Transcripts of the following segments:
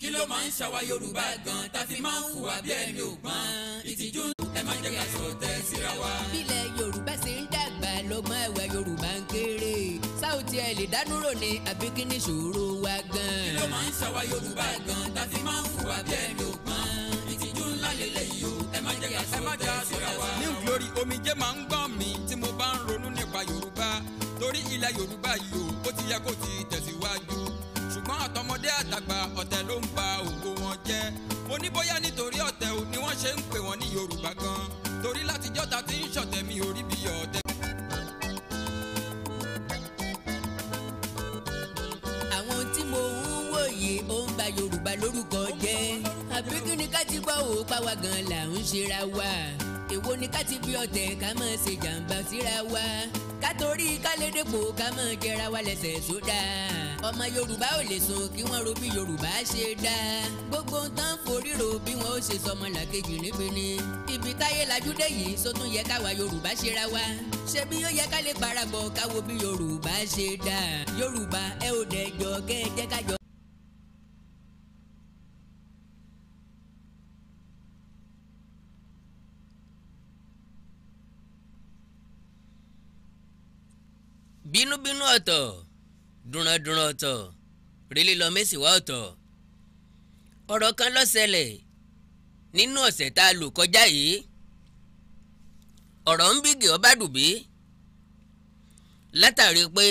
kí ló máa ń ṣàwa yorùbá gan tá fi máa ń hùwà bí ẹni ògbọ́n ìtìjú ẹ má jẹ́ ká sọ tẹ́ síra wa. bílẹ̀ yorùbá ṣe ń dàgbà lọ́gbọ́n ẹ̀wà yorùbá ń kéré sáùtì ẹ̀ lè dánúrò ní àbí kí ni ìṣòro wa gan. kí ló máa ń ṣàwa yorùbá gan tá fi máa ń hùwà bí ẹni ògbọ́n ìtìjú ńlá lélẹ́yìí o ẹ má jẹ́ ká sọ tẹ́ síra wa. ní glory omijé máa ń gbọ́n mi tí mo bá ń ronú nípa yorùbá torí ilẹ̀ yorùbá yìí o ó ti yẹ kó ti tẹ̀síwájú àtọmọdé àtàgbà ọ̀tẹ̀ ló ń ba ògo wọn jẹ́ mo ní bóyá nítorí ọ̀tẹ̀ ni wọ́n ṣe ń pè wọ́n ní Yorùbá gan torí látijọ́ ta ti ń ṣọ̀tẹ̀ mi orí bí ọ̀tẹ̀. àwọn tí mo ń wòye ó ń ba Yorùbá lórúkọ jẹ́ àbí kí ni ká ti gbọ́ òòpá wa gan là ń ṣera wa èwo ni ká ti fi ọ̀tẹ̀ ká máa ṣe jàǹbá síra wa ká torí kálédèpò ká máa jẹra wa lẹ́sẹ̀ sódà ọmọ yorùbá ò lè sùn kí wọ́n ro bí yorùbá ṣe dá gbogbo tán foríro bí wọ́n ó ṣe sọmọ làkejì níbi ibi táyé lajú dé yìí sótún yẹ káwa yorùbá ṣera wa ṣe bí ó yẹ ká lè parapọ̀ káwo bí yorùbá ṣe dá yorùbá ẹ ò dẹjọ kẹ́ ẹ jẹ́ kájọ. bínúbínú ọ̀tọ̀ dùnràndùnràn ọ̀tọ̀ rélé lọ mẹ́sìwá ọ̀tọ̀ ọ̀rọ̀ kan ló ṣẹlẹ̀ nínú ọ̀sẹ̀ tá a lò kọjá yìí ọ̀rọ̀ ń bígè ọba dùbí látàrí pé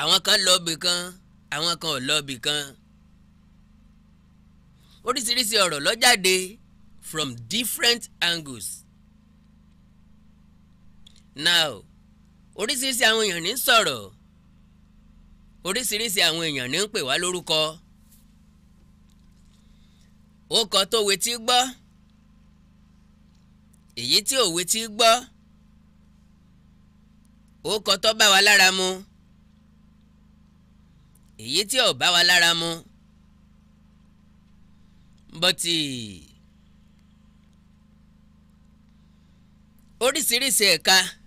àwọn kan lọ ibì kan àwọn kan ò lọ ibì kan oríṣiríṣi ọ̀rọ̀ ló from different angles now oríṣiríṣi àwọn èèyàn ní ń sọ̀rọ̀ oríṣiríṣi àwọn èèyàn ní ń pè wá lórúkọ ó kọ tó wetí gbọ́ èyí tí ò wetí gbọ́ ó kọ tó bá wa lára mu èyí tí ò bá wa lára mu bọ́tì oríṣiríṣi ẹ̀ka. E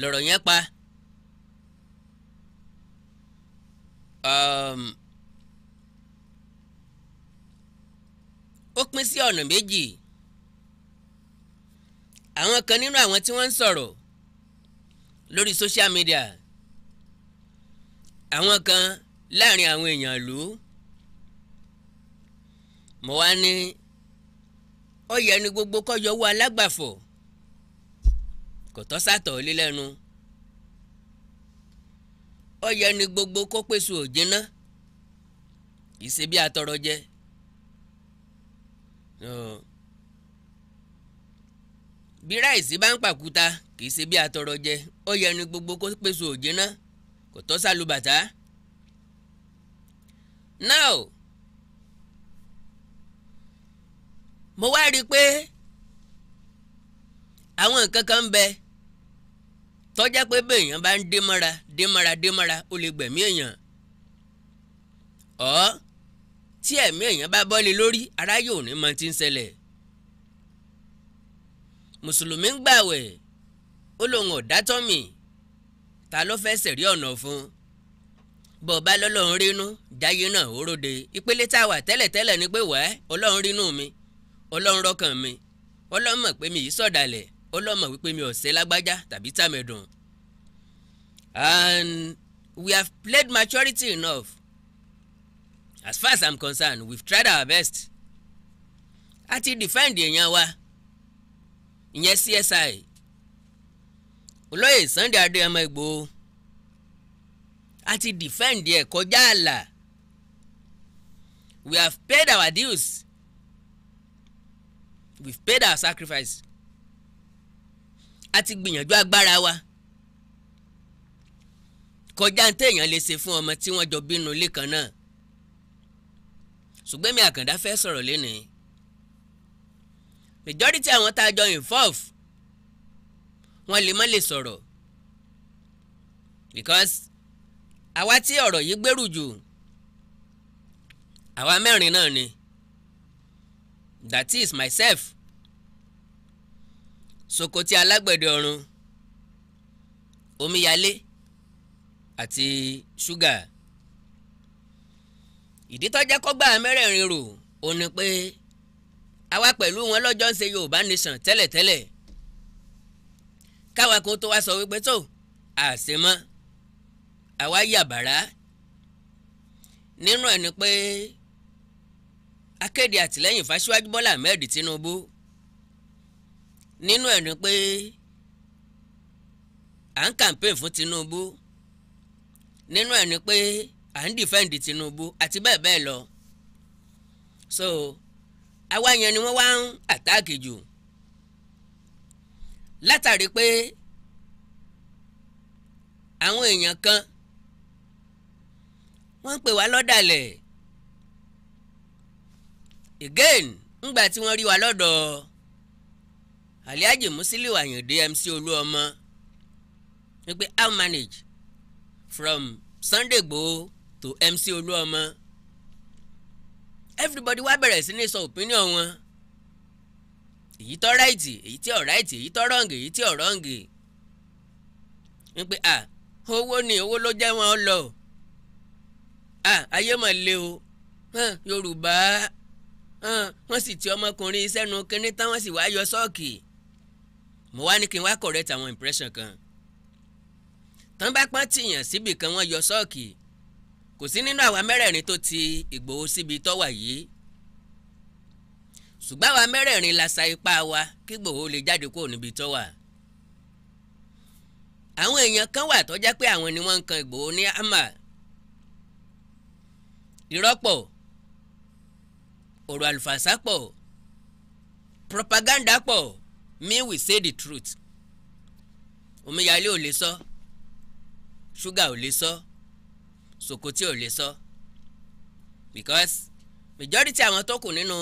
lọ̀rọ̀ yẹn pa um, ó pín sí ọ̀nà méjì àwọn kan nínú àwọn tí wọ́n ń sọ̀rọ̀ lórí social media àwọn kan láàrin àwọn èèyàn ìlú mo wá ní ó yẹ ni gbogbo kọjọ owó alágbàfọ̀ kò tọ́ sàtọ̀ ó lé lẹ́nu yẹ ni gbogbo kó pèsè ná kì í ṣe bí atọrọ jẹ bí ráìsì bá ń pàkúta kì í ṣe bí atọrọ jẹ ọ yẹ ni gbogbo kó pèsè ná kò tọ́ sàlùbàtà náà mo wá rí i pé àwọn nǹkan kan ń bẹ. tọ́já pé béèyàn bá ń dé mọ́ra dé mọ́ra dé mọ́ra ó lè gbẹ̀mí èèyàn ọ́ tí ẹ̀mí èèyàn bá bọ́lé lórí ara yóò ní mọ tí ń ṣẹlẹ̀ mùsùlùmí ń gbàwẹ̀ ó lóun ò dátọ́ mi ta ló fẹ́ sẹ̀rí ọ̀nà fún bọ̀ọ̀bá lọ́lọ́run rínú jáyé náà ó ròde ìpele tá a wà tẹ́lẹ̀tẹ́lẹ̀ ni pé wàá ọlọ́run rínú mi ọlọ́run rọkàn mi ọlọ́run mọ̀ pé mi yìí sọ̀dàlẹ̀ ó lọ́mọ wípé mi ò ṣe lágbájá tàbí tàmẹ̀dùn and we have played maturity enough as far as i'm concerned we've tried our best a ti defend èèyàn wa ìyẹn CSI olóyè Sunday Adéyẹmọ Ìgbòho a ti defend ẹ kọjá àlà we have paid our dues we've paid our sacrifice a ti gbìyànjú agbára wa kọjá ń téèyàn lè ṣe fún ọmọ tí wọ́n jọ bínú ilé kan náà ṣùgbọ́n mi àkàndá fẹ́ sọ̀rọ̀ lénìí majority àwọn tá a jọ involve wọ́n lè má lè sọ̀rọ̀ because àwa tí ọ̀rọ̀ yìí gbèrú jù àwa mẹ́rin náà ni that is myself sokoti alágbẹ̀dẹ ọ̀run omíyalé àti ṣúgà ìdí tọ́jà kọ́gbà mẹ́rẹ̀ẹ̀rin rò ó ní pé àwa pẹ̀lú wọn lọ́jọ́ ń ṣe Yorùbá nation tẹ́lẹ̀tẹ́lẹ̀ káwa kó tó wá sọ wípé tó àṣemọ́ àwa yàbàrá nínú ẹ̀ ni pé akéde àtìlẹ́yìn fáṣíwájú Bọ́lá Ahmed Tinubu nínú ẹ̀ ni pé à ń campaign fún Tinubu nínú ẹ̀ ni pé à ń defend Tinubu àti bẹ́ẹ̀ bẹ́ẹ̀ lọ so àwa yẹn ni wọ́n wá ń àtáàkì jù látàrí pé àwọn èèyàn kan wọ́n ń pè wá lọ́dàlẹ̀ again ńgbà tí wọ́n rí wa lọ́dọ̀ alhaji musiliu ayinde mc olúọmọ wípé how manage from sunday igboho to mc olúọmọ everybody wá bẹ̀rẹ̀ sí ní sọ opinion wọn èyí tó ráìtì èyí tí ò ráìtì èyí tó rọ̀ǹgì èyí tí ò rọ̀ǹgì wípé ah owó ni owó ló jẹ́ wọn lọ ah ayé mà le o yorùbá wọ́n sì ti ọmọkùnrin sẹ́nu kínní tán wọ́n sì wá yọ sọ́ọ̀kì. So mo wá ní kí n wá correct àwọn impression kan tán bá pọ́n tìyàn síbi kan wọ́n yọ sọ́ọ̀kì kò sí nínú àwa mẹ́rẹ̀ẹ̀rin tó ti Ìgbòho síbi tọ́wà yìí ṣùgbọ́n àwa mẹ́rẹ̀ẹ̀rin la sa ipá wa kí Ìgbòho lè jáde kúrò níbi tọ́wà àwọn èèyàn kan wà tó jẹ́ pé àwọn ni wọ́n ń kan Ìgbòho ní àmà ìrọ́pọ̀ ọ̀rọ̀ àlùfàṣà pọ̀ propaganda pọ̀ me will say the truth omíyalé ò lè sọ ṣúgà ò lè sọ sòkòtì ò lè sọ because majority àwọn tó kù nínú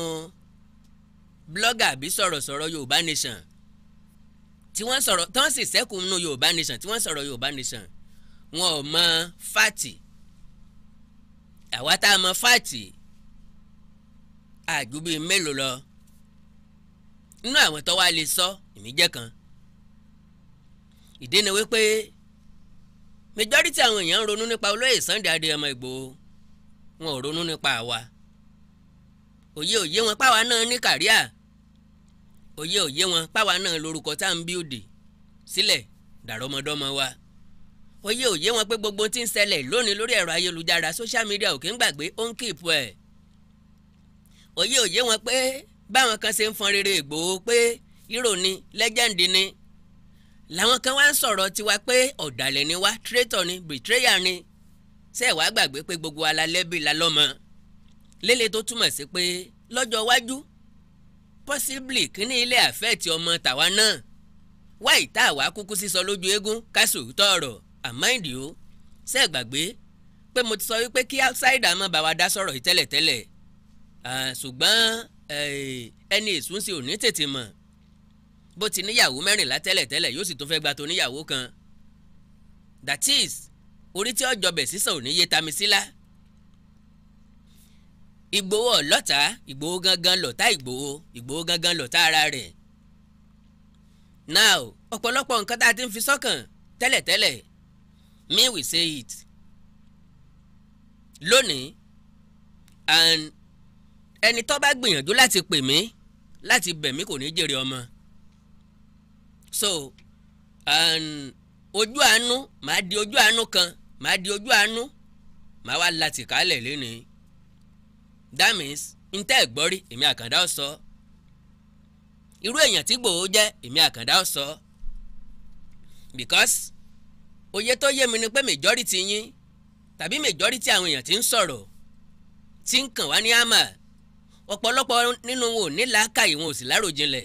blogger àbí sọ̀rọ̀sọ̀rọ̀ yorùbá nation tí wọ́n sọ̀rọ̀ tí wọ́n sì sẹ́kù nínú yorùbá nation tí wọ́n sọ̀rọ̀ yorùbá nation wọn ò mọ fáàtì àwa tá a mọ fáàtì àjù mélòó lọ nínú àwọn tó wá lè sọ èmi jẹ́ kan ìdí ni wípé majority àwọn èèyàn ń ronú nípa olóyè Sunday Adéyẹmọ Ìgbòho wọn ò ronú nípa àwa òye òye wọn páwa náà ní kàríà òye òye wọn páwa náà lórúkọ tá à ń bíòdì sílẹ̀ dàrọ́mọdọ́mọ wa òye òye wọn pé gbogbo tí ń ṣẹlẹ̀ lónìí lórí ẹ̀rọ ayélujára social media ò kí ń gbàgbé ó ń kíìpù ẹ̀ òye òye wọn pé. Pe báwọn kan ṣe ń fọn rere Ìgbòho pé hero ni legend ni làwọn kan wá ń sọ̀rọ̀ tiwa pé ọ̀dàlẹ̀ ni wá traitor ni betrayer ni ṣe wàá gbàgbé pé gbogbo alálẹ́bí la lọ́mọ lélẹ̀ tó túmọ̀ sí pé lọ́jọ́ iwájú possibly kíní ilé àfẹ́ẹ̀tì ọmọ tàwa náà wáì tá àwa kúkú sísọ lójú eégún káṣù tọ̀rọ̀ àmáìdì o ṣe gbàgbé pé mo ti sọ wípé kí outsider má bá wa dá sọ̀rọ̀ yìí tẹ́lẹ̀tẹ́lẹ̀ ṣùgbọ́n ẹni ìsúnṣe ò ní tètè mọ̀ bó ti níyàwó mẹ́rìnlá tẹ́lẹ̀tẹ́lẹ̀ yóò sì tún fẹ́ gba tó níyàwó kan that is orí tí ọjọ́ bẹ̀ sísan ò ní yé tami sílá Ìgbòho ọ̀lọ́ta Ìgbòho gangan lọ̀tá Ìgbòho Ìgbòho gangan lọ̀tá ara rẹ̀ now ọ̀pọ̀lọpọ̀ nǹkan tá a ti ń fi sọ́kàn tẹ́lẹ̀tẹ́lẹ̀ me we say it lónìí and ẹni tó bá gbìyànjú láti pè mí láti bẹ̀ mí kò ní jèrè ọmọ so ojú àánú màá di ojú àánú kan màá di ojú àánú màá wá láti kálẹ̀ lénìí that means n tẹ́ ẹ̀ gbọ́ rí èmi àkàndá ọ̀ sọ irú èèyàn tí gbòó jẹ́ èmi àkàndá ọ̀ sọ because òye tó yé mi ni pé majority yín tàbí majority àwọn èèyàn tí ń sọ̀rọ̀ tí ń kàn wá ní àmà ọ̀pọ̀lọpọ̀ nínú wọn ò ní làákàyè wọn ò sì láròjinlẹ̀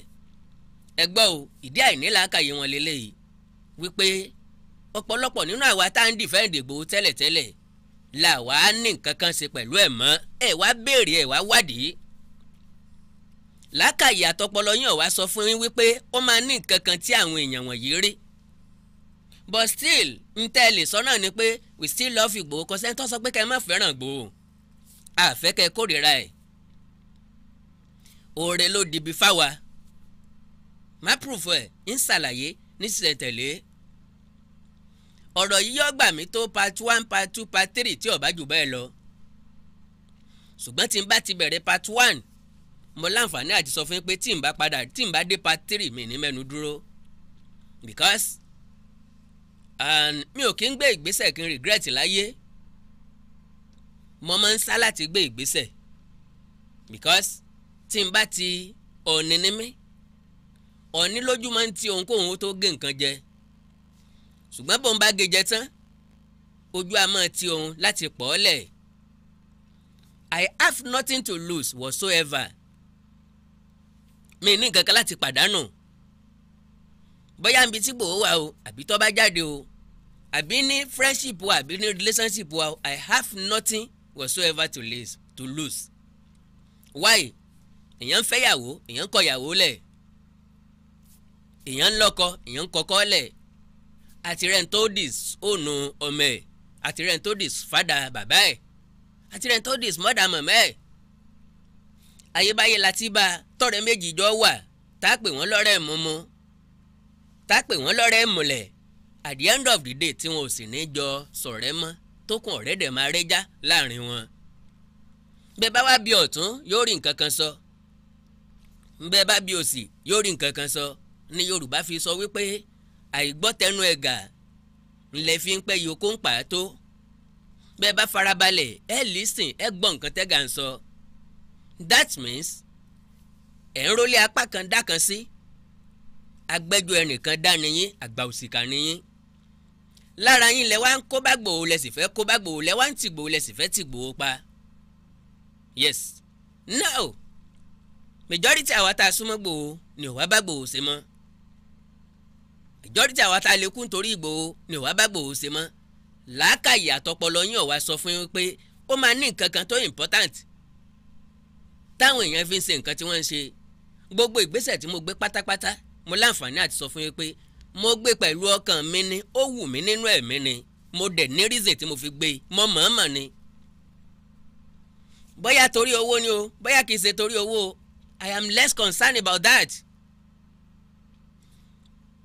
ẹ gbọ́ o ìdí àìní làákàyè wọn lélẹ́yìí wípé ọ̀pọ̀lọpọ̀ nínú àwa tá à ń dìfẹ́ǹdì Ìgbòho tẹ́lẹ̀tẹ́lẹ̀ là wá ní nǹkan kan ṣe pẹ̀lú ẹ̀ mọ́ ẹ̀ wá béèrè ẹ̀ wá wádìí làákàyè àtọpọlọ yín ọ̀wá sọ fún yín wípé ó máa ní nǹkan kan tí àwọn èèyàn wọ̀nyí rí but still n tẹ́ ẹ lè sọ náà ni pé we still love Ìgbòho kọ́sẹ́ńtọ́ sọ pé kẹ́ ẹ má fẹ́ràn Ìgbòho àfẹ́kẹ́ kórìíra ẹ̀ òòrè ló dìbí fáwa má proof ẹ̀ ń ṣàlàyé níṣẹ́ tẹ̀lé ọ̀rọ̀ yìí yọ gbà mí tó part one part two part three tí ó bá jù bẹ́ẹ̀ lọ ṣùgbọ́n tí n bá ti bẹ̀rẹ̀ part one mo láǹfààní àti sọ fún yín pé tí n bá padà tí n bá dé part three mi ní mẹ́nu dúró because mi ò kí ń gbé ìgbésẹ̀ kí n regret láyé mo máa ń sá láti gbé ìgbésẹ̀ because tí n bá ti ọ̀nì ní mí ọ̀nì lójú máa ń ti ohunkóhun tó gé nǹkan jẹ ṣùgbọ́n bọ́n bá gé jẹ tán ojú a ti òun láti pọ̀ ọ́ lẹ̀ I have nothing to lose whatsoever mi ní nǹkan kan láti pàdánù bóyá níbi tí gbòó wà o àbí tó bá jáde o àbí ní friendship wa àbí ní relationship wa I have nothing whatsoever to lose to lose why èèyàn ń fẹ́yàwó èèyàn ń kọ̀yàwó lẹ̀ èèyàn ń lọ́kọ èèyàn ń kọ́kọ́ lẹ̀ àti rẹ̀ ń tó dis òònù ọmọ ẹ̀ àti rẹ̀ ń tó dis fada bàbá ẹ̀ àti rẹ̀ ń tó dis mọ́dà mọ̀mọ́ ẹ̀ ayébáyé láti bá tọ́rẹ́ méjì jọ wà tá a pè wọ́n lọ́rẹ́ mumu tá a pè wọ́n lọ́rẹ́ múlẹ̀ at the end of the day tí wọn ò sì ní jọ sọ̀rẹ́ mọ́ tó kún ọ̀rẹ́ dẹ̀ máa rẹ́já láàrin wọn bẹ́ẹ̀ bá wá bí ọ̀tún yóò rí nǹkan kan sọ so nbẹ bá bí òsì yóò rí nǹkan kan sọ ni Yorùbá fi sọ wípé àìgbọ́tẹnu ẹ̀gà ńlẹ̀ fi ń pẹ́ yòókù ń pàtó bẹ́ bá farabalẹ̀ ẹ listen ẹ gbọ́ nǹkan tẹ́gà ń sọ that means ẹ̀ ń rólé apá kan dá kan sí agbẹ́jọ́ ẹnìkan dá niyín àgbà òsìkà niyín lára yín lẹ wá ń kó bá gbòó lẹ sì fẹ́ kó bá gbòó lẹ wá ń tì gbòó lẹ sì fẹ́ tì gbòó pa yes now majority àwa tá a súnmọ́ gbòó ni ò wá bá gbòó ṣe mọ́ majority àwa tá a lè kú nítorí ìgbòho ni ò wá bá gbòó ṣe mọ́ làákàyè àtọpọlọ yín ọ̀wá sọ fún yín pé ó máa ní nǹkan kan tó important táwọn èèyàn fi ń ṣe nǹkan tí wọ́n ń ṣe gbogbo ìgbésẹ̀ tí mo gbé pátápátá mo láǹfààní àti sọ fún yín pé mo gbé pẹ̀lú ọkàn mi ni ó wù mí nínú ẹ̀mí ni mo dẹ̀ ní reason tí mo fi gbé mo mọ̀ọ́mọ̀ ni bóyá torí owó ni o bóyá kì í ṣe torí owó o I am less concerned about that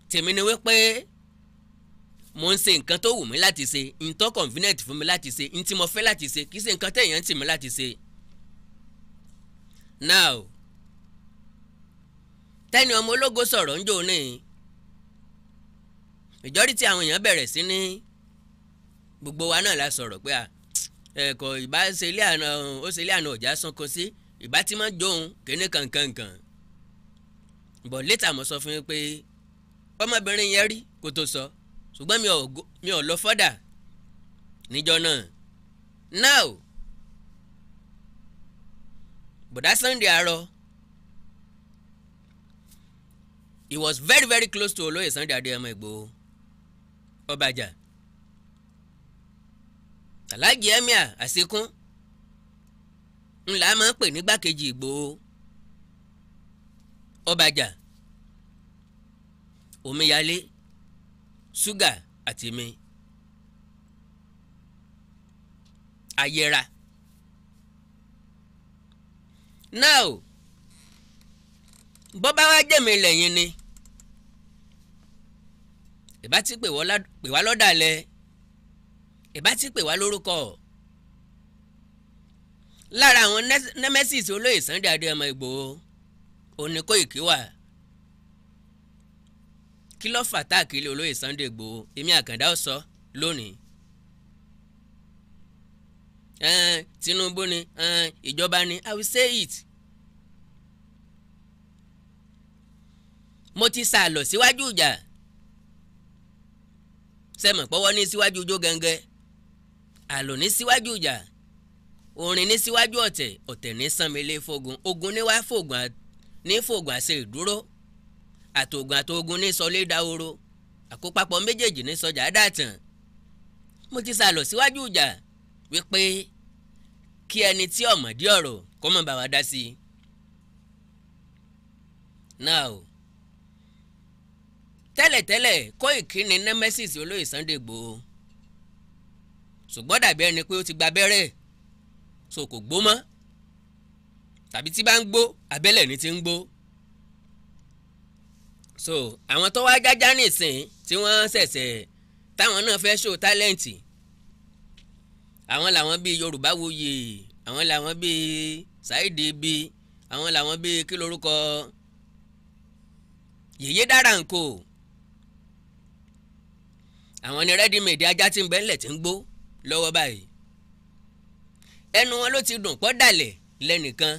tèmi ni wípé mo ń ṣe nǹkan tó wù mí láti ṣe ntọ́ convenient fún mi láti ṣe ntí mo fẹ́ láti ṣe kì í ṣe nǹkan tẹ̀yàn tì mí láti ṣe. now tẹ́ni ọmọ ológo sọ̀rọ̀ ń jò ní ìjọ́rí tí àwọn èèyàn bẹ̀rẹ̀ sí ní gbogbo wa náà la sọ̀rọ̀ pé ẹ̀kọ́ ìbá ṣe ilé àná ó ṣe ilé àná ọ̀já sanko sí. Si ìbá tí mo jóun kéne kankankan bọ̀ létà mo sọ fún yín pé ọmọbìnrin yẹn rí kó tó sọ ṣùgbọ́n mi ò lọ fọ́dà níjọ náà now bọ̀dá Sunday àárọ̀ he was very very close to olóyè Sunday Adéyẹmọ Ìgbòho ọbàjà alájì emir àṣekún ńlá máa ń pè ní gbákejì Ìgbòho Ọbàjà Omíyalé Ṣúgà àti mi ayẹra náà o bọ́bá wa jẹ̀mí lẹ́yìn ni ìbá ti pè wá lọ́dàlẹ̀ ìbá ti pè wá lórúkọ lára àwọn nemesis olóyè Sunday Adéyẹmọ Ìgbòho òní Kóìkí wà kí ló fà tá àkílẹ̀ olóyè Sunday Ìgbòho èmi Àkàndá ó sọ lónìí Tinubu ni ìjọba ni I will say it mo ti sàlọ̀ síwájú ìjà sẹ́mọ̀ pọ́wọ́ ní síwájú ijó gẹ́gẹ́ àlò ní síwájú ìjà orin ní síwájú ọ̀tẹ̀ ọ̀tẹ̀ ní sánmilé fógun ogun ní wá fògùn ní fògùn àṣẹ ìdúró àtògùn àtògùn ní sọlé dáhoro àkópapọ̀ méjèèjì ní sọjà dàtàn mo ti sàlọ̀ síwájú ìjà wípé kí ẹni tí ọ̀mọ̀dí ọ̀rọ̀ kó má bá wa dá sí i náà o tẹ́lẹ̀tẹ́lẹ̀ kó ìkíni nemesis olóyè Sunday Igboho ṣùgbọ́n dàbí ẹni pé ó ti gba abẹ́rẹ́ so kò gbó mọ́ tàbí tí bá ń gbó abẹ́lẹ̀ ni ti ń gbó so àwọn tó wá jájá nìsín tí wọ́n ṣẹ̀ṣẹ̀ táwọn náà fẹ́ ṣó tálẹ́ǹtì àwọn làwọn bíi Yorùbá Wuyì àwọn làwọn bíi Saheed ibi àwọn làwọn bíi kí lorúkọ Yèyé Dára Ǹkò àwọn ni ready made ajá tí ń bẹ́ńlẹ̀ tí ń gbó lọ́wọ́ báyìí ẹnu wọn ló ti dùn pọ́ dàlẹ̀ lẹ́nìkan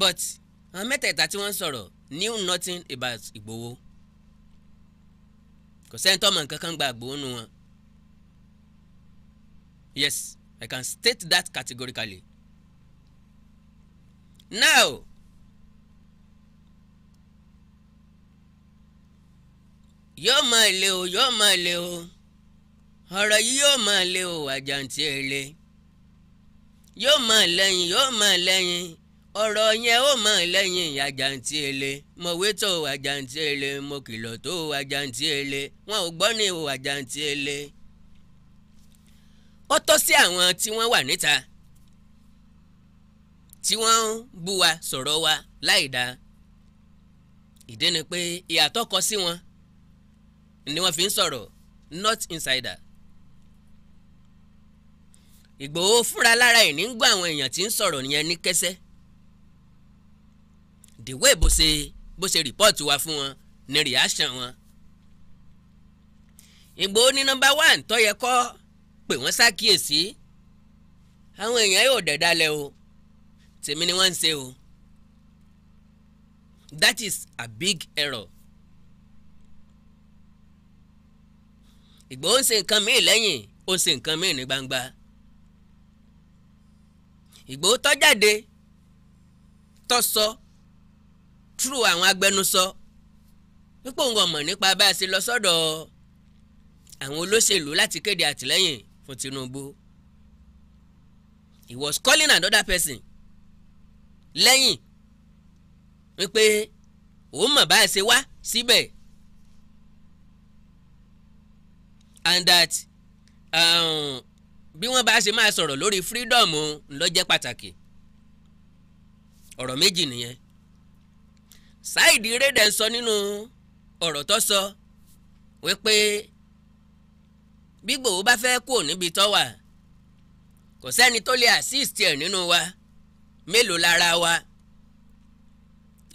but àwọn mẹ́tẹ̀ẹ̀ta tí wọ́n ń sọ̀rọ̀ knew nothing about Ìgbòho kò sẹ́ni tó mọ̀ nǹkan kan gba Ìgbòho nu wọn yes I can state that categorically now yóò máa le o yóò máa le o ọ̀rọ̀ yìí yóò máa le o àjàǹtí ẹ̀ le yóò mọ̀ lẹ́yìn yóò mọ̀ lẹ́yìn ọ̀rọ̀ yẹn ó mọ̀ lẹ́yìn àjàǹtí ele mọ̀wé tó àjàǹtí ele mo kìlọ̀ tó àjàǹtí ele wọn ò gbọ́ ní àjàǹtí ele. ó tọ́ sí àwọn tí wọ́n wà níta tí wọ́n bú wa sọ̀rọ̀ wa láì dáa ìdí ni pé ìyàtọ̀ kọ sí wọn ni wọ́n fi ń sọ̀rọ̀ not insider Ìgbòho fúnra lára ẹ̀ ní gbọ́ àwọn èèyàn tí ń sọ̀rọ̀ yẹn ní kẹsẹ́ dèwé bó ṣe bó ṣe rìpọ́ọ̀tì wa fún wọn ní reaction wọn. Ìgbòho ní nọ́mbà one tó yẹ kó pè wọ́n ṣàkíyèsí àwọn èèyàn yóò dẹ̀dá lẹ o tèmi ni wọ́n ń ṣe o that is a big error. Ìgbòho ń ṣe nǹkan míì lẹ́yìn ó ń ṣe nǹkan míì ní gbangba. Ìgbòho tó jáde tó àwọn agbẹnusọ wípé òun ọmọ nípa bá a ṣe lọ sọ́dọ̀ àwọn olóṣèlú láti kéde àtìlẹ́yìn fún Tinubu he was calling another person lẹ́yìn wípé òun mọ̀ bá a ṣe wá síbẹ̀ and that um, bí wọ́n bá ṣe máa sọ̀rọ̀ lórí freedom ló jẹ́ pàtàkì ọ̀rọ̀ méjì nìyẹn Saheed Raden sọ nínú ọ̀rọ̀ tó sọ wípé bí Ìgbòho bá fẹ́ kúrò níbi tó wà kò sẹ́ni tó lè assist ẹ̀ nínú wa mélòó lára wa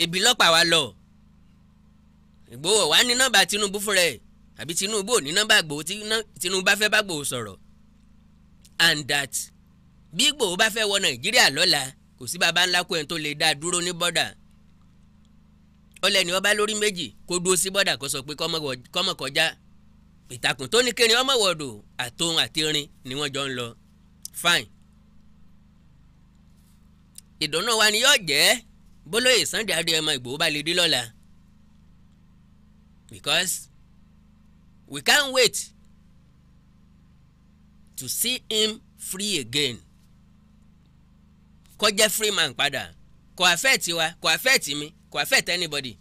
ibi lọ́pàá wa lọ Ìgbòho wà ní nọ́mbà Tinubu fúnra ẹ̀ àbí Tinubu ò ní nọ́mbà Ìgbòho Tinubu bá fẹ́ bá Ìgbòho sọ̀rọ̀ and that bí Ìgbòho bá fẹ́ wọ Nàìjíríà lọ́la kò sí baba ńlá kó ẹni tó lè dá a dúró ní bọ́dà ọlẹ́ni ọba lórí méjì kó dúró sí bọ́dà kó sọ pé kọ́mọ kọjá ìtàkùn tó ní kérin ọmọ wọ̀dù àtòun àti irin ni wọ́n jọ ń lọ fine ìdùnnú wa ni yóò jẹ́ bólóyè Sunday Adéyẹmọ Ìgbòho bá lè dé lọ́la because we can't wait to see him free again kó jẹ́ free man padà kò affect wa kò affect mi kò affect anybody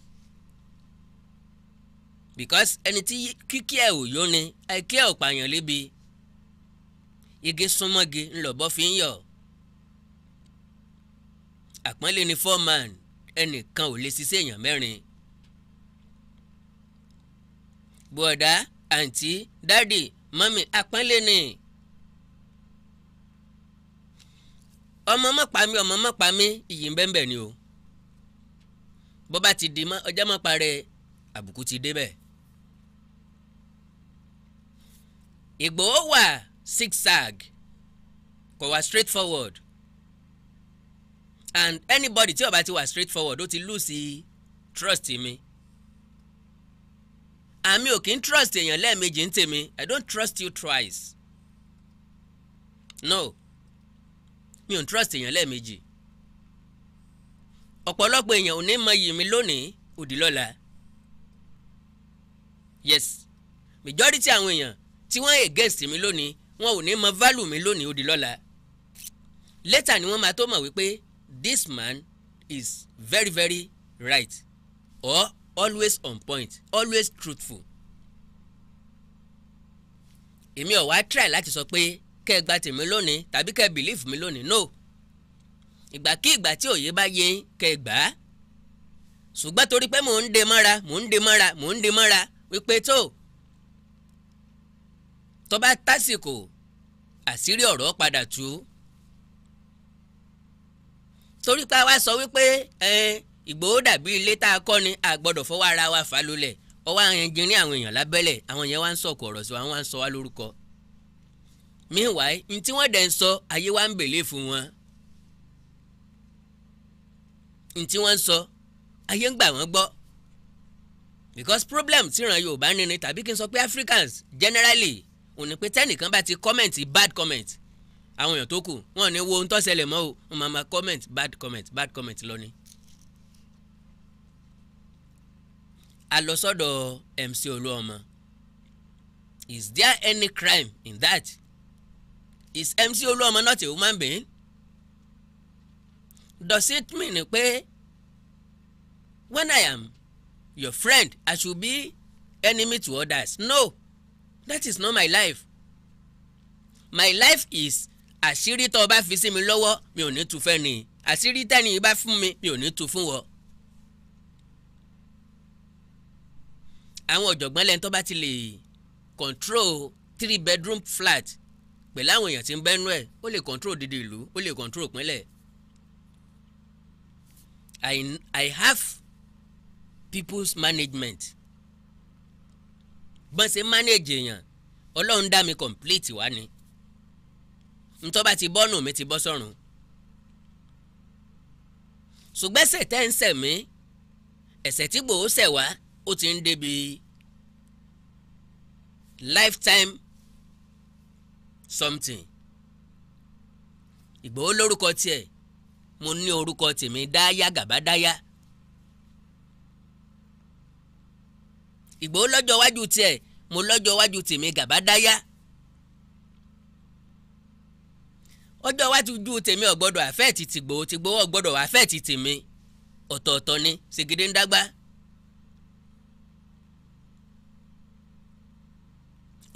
because ẹni tí kíkí ẹ̀ ò yó ni àìkí ẹ̀ ò pààyàn lébi igi súnmọ́gi ńlọ́bọ́ fi ń yọ̀ àpọ́nlé ni four man ẹnìkan ò lè ṣiṣẹ́ èèyàn mẹ́rin bọ̀dá àǹtí dáàdì mọ́mì àpọ́nlé ni. ọmọ mọ́ pa mí ọmọ mọ́ pa mí iyì ń bẹ́ẹ̀ ni o bó bá ti di mọ́ ọjọ́ mọ́ parẹ́ àbùkù ti débẹ̀. Ìgbòho wà zigzag kò wá straight forward and anybody tí ó bá ti wà straight forward ó ti lose trust mi àmì ò kì í trust èèyàn lẹ́ẹ̀mejì ń tèmi I don't trust you twice no mi ò trust èèyàn lẹ́ẹ̀mejì ọ̀pọ̀lọpọ̀ èèyàn ò ní mọ iyì mi lónìí òdì yes majority àwọn èèyàn tí wọ́n against mi lónìí wọn ò ní mọ value mi lónìí òdì lọ́la later ni wọ́n máa tó mọ̀ wípé this man is very very right or always on point always truthful èmi ò wá try láti sọ pé kẹ́ ẹ gba tèmi lónìí tàbí kẹ́ bìlífù mi lónìí no ìgbàkígbà tí òye bá yé kẹ́ ẹ gbà á ṣùgbọ́n torí pé mò ń de mọ́ra mò ń de mọ́ra mò ń de mọ́ra wípé tó tó bá tásìkò àṣírí ọ̀rọ̀ padà tú torí pé a wá sọ wípé Ìgbòho dàbí ilé tá a kọ́ ni a gbọ́dọ̀ fọwọ́ ara wa fà lulẹ̀ ọwọ́ àwọn ẹnjìnrín àwọn èèyàn lábẹ́lẹ̀ àwọn yẹn wá ń sọ̀kò ọ̀rọ̀ sí wa wọ́n wá ń sọ wá lórúkọ meanwhile n tí wọ́n dẹ̀ ń sọ ayé wa ń bèlè fún wọn n tí wọ́n ń sọ ayé ń gbà wọ́n gbọ́ because problem tí ìran Yorùbá ní ni tàbí kí n sọ pé Africans generally ò ní pé tẹ́nìkan bá ti comment bad comment àwọn èèyàn tó kù wọn ò ní wo ohun tó ṣẹlẹ̀ mọ́ o wọn máa ma comment bad comment bad comment lọ ni. a lọ sọ́dọ̀ MC Olúọmọ is there any crime in that? is MC Oluomo not a human being? Does it mean pé when I am your friend I should be enemy to others? No, that is not my life. My life is àṣírí tó o bá fi sí mi lọ́wọ́ mi ò ní tu fẹ́ ni àṣírí tẹ́ni bá fún mi mi ò ní tu fún wọ. àwọn ọ̀jọ̀gbọ́n lẹ́ni tó bá ti lè control three bedroom flat pẹ̀lú àwọn èèyàn tí ń bẹ́nu ẹ̀ ó lè control dídì ìlú ó lè control pínlẹ̀ I, I have people's management bọ́n ṣe manage èèyàn ọlọ́run dá mi complete wá ni ntọ́ bá ti bọ́nù mi ti bọ́ sọ́run ṣùgbẹ́sẹ̀ tẹ́ ń ṣẹ̀ mí ẹ̀ṣẹ̀ tí gbòó ṣẹ̀ wá ó ti ń débi lifetime something Ìgbòho lórúkọ tiẹ̀ mo ní orúkọ tèmi dáyà gàbádáyà Ìgbòho lọ́jọ́ iwájú tiẹ̀ mo lọ́jọ́ iwájú tèmi gàbádáyà ọjọ́ iwájú tèmi ọ̀gbọ́dọ̀ àfẹ́ẹ̀tì tìgbòho tìgbòho ọ̀gbọ́dọ̀ àfẹ́ẹ̀tì tèmi ọ̀tọ̀ọ̀tọ̀ ni ṣègede ń dágbá.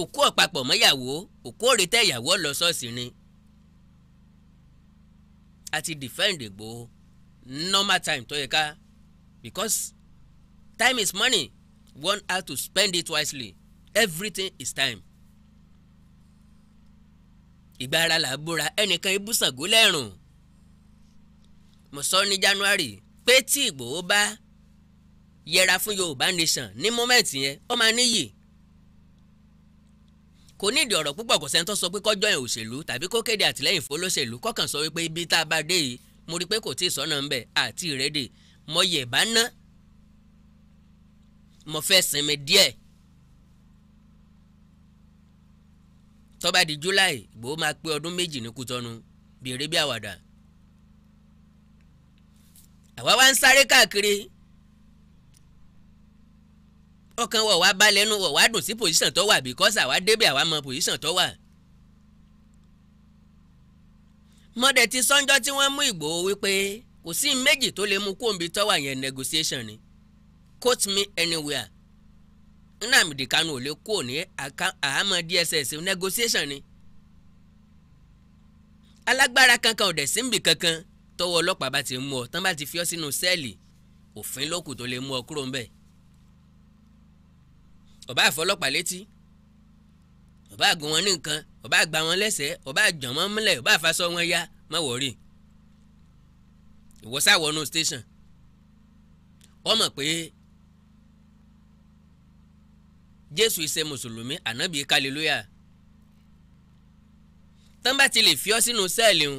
òkú ọ̀pápọ̀ mọ́yàwó òkú òrètẹ́ ìyàwó lọ ṣọ́ọ̀ṣì ni a ti defend Ìgbò normal time tó yẹ ká because time is money one has to spend it wisely everything is time ìgbà ara là búra ẹnìkan ibú Ṣàngó lẹ́rùn mo sọ ní January pé tí Ìgbòho bá yẹra fún Yorùbá nation ní mọ́mẹ́ǹtì yẹn ó máa níyì kò nídìí ọ̀rọ̀ púpọ̀ kò sẹ́ńtọ́ sọ pé kọ́jọ́ yẹn òṣèlú tàbí kó kéde àtìlẹ́yìn fólóṣèlú kọ́kàn sọ wípé ibi tá a bá dé yìí mo rí i pé kò tí ì sọ́nà ń bẹ̀ àti ìrẹ́dẹ̀ mo yẹ̀ bá ná mo fẹ́ sinmi díẹ̀ tó bá di July Ìgbòho máa pé ọdún méjì ní Kútọ́nù bèrè bí àwàdà àwa wá ń sáré káàkiri ọkàn wọ̀ wá balẹ̀ nu wọ̀ wá dùn sí pòsíṣàn tó wà bíkọ́sì àwa débẹ̀ àwa mọ pòsíṣàn tó wà. mọ́dẹ̀ ti sọ́njọ́ tí wọ́n mú Ìgbòho wípé kò sí méjì tó lè mú kóńbi tó wà yẹn negotiation ni quote me anywhere Nnamdi Kanu ò lè kó ní àhámọ́ DSS negotiation ni alágbára kankan ò dẹ̀ sí níbi kankan tọwọ́ ọlọ́pàá bá ti mú ọ tán bá ti fi ọ sínú sẹ́ẹ̀lì òfin lókù tó lè mú ọ kúrò ńbẹ̀ ọba àfọlọ́pàá létí ọba àgùn wọn ní nǹkan ọba àgbà wọn lẹ́sẹ̀ ọba àjàn wọn mọ́lẹ̀ ọba àfàsọ wọn ya má wọ̀rí ìwọ sáwọnú station wọ́n mọ̀ pé jésù ìṣe mùsùlùmí ànábì kálílóyà tán bá ti lè fi ọ́ sínú sẹ́ẹ̀lì ń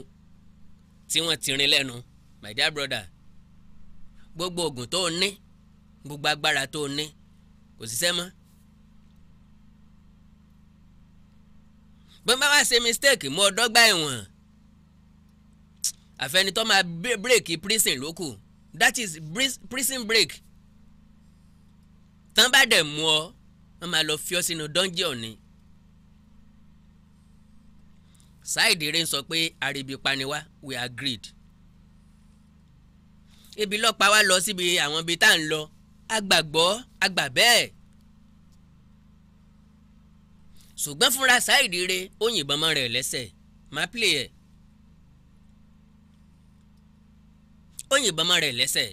tí wọ́n ti rin lẹ́nu my dear brother gbogbo oògùn tó o ní gbogbo agbára tó o ní kò ṣiṣẹ́ mọ́ bọ́n bá wá ṣe mistake mú ọdọ́gba ẹ̀wọ̀n àfẹnitọ́ máa break prison lókù that is prison break tán bá dẹ̀ mú ọ wọ́n máa lọ fi ọ sínú dungeon ni. Saheed Rain sọ pé àríbípaniwá we agreed. ibi lọ́pàá wa lọ síbi àwọn ibi tá à ń lọ agbàgbọ́ agbà bẹ́ẹ̀ ṣùgbọ́n fúnra Saheed Ire ó yìnbọn mọ́ rẹ̀ lẹ́sẹ̀ máa play ẹ̀ ó yìnbọn mọ́ rẹ̀ lẹ́sẹ̀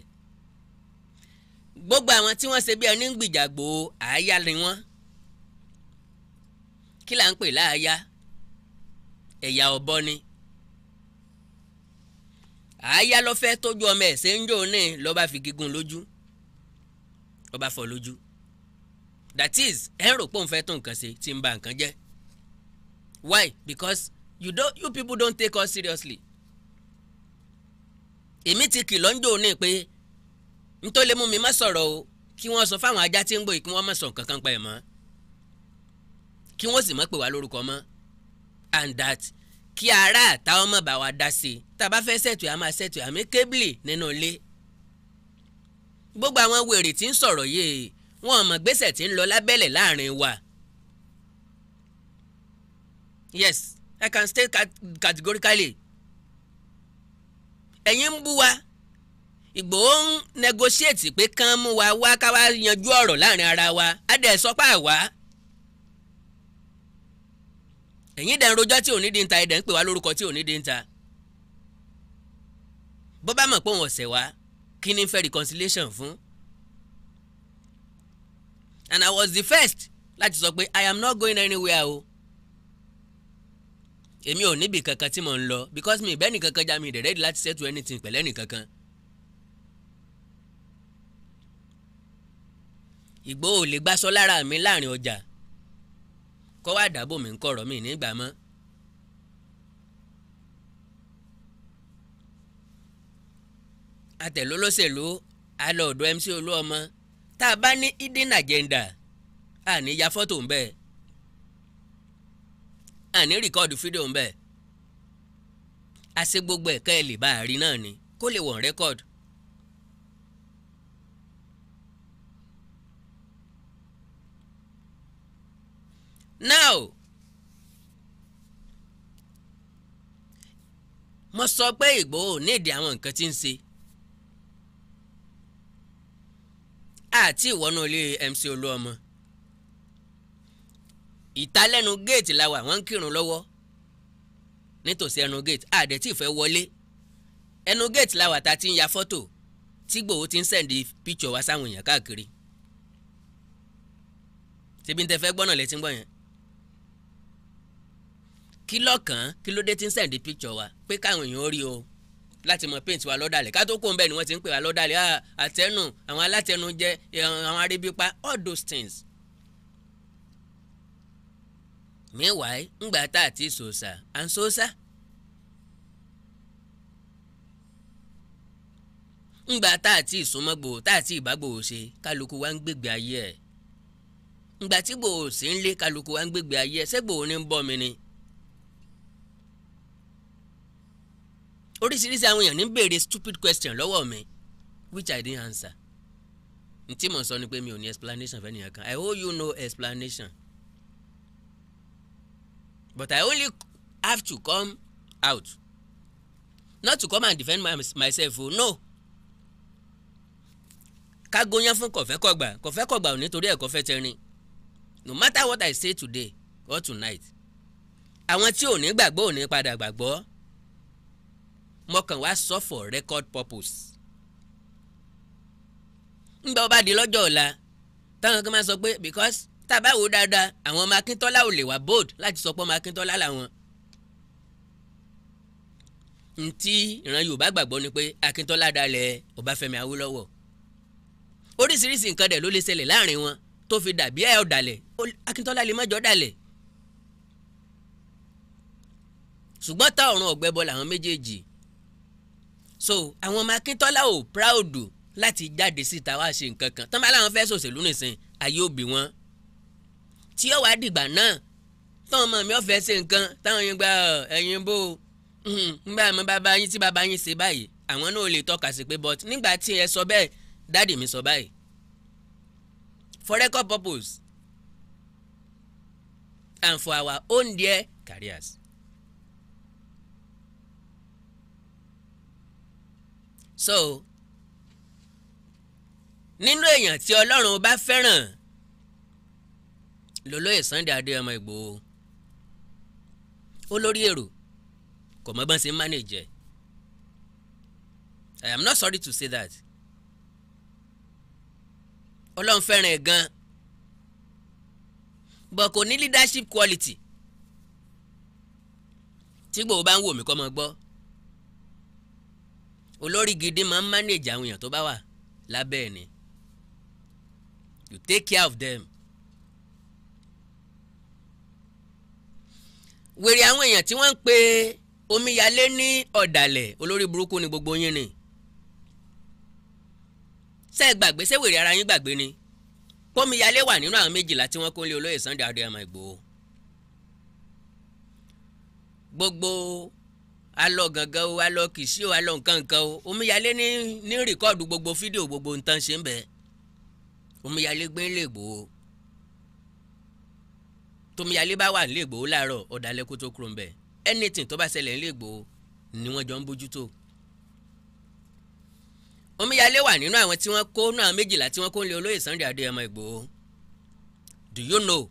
gbogbo àwọn tí wọ́n ṣe bí ẹni ń gbìjàgbò àáyá ni wọ́n kí là ń pè láàyá ẹ̀yà ọ̀bọ ni àáyá ló tójú ọmọ ẹ̀ ṣe ń jò ní ló fi gígùn lójú ló bá lójú that is ẹ ń rò pé òun fẹ́ tó nǹkan ṣe tí ń ba nǹkan jẹ́ why because you don't you people don't take us seriously èmi ti kìlọ̀ ń jò ní pé ntó lè mú mi má sọ̀rọ̀ o kí wọ́n sọ fáwọn ajá tí ń gbòyè kí wọ́n má sọ nǹkan kan pa ẹ̀ mọ́ kí wọ́n sì má pè wá lórúkọ mọ́ and that kí ara àta ọmọ bá wa dá sí i tá a bá fẹ́ ṣètò àmọ́ ṣètò àmì kébìlì nínú ilé gbogbo àwọn wèrè tí ń sọ̀rọ̀ yìí wọn mọ̀ gbèsè tí ń lọ lábẹ́lẹ̀ láàrin wa. yes i can state categorically ẹ̀yin ń bú wa Ìgbòho ń negotiate pé kán mú wa wá ká wá yanjú ọ̀rọ̀ láàrin ara wa á dẹ̀ sọ́pà wá. ẹ̀yin dẹ̀ ń rojọ́ tí ò ní di ń ta ẹ̀dẹ̀ ń pè wá lórúkọ tí ò ní di ń ta. bó bá mọ̀ pé òun ọ̀sẹ̀ wá kí ni fẹ́ reconciliation fún and I was the first láti sọ pé I am not going anywhere o èmi ò níbi kankan tí mò ń lọ because mi ìbẹ́ni kankan já mi ìdẹ̀ ready láti settle anything pẹ̀lẹ́ nìkankan. Ìgbòho lè gbàsọ lára mi láàrin ọjà kọ́ wá dàbò mi ń kọ̀rọ̀ mi nígbà mọ́. Àtẹ̀lólóṣèlú alọ́ ọ̀dọ̀ MC Olúọmọ tá a bá ní hidden agenda a ní ya fọ́tò ń a ní rìkọ́ọ̀dù fídíò ń bẹ̀ a ṣe gbogbo ẹ̀ka ẹ̀ lè bá a rí náà ni kó lè wọ̀n rẹ́kọ̀dù. now mo sọ pé Ìgbòho nídìí àwọn nǹkan tí ń ṣe. àti ìwọ́nú ilé MC Olúọmọ ìtalẹ́nu géètì la wà wọ́n ń kírun lọ́wọ́ nítòsí ẹnu géètì àdẹ tí ìfẹ́ wọlé ẹnu géètì la wà tá a ti ń ya fọ́tò tí Ìgbòho ti ń sẹ̀ndì píkṣọ̀ wá sáwọn èèyàn káàkiri ṣebí ń tẹ fẹ́ gbọ́nà lẹ́tí ń gbọ́ yẹn kí lọ́kàn kí ló dé ti ń sẹ̀ndì píkṣọ̀ wá pé káwọn èèyàn ó rí o. láti mọ paint wa lọ́dàlẹ̀ ká tó kó nbẹ ni wọ́n ti ń pè wá lọ́dàlẹ̀ ah, àtẹnu àwọn alátẹnujẹ eh, àwọn aríbípa all those things. meanwhile ngbà tá a ti sòsà à ń sòsà. ngbà tá a ti tá a ti ṣe kálukú wa ń gbègbè ayé ẹ̀ ngbà tí gbòò sí ń lé kálukú wa ń gbègbè ayé ẹ̀ ṣé gbòò ń bọ́ mi ni. oríṣiríṣi àwọn èèyàn ní béèrè stupid question lọ́wọ́ mi which I didn't answer n tí mo sọ ni pé mi ò ní explanation fẹ́ nìyẹn kan I owe you no explanation but I only have to come out not to come and defend my, myself o no kágo yẹn fún kọ̀fẹ́kọ̀gbà kọ̀fẹ́kọ̀gbà ò nítorí ẹ̀kọ́ fẹ́ tẹrin no matter what I say today or tonight àwọn tí ò ní gbàgbọ́ ò ní padà gbàgbọ́ mo kàn wá sọ for record purpose. ńgbà ọba di lọ́jọ́ ọ̀la táwọn kan máa sọ pé because tá a bá wò dáadáa àwọn ọmọ Akíntọ́lá ò lè wá bold láti sọ pé ọmọ Akíntọ́lá làwọn. ntí ìran Yorùbá gbàgbọ́ ni pé Akíntọ́lá dalẹ̀ Ọbáfẹ́mi Awólọ́wọ̀ oríṣiríṣi nǹkan dẹ̀ ló lè ṣẹlẹ̀ láàrin wọn tó fi dàbí ẹ̀ ọ̀dàlẹ̀ Akíntọ́lá lè má dàlẹ̀ ṣùgbọ́n tá ọ̀run ọ̀gbẹ́bọ làwọn méjèèjì so àwọn ọmọ Akíntọ́lá ò proud láti jáde síta wá ṣe nǹkan kan tán bá láwọn fẹ́ ṣòṣèlú nìsín ayé òbí wọn tí ó wàá dìgbà náà táwọn ọmọ mi ò fẹ́ ṣe nǹkan táwọn yẹn gba ẹ̀yin bó hmm, nígbà àmọ́ bàbá yín tí bàbá yín ṣe báyìí àwọn náà lè tọ́ka sí pé but nígbà tí ẹ sọ bẹ́ẹ̀ dáàdì mi sọ báyìí for record purpose and for our own dear careers. so nínú èèyàn tí ọlọ́run bá fẹ́ràn lólóyè Sunday Adéyẹmọ Ìgbòho ó lórí èrò kò mọ́ bọ́n ń manage ẹ̀ I am not sorry to say that ọlọ́run fẹ́ràn ẹ̀ gan but kò ní leadership quality tí gbòho bá ń wò mí kọ́ mọ́ gbọ́ olórí gidi máa ń manage àwọn èèyàn tó bá wà lábẹ́ ẹ̀ ni you take care of them. wèrè àwọn èèyàn tí wọ́n ń pe omíyalé ní ọ̀dàlẹ̀ olórí burúkú ni gbogbo yín ni ṣé ẹ gbàgbé ṣé wèrè ara yín gbàgbé ni kómíyalé wà nínú àwọn méjìlá tí wọ́n kó lé olóyè Sunday Adéyẹmọ Ìgbòho gbogbo a lọ gangan o a lọ kìsí o a lọ nkankan o omíyalé ní ní rìkọ́ọ̀dù gbogbo fídíò gbogbo nǹkan ṣe ń bẹ omíyalé gbé lè gbò ó tomíyalé bá wà nílé Ìgbòho láàárọ̀ ọ̀dàlẹ̀ kó tó kúrò ń bẹ̀ anything tó bá ṣẹlẹ̀ nílé Ìgbòho ni wọ́n jọ ń bójútó omíyalé wà nínú àwọn tí wọ́n kó náà méjìlá tí wọ́n kó ń lé olóyè Sunday Adéyẹmọ Ìgbòho do you know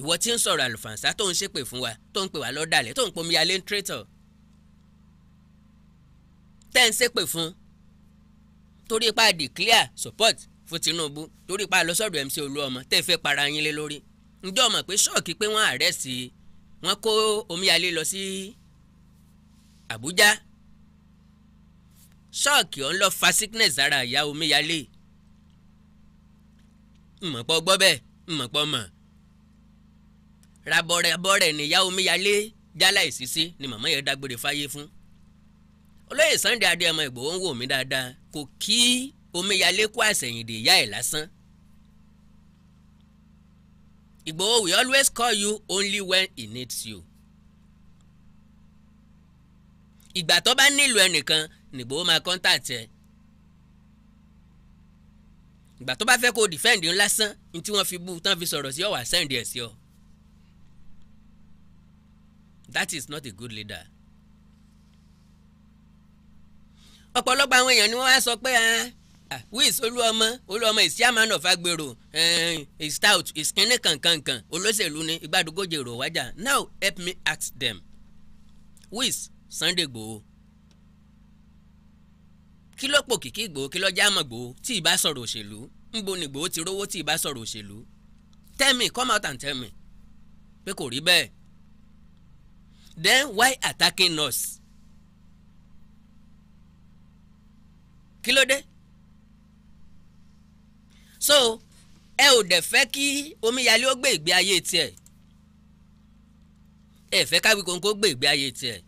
ìwọ tí ń sọ̀rọ̀ àlùfànṣá tó ń ṣépè fún wa tó ń pè wá lọ́dàlẹ̀ tó ń pomi alẹ́ ń tírẹ́tọ̀ tẹ́ ń ṣépè fún torí ipa declare support fún Tinubu torí ipa lọ sọ́dọ̀ MC Olúọmọ tẹ́ fẹ́ para yín lé lórí ǹjọ́ mọ̀ pé ṣọ́ọ̀kì pé wọ́n àrẹ́sì wọ́n kó omíyalé lọ sí abuja ṣọ́ọ̀kì ọ̀hún lọ fa sickness ara ìyá omíyalé mọ̀pọ̀ gbọ́ bẹ́ẹ̀ mọ̀pọ̀ mọ̀ rabọ̀rẹ̀bọ̀rẹ̀ nìyá omíyalé jálá ìsísí ni màmá yẹn dágbére fáyé fún olóyè Sunday Adéyẹmọ Ìgbòho ń wò mí dáadáa kò kí omíyalé kú àsẹ̀yìndè ìyá ẹ̀ lásán Ìgbòho we always call you only when he needs you ìgbà tó bá nílò ẹnìkan nìgbòho máa kọ́ńtàtì ẹ̀ ìgbà tó bá fẹ́ kó dìfẹ́ǹdì ńlá sán ní tí wọ́n fi bú tán fi sọ̀rọ̀ sí ọ wá sẹ́ǹdì ẹ̀ sí ọ that is not a good leader. ọ̀pọ̀lọpọ̀ àwọn èèyàn ni wọ́n wá sọ pé ah, ah, wíìs olúọmọ olúọmọ is chairman of agbero eh, is stout is kínní kankankan olóṣèlú ni igbádùgójè rò wájà now help me ask them wíìs Sunday Igboho kí ló pò kìkì Igboho kí ló jámọ̀ Igboho tí ì bá sọ̀rọ̀ òṣèlú ńbo ni Igboho ti rówó tí ì bá sọ̀rọ̀ òṣèlú tell me come out and tell me pé kò rí bẹ́ẹ̀ then why attacking us? kí ló dé? so ẹ ò dẹ̀ fẹ́ kí omíyalé ó gbé ìgbé ayé tiẹ̀ ẹ fẹ́ káwí kóńkó gbé ìgbé ayé tiẹ̀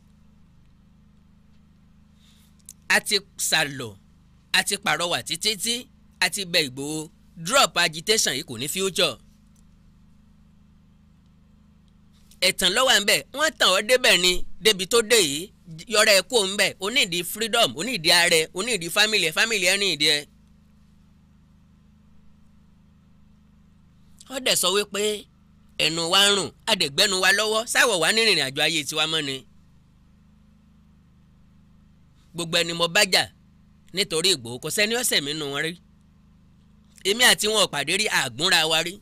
a ti sàlọ̀ a ti pàrọwà títí tí a ti bẹ Ìgbòho drop agitation yìí kò ní future. ẹ̀tàn lọ́wọ́ à ń bẹ̀ wọ́n tàn ọ́ débẹ̀ ni débi tó dé yìí yọrọ ẹ̀ kó ń bẹ̀ onídìí freedom onídìí ààrẹ onídìí family ẹ̀ family ẹ̀ nídìí ẹ̀. ó dẹ̀ sọ wípé ẹnu wa ń rùn àdẹ̀gbẹ́nu wa lọ́wọ́ sáwọ̀ wá ní ìrìn àjò ayé tiwa mọ́ ni. gbogbo ẹni mo bá jà nítorí Ìgbòho kò sẹ́ni ọ̀sẹ̀ mi nù wọn rí èmi àti wọn ò pàdé rí àgbúnra wa rí.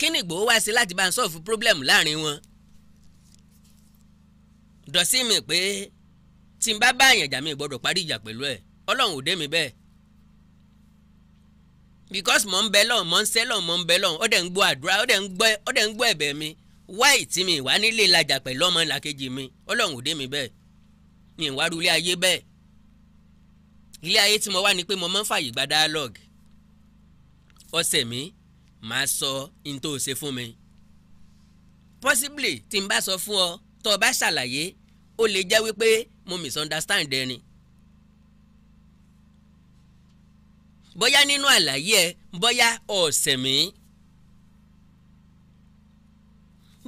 kíni Ìgbòho wá sí láti bá ń sọ̀fù problem láàrin wọn dọ̀sí mi pé tí n bá bá àyànjà mi gbọ́dọ̀ parí ìjà pẹ̀lú ẹ̀ ọlọ́run ò dé mi bẹ́ẹ̀ because mò ń bẹ lọ́n mò ń sẹ́ lọ́n mò ń bẹ lọ́n ó dẹ̀ ń gbọ́ àdúrà ó dẹ̀ ń gbọ́ ó dẹ̀ ń gbọ́ ẹ̀bẹ̀ mi wáì tí mi wá nílé lajà pẹ̀lú ọmọ làkejì mi ọlọ́run ò dé mi bẹ́ẹ̀ mi ìwà rú ilé ayé bẹ́ẹ̀ ilé ayé tí mo wá ni pé mo máa ń fàyè gba dialogue ọ̀sẹ̀ mi màá sọ n tó ṣe fún mi possibly tí n bá sọ fún ọ tó o bá ṣàlàyé ó lè jẹ́ wípé mo misunderstand ẹni. bóyá nínú àlàyé ẹ bóyá ọ̀sẹ̀ mi.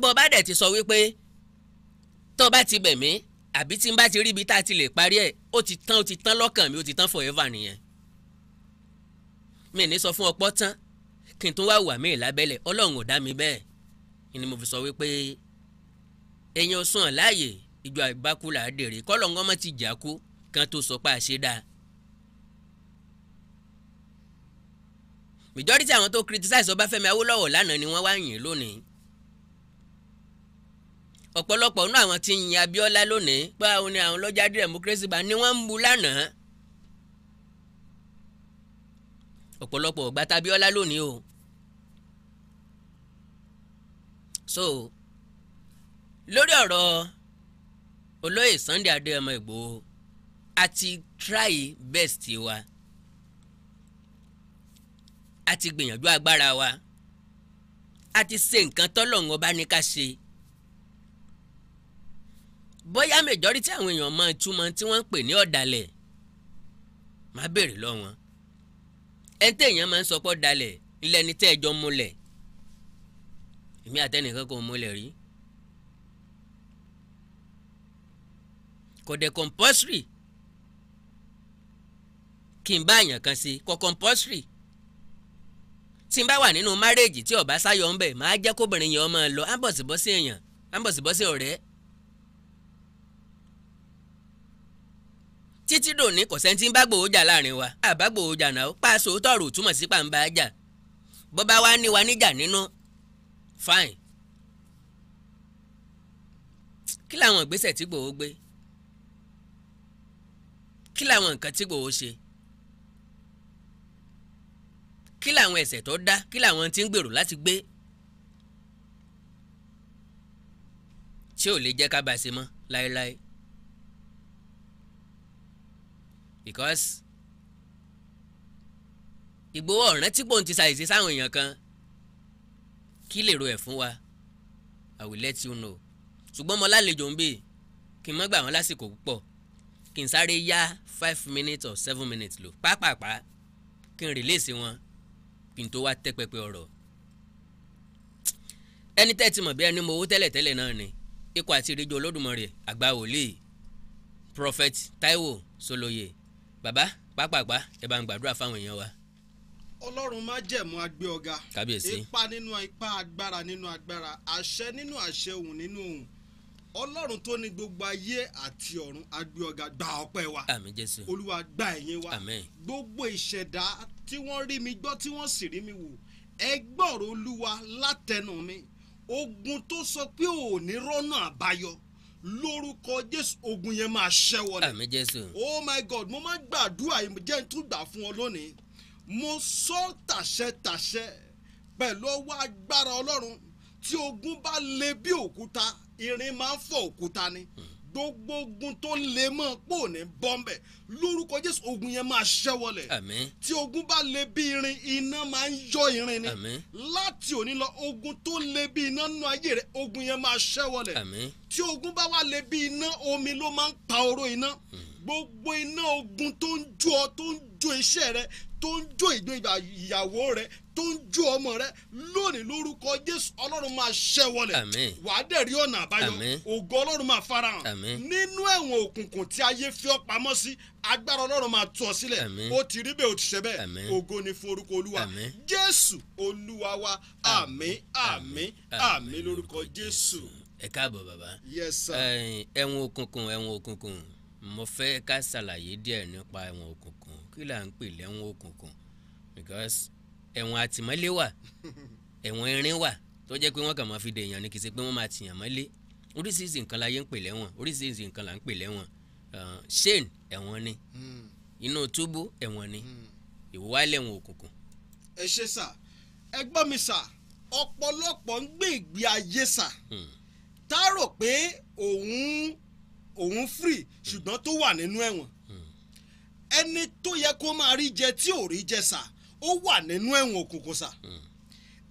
bó o bá dẹ̀ ti sọ wípé tó o bá ti bẹ̀ mí àbí tí n bá ti rí ibi tá a ti lè parí ẹ̀ ó ti tán ó ti tán lọ́kàn mi ó ti tán forever nìyẹn. mi ní sọ fún ọpọ́ tán kí n tó wá wà míì lábẹ́lẹ̀ ọlọ́run ò dá mi bẹ́ẹ̀ ni mo fi sọ wípé èèyàn sùn láàyè ìjọ àbákú là á dèrè kọ́lọ́ngàn má ti jà kú kan tó sọ pé àṣẹ dáa. majority àwọn tó criticize Ọbáfẹ́mi Awólọ́wọ̀ lánàá ni wọ́n wá yìn lónìí ọ̀pọ̀lọpọ̀ nínú àwọn tí ń yin Abíọ́lá lónìí pé àwọn ni àwọn lọ́jà democracy bá ní wọ́n ń bu lánàá ọ̀pọ̀lọpọ̀ ọ̀gbá tabiola lónìí o so lórí ọ̀rọ̀ olóyè Sunday Adé ọmọ Ìgbòho a ti try best wa a ti gbìyànjú agbára wa a ti ṣe nǹkan tọ́lọ́run ọba ní ká ṣe bóyá majority àwọn èèyàn máa túmọ̀ tí wọ́n ń pè ní ọ̀dàlẹ̀ má béèrè lọ́wọ́n ẹ̀ ń tẹ̀yàn máa ń sọpọ́ dalẹ̀ ilẹ̀ ní tẹ́ ẹjọ́ múlẹ̀ èmi àtẹnìkan kò múlẹ̀ rí kò dé compulsory kí n bá àyàn kan ṣe kò compulsory tí n bá wà nínú márèèjì tí ọba sáyọ ń bẹ máa jẹ́ kóbìnrin yẹn ọmọ lọ ámbọ̀sibọ́sí èèyàn ámbọ̀sibọ́sí ọ̀rẹ́ títí kò sẹ́ni tí ń bá láàrin wa àbá náà ọ̀rọ̀ túmọ̀ sí pàǹbá wa ní wa níjà fine kí làwọn ìgbésẹ̀ tí Ìgbòho gbé kí làwọn nǹkan tí Ìgbòho ṣe kí làwọn ẹ̀ṣẹ̀ tó dá kí làwọn tí ń gbèrò láti gbé tí ò lè jẹ́ ká bá ṣe mọ́ láéláé because Ìgbòho ọ̀ràn tí gbòhùn ti ṣàìsí sáwọn èèyàn kan kí lè ro ẹ̀ fún wa I will let you know ṣùgbọ́n mo lálejò ń bè kí n má gbà wọ́n lásìkò púpọ̀ kí n sáré yá five minutes or seven minutes lò pápápá kí n rìlẹ́sì wọn kí n tó wá tẹ́ pẹpẹ ọ̀rọ̀ ẹni tẹ́ ti mọ̀ bí ẹni mo owó tẹ́lẹ̀tẹ́lẹ̀ náà ni ikọ̀ àti ìrìnjò olódùmarè àgbà wòlíì prophet Taiwo Soloye bàbá pápápá ẹ bá ń gbàdúrà fáwọn èèyàn wa ọlọ́run má jẹ̀mú agbé ọ̀gá kábíyèsí ipa nínú ipa agbára nínú agbára àṣẹ nínú àṣẹ òun nínú òun ọlọ́run tó ní gbogbo ayé àti ọ̀run agbé ọ̀gá gba ọpẹ́ wa àmín jésù olúwa gba ẹ̀yìn wa àmín gbogbo ìṣẹ̀dá tí wọ́n rí mi gbọ́ tí wọ́n sì rí mi wò ẹ gbọ́rọ̀ olúwa látẹnu mi ogun tó sọ pé ò ní rọ́nà àbáyọ lórúkọ jésù ogun yẹn máa ṣẹ́wọ́ ni. àmín jésù. oh my god mo máa gbàdúrà ìjẹ́ ń tún gbà fún ọ lónìí mo sọ tàṣẹtàṣẹ pẹ̀lú ọwọ́ agbára ọlọ́run tí ogun bá le bí òkúta irin máa ń fọ́ òkúta ni gbogbo ogun tó le mọ́ pò ní bọ́m̀bẹ̀ lórúkọ jésù ogun yẹn máa ṣẹ́wọlẹ̀ àmín tí ogun bá le bí irin iná máa ń yọ irin ni láti òní lọ ogun tó le bí iná nínú ayé rẹ ogun yẹn máa ṣẹ́wọlẹ̀ àmín tí ogun bá wà le bí iná omi ló máa ń pa oró iná hmm. gbogbo iná ogun tó ń jó ọ tó ń jó iṣẹ́ rẹ tó ń jó ìjó ìyàwó rẹ tó ń jó ọmọ rẹ lónìí lórúkọ jésù ọlọ́run máa ṣẹ́ wọlé wàá dẹ̀ rí ọ̀nà àbáyọ ògo ọlọ́run máa farahàn nínú ẹ̀wọ̀n òkùnkùn tí ayé fi ọ́ pamọ́ sí agbára ọlọ́run máa tú ọ sílẹ̀ ó ti rí bẹ́ẹ̀ ó ti ṣe bẹ́ẹ̀ ògo ni fún orúkọ olúwa jésù olúwa wa àmín àmín àmín lórúkọ jésù. ẹ káàbọ̀ bàbá ẹ̀wọ̀n òkùnkùn ẹ̀wọ̀n òkùnkùn kí là ń pè lẹ́wọ̀n òkùnkùn because ẹ̀wọ̀n àtìmọ́lé wà ẹ̀wọ̀n irin wà tó jẹ́ pé wọ́n kàn máa fi dèèyàn ni kì í ṣe pé wọ́n máa tìyàn mọ́lé oríṣiríṣi nǹkan láyé ń pè lẹ́wọ̀n oríṣiríṣi nǹkan là ń pè lẹ́wọ̀n shane uh, ẹ̀wọ̀n ni hmm. inú túbú ẹ̀wọ̀n ni hmm. ìwà lẹ́wọ̀n òkùnkùn. ẹ ṣe sà ẹ gbọ́ mi sà ọ̀pọ̀lọpọ̀ ń gbé ìgbé ayé sà hmm. tá a rò pé òun òun free ṣùgbọ́n tó wà nínú ẹ̀wọ̀n ẹni tó yẹ kó máa rí jẹ tí ò rí jẹ sà ó wà nínú ẹ̀wọ̀n òkùnkùn sà hmm.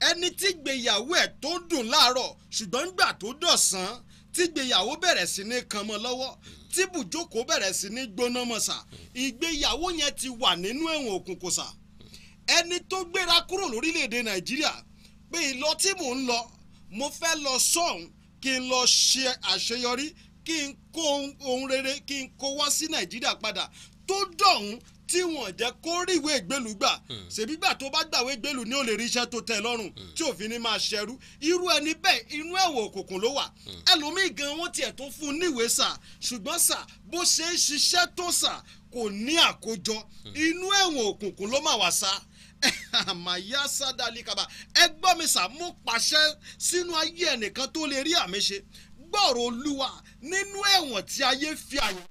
ẹni tí gbéyàwó ẹ̀ tó dùn láàárọ̀ ṣùgbọ́n nígbà tó dọ̀sán tí gbéyàwó bẹ̀rẹ̀ sí ní kan mọ́ lọ́wọ́ hmm. tí bùjókòó bẹ̀rẹ̀ sí ní gbóná mọ́ sà hmm. ìgbéyàwó yẹn ti wà nínú ẹ̀wọ̀n òkùnkùn sà ẹni tó gbéra kúrò lórílẹ̀‐èdè nàìjíríà pé ìlọ tí mò ń lọ mo fẹ́ lọ sọ́hún kí n lọ ṣe àṣeyọrí kí n kó ohun rere kí n kó wá sí nàìjíríà padà tó dọ̀hún tí wọ́n jẹ́ kó rí ìwé ìgbélú gbà hmm. ṣèbí gbà tó bá gbàwé ìgbélú ni ó lè rí iṣẹ́ tó tẹ́ lọ́rùn hmm. tí òfin ni máa ṣẹrú irú ẹni bẹ́ẹ̀ inú ẹ̀wọ̀ òkùnkùn ló wà hmm. ẹlòmíì gan wọ́n tiẹ̀ tó fún un níwèé sà ṣùgbọ́n sà bó ṣe ń ṣiṣẹ́ tó sà kò ní àkójọ inú ẹ̀wọ̀n òkùnkùn ló mà wà sá àmàyà sádàlì kaba ẹ gbọ́ mi sà mú pàṣẹ sínú ayé ẹnìkan tó lè rí àmì ṣe gbọ́rọ̀ olúwa nínú ẹ̀wọ̀n tí ayé fi àyàn.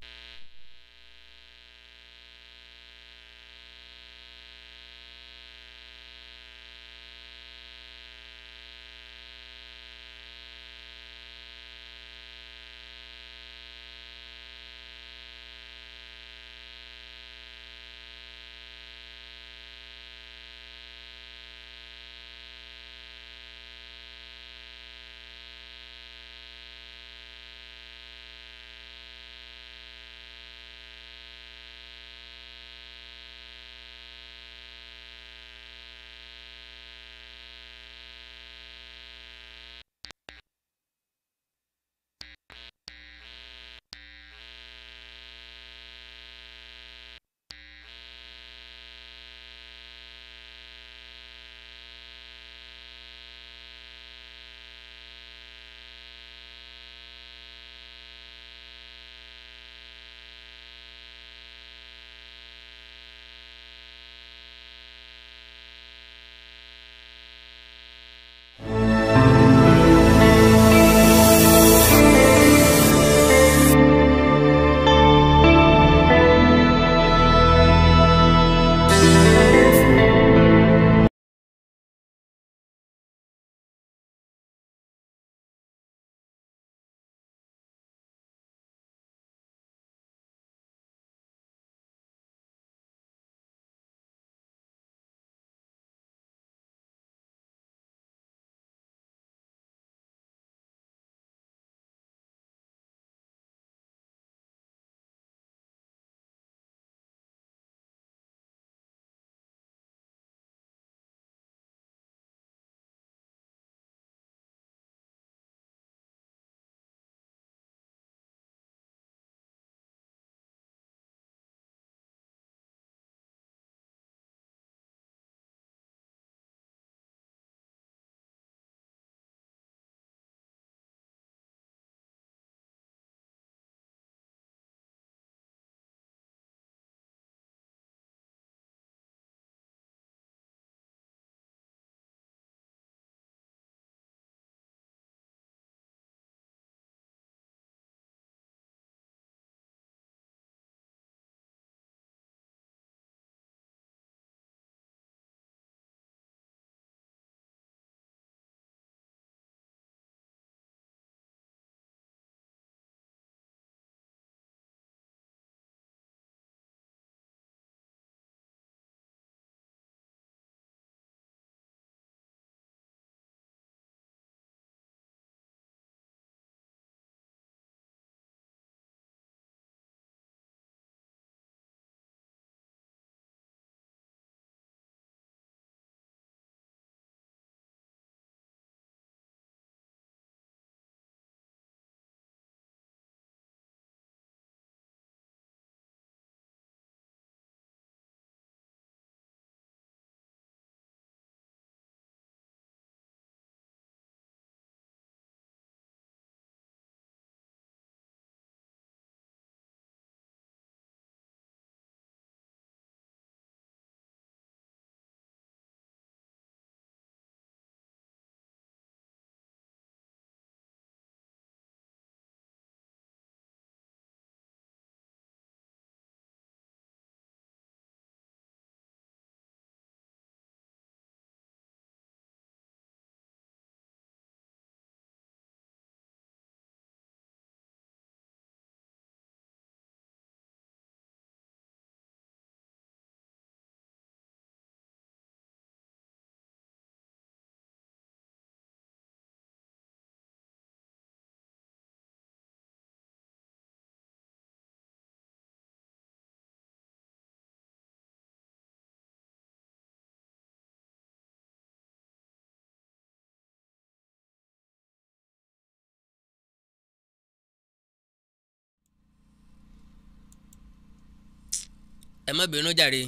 ẹ má bínú jàre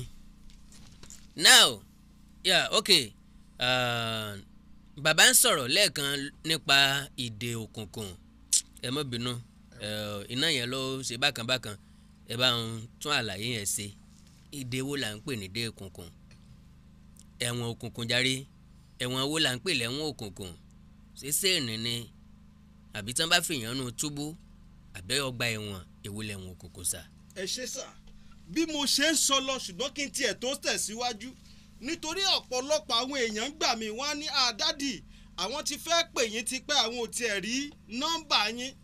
now yeah, okay uh, bàbá ń sọ̀rọ̀ lẹ́ẹ̀kan nípa ìdè òkùnkùn ẹ má bínú uh, iná yẹn ló ṣe bákan bákan ẹ bá ń tún àlàyé yẹn ṣe ìdè wo là ń pè ní ìdè òkùnkùn ẹ̀wọ̀n òkùnkùn jàre ẹ̀wọ̀n wo là ń pè lẹ́wọ̀n òkùnkùn ṣéṣe ìrìn ni àbí tí wọ́n bá fìyàn nu túbú àbẹ́ ọgbà ẹ̀wọ̀n èwo lẹ̀wọ̀n òkùnkùn sà. ẹ ṣe sà bí mo ṣe ń sọ lọ ṣùgbọ́n kí n tiẹ̀ tó tẹ̀síwájú nítorí ọ̀pọ̀lọpọ̀ àwọn èèyàn ń gbà mí wọ́n á ní àdádì àwọn ti fẹ́ pè yín tipẹ́ àwọn ò tiẹ̀ rí nọ́mbà yín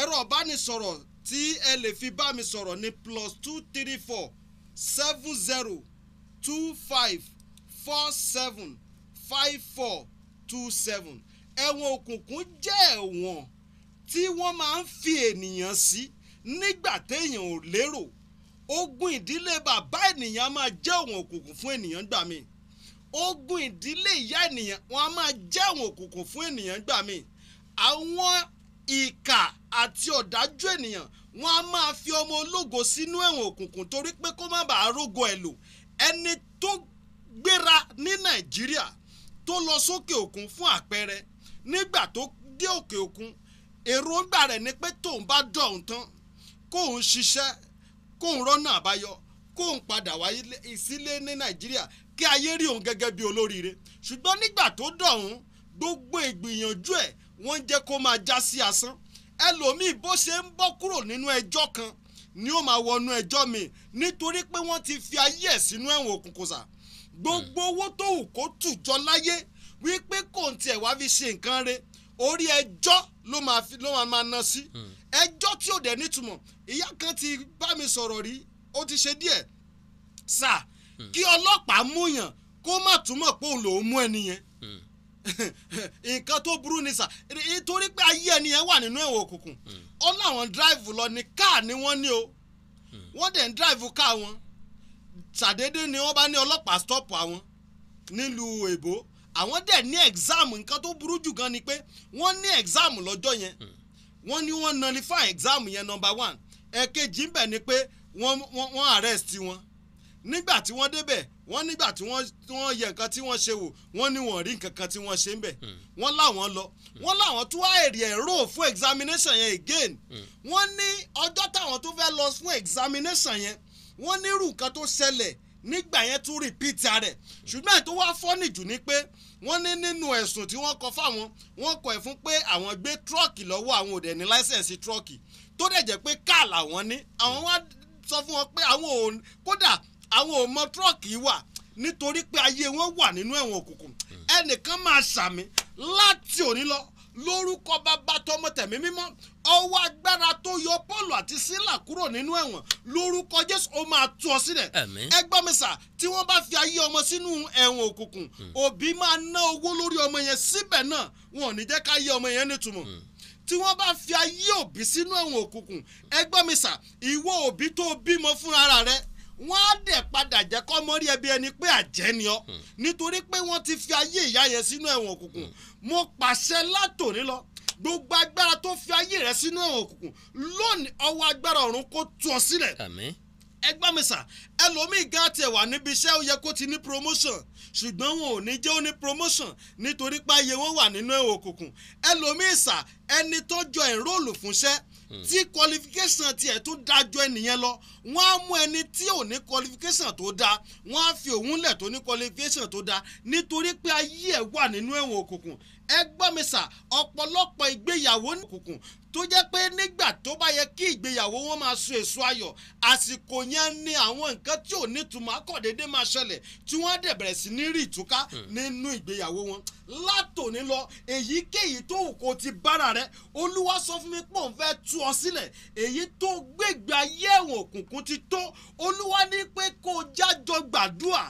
ẹ̀rọ ọ̀bánisọ̀rọ̀ tí ẹ lè fi bá mi sọ̀rọ̀ ni plus two three four seven zero two five four seven five four two seven ẹ̀wọ̀n òkùnkùn jẹ́ ẹ̀wọ̀n tí wọ́n máa ń fi ènìyàn sí nígbà téèyàn ò lérò ogun ìdílé bàbá ènìyàn máa jẹ́ òun òkùnkùn fún ènìyàn gbà mí ogun ìdílé ìyá ènìyàn wọn a máa jẹ́ òun òkùnkùn fún ènìyàn gbà mí àwọn ìkà àti ọ̀dájú ènìyàn wọn a máa fi ọmọ ológo sínú ẹ̀wọ̀n òkùnkùn torí pé kó má bàa rógo ẹ̀ lò ẹni tó gbéra ní nàìjíríà tó lọ sókè òkun fún àpẹẹrẹ nígbà tó dé òkè òkun èròǹgbà rẹ̀ ni pé tóun bá dọ̀hún tán kóun ṣiṣẹ́ kóun rọ́nà àbáyọ kóun padà wá sílé ní nàìjíríà kí ayé rí òun gẹ́gẹ́ bí olóríire ṣùgbọ́n nígbà tó dọ̀hún gbogbo ìgbìyànjú ẹ̀ wọ́n jẹ́ kó máa já sí asán ẹlòmíì bó ṣe ń bọ́ kúrò nínú ẹjọ́ kan ni ó máa wọnú ẹjọ́ mi nítorí pé wọ́n ti fi ayé ẹ̀ sínú ẹ̀wọ̀n òkùnkùn sà gbogbo owó tó wù kó tù jọ láyé wípé kò ń tiẹ̀ wá fi ṣe nǹkan re orí ẹjọ́ ló máa fi ló máa máa ná sí hmm. ẹjọ́ tí ò dẹ̀ nítumọ̀ ìyá kan ti bá mi sọ̀rọ̀ rí ó ti ṣe díẹ̀ sà hmm. kí ọlọ́pàá mú yàn kó má túmọ̀ pé òun lòún mú ẹni yẹn hmm. nǹkan tó burú ni sà nítorí pé ayé ẹni yẹn wà nínú ẹ̀wọ̀n òkùnkùn ó láwọn drive lọ ní káà ni wọ́n ní o wọ́n dẹ̀ ń drive káà wọn ṣàdédé ni wọ́n bá ní ọlọ́pàá stop àwọn nílùú èbó àwọn dẹ̀ ní exam nǹkan tó burú jù gan ni pé wọ́n ní exam lọ́jọ́ yẹn hmm. wọ́n ní wọ́n nullify exam yẹn number one ẹ̀kejì ń bẹ̀ ni pé wọ́n arrest wọn nígbà tí wọ́n débẹ̀ wọ́n nígbà tí wọ́n yẹ nǹkan tí wọ́n ṣe wò wọ́n ní wọ́n rí nǹkan kan tí wọ́n ṣe ń bẹ̀ hmm. wọ́n láwọn lọ hmm. wọ́n láwọn tún èrè ẹ̀rọ fún examination yẹn again wọ́n ní ọjọ́ táwọn tó fẹ́ lọ fún examination yẹn wọ́n nírú nǹkan tó ṣẹlẹ̀ nígbà yẹn tún repeat rẹ̀ ṣùgbọ́n èyí tó wá fọ́nì jù ni pé wọ́n ní nínú ẹ̀sùn tí wọ́n kọ fáwọn wọ́n kọ ẹ̀ fún pé àwọn gbé tírọ́ọ̀kì lọ́wọ́ àwọn òdẹ̀ ní láìsẹ̀nsì tírọ́ọ̀kì tó dẹ̀ jẹ́ pé káà làwọn ní àwọn wá sọ fún wọn pé àwọn ò kódà àwọn ò mọ tírọ́ọ̀kì wà nítorí pé ayé wọn wà nínú ẹ̀wọ̀n òkùnkùn ẹnìkan máa ṣàmì láti òní lọ lórúkọ bàbá tọmọ tẹ̀mí mímọ́ ọwọ́ agbára tó yọ Pọ́ọ̀lù àti Sílà kúrò nínú ẹ̀wọ̀n lórúkọ Jésù ó máa tú ọ sílẹ̀ ẹgbọ́n mi sà tí wọ́n bá fi ayé ọmọ sínú ẹ̀wọ̀n òkùnkùn hmm. òbí máa ná owó lórí ọmọ yẹn síbẹ̀ náà wọn ò ní jẹ́ ká ayé ọmọ yẹn nítumọ̀ hmm. tí wọ́n bá fi ayé òbí sínú ẹ̀wọ̀n òkùnkùn ẹgbọ́n mi sà ìwọ òbí tó bímọ fún ara wọ́n á dẹ̀ padà jẹ́ kọ́ mọ́rí ẹbí ẹni pé àjẹ́ ni ọ́ hmm. nítorí pé wọ́n ti fi ayé ìyá yẹn sínú ẹ̀wọ̀n òkùnkùn hmm. mo pàṣẹ látòní lọ gbogbo agbára tó fi ayé rẹ sínú ẹ̀wọ̀n òkùnkùn lónìí ọwọ́ agbára ọ̀run kó tú ọ sílẹ̀ ẹgbẹ́ mi sà ẹlòmíì gan tẹ̀ wà níbi iṣẹ́ ó yẹ kó ti ní promotion ṣùgbọ́n wọn ò ní jẹ́ ó ní promotion nítorí pé ayé wọn wà nínú ẹ̀wọ̀n òkùnkùn ẹlòmíì sà ẹni tó jọ ẹ̀ńrọ́ọ̀lù tí qualification tiẹ̀ tún dájú ẹnìyẹn lọ wọ́n á mú ẹni tí ò ní qualification tó dáa wọ́n á fi òun lẹ̀ tó ní qualification tó dáa nítorí pé ayé ẹ̀ wà nínú ẹ̀wọ̀n òkùnkùn ẹ gbọ́ mi sà ọ̀pọ̀lọpọ̀ ìgbéyàwó ní òkùnkùn tó jẹ́ pé nígbà tó bá yẹ kí ìgbéyàwó wọn máa so èso ayọ̀ àsìkò yẹn ni àwọn nǹkan tí ò ní ìtumọ̀ akọ̀dédé máa ṣẹlẹ̀ tí wọ́n dẹ̀ bẹ̀rẹ̀ sí ní rí ìtúká hmm. nínú ìgbéyàwó wọn látòní lọ èyíkéyìí tó wù kó ti bára rẹ olúwa sọ fún mi pé òun fẹ́ tú ọ sílẹ̀ èyí tó gbégbé ayé ẹ̀wọ̀n òkùnkùn ti tó olúwa ní pé kó o jájọ gbàdúrà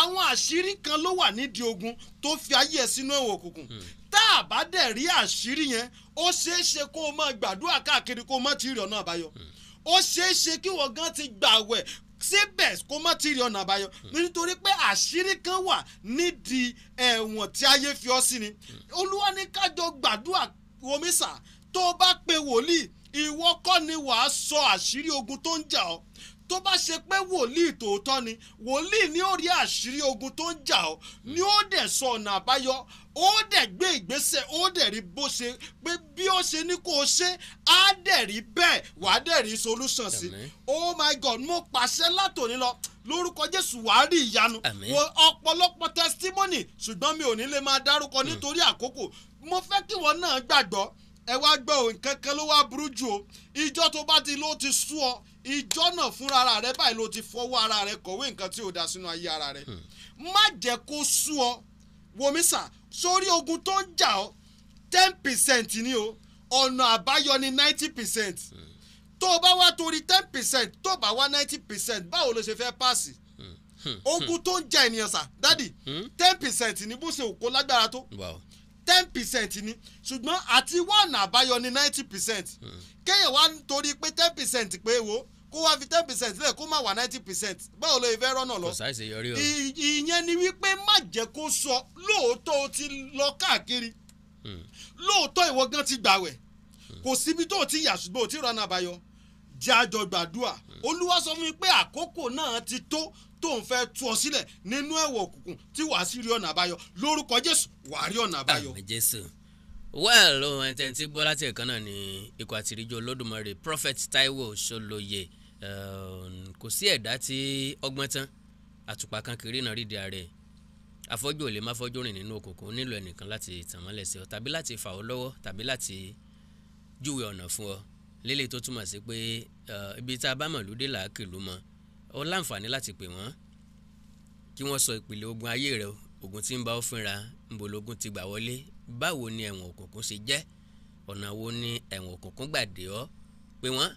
àwọn àṣírí kan ló wà nídìí ogun tó fi ayé ẹ sínú ẹ̀wọ̀n òkùnkùn hmm tá a bá dẹ̀ rí àṣírí yẹn ó ṣeé ṣe kó o máa gbàdúrà káàkiri kó o má ti rí ọ̀nà àbáyọ hmm. ó ṣeé ṣe kí wọ́n gan ti gbàwẹ̀ síbẹ̀ kó má ti rí ọ̀nà àbáyọ hmm. nítorí pé àṣírí kan wà nídìí ẹ̀wọ̀n tí ayé fi ọ́ sí ni hmm. olúwa ní kájọ gbàdúrà wọmísà tó bá pe wòlíì ìwọ ni wàá sọ àṣírí ogun tó ń jà ọ́ tó bá ṣe pé wòlíì tòótọ́ ni wòlíì ni ó àṣírí ogun tó ń jà ọ́ ni ó dẹ̀ sọ ọ̀nà àbáyọ ó dẹ̀ gbé ìgbésẹ̀ ó dẹ̀ rí bó ṣe pé bí ó ṣe ní kó o ṣe á dẹ̀ rí bẹ́ẹ̀ wàá dẹ̀ rí solution sí oh my god mo pàṣẹ látòní lọ lórúkọ jésù wàá rí ìyanu wọ ọ̀pọ̀lọpọ̀ testimony ṣùgbọ́n mi ò ní lè máa dárúkọ hmm. nítorí àkókò mo fẹ́ kí wọn náà gbàgbọ́ ẹ wá gbọ́ nǹkan kan ló wá burú jù o ìjọ tó bá ti ló ti sú ọ ìjọ náà fúnra ara rẹ báyìí ló ti fọwọ́ ara rẹ kọ̀wé nǹkan tí ò dá sínú ayé ara rẹ hmm. má jẹ́ kó sú ọ wòmísà sórí ogun tó ń jà ọ ten percent ni o ọ̀nà àbáyọ ni ninety percent hmm. tó o bá wá torí ten percent tó o bá wá ninety percent báwo ló ṣe fẹ́ pàṣẹ hmm. ogun tó ń jà ènìyàn sà dádì ten percent ní bó ṣe òkó lágbára tó. Wow ten percent ni ṣùgbọ́n àti wọ́ọ̀nà àbáyọ ni ninety percent kéèyàn wá torí pé ten percent pé wo kó wá fi ten percent lẹ̀ kó má wá ninety percent báwo ló fẹ́ rọ́nà lọ. kòsáì ṣe ìyẹn ni wípé má jẹ́ kó sọ lóòótọ́ o ti lọ káàkiri hmm. lóòótọ́ ìwọ gan ti gbàwẹ̀ hmm. kò síbi tó o ti yà ṣùgbọ́n o ti rọ́nà àbáyọ jẹ́ àjọ gbàdúrà hmm. olúwa sọ fún mi pé àkókò náà ti tó tóun fẹ́ tú ọ sílẹ̀ nínú ẹ̀wọ̀ òkùnkùn tí wàá sì rí ọ̀nà àbáyọ lórúkọ jésù wàá rí ọ̀nà àbáyọ. àmì jésù well ohun ẹ̀ tẹ́ntì gbọ́ láti ni ikọ̀ àtìríjọ olódùmarè prophet taiwo ṣolóye kò sí ẹ̀dá tí ọgbọ́n tán àtùpà kan kiri náà rídìí ààrẹ afọ́jú ò lè má fọ́jú rìn nínú òkùnkùn nílò ẹnìkan láti tàn mọ́lẹ̀ sí ọ tàbí láti fà ọ lọ́wọ́ tàbí láti júwe ọ̀nà fún ọ lélẹ̀ tó túmọ̀ sí pé ibi tá a bá mọ̀ làákìlú mọ́ ó láǹfààní láti pè wọ́n kí wọ́n sọ ìpìlẹ̀ ogun ayé rẹ ogun tí ń bá ọ fínra ńbo lógun ti gbà wọlé báwo ni ẹ̀wọ̀n òkùnkùn ṣe jẹ́ ọ̀nà wo ni ẹ̀wọ̀n òkùnkùn gbà dé ọ pé wọ́n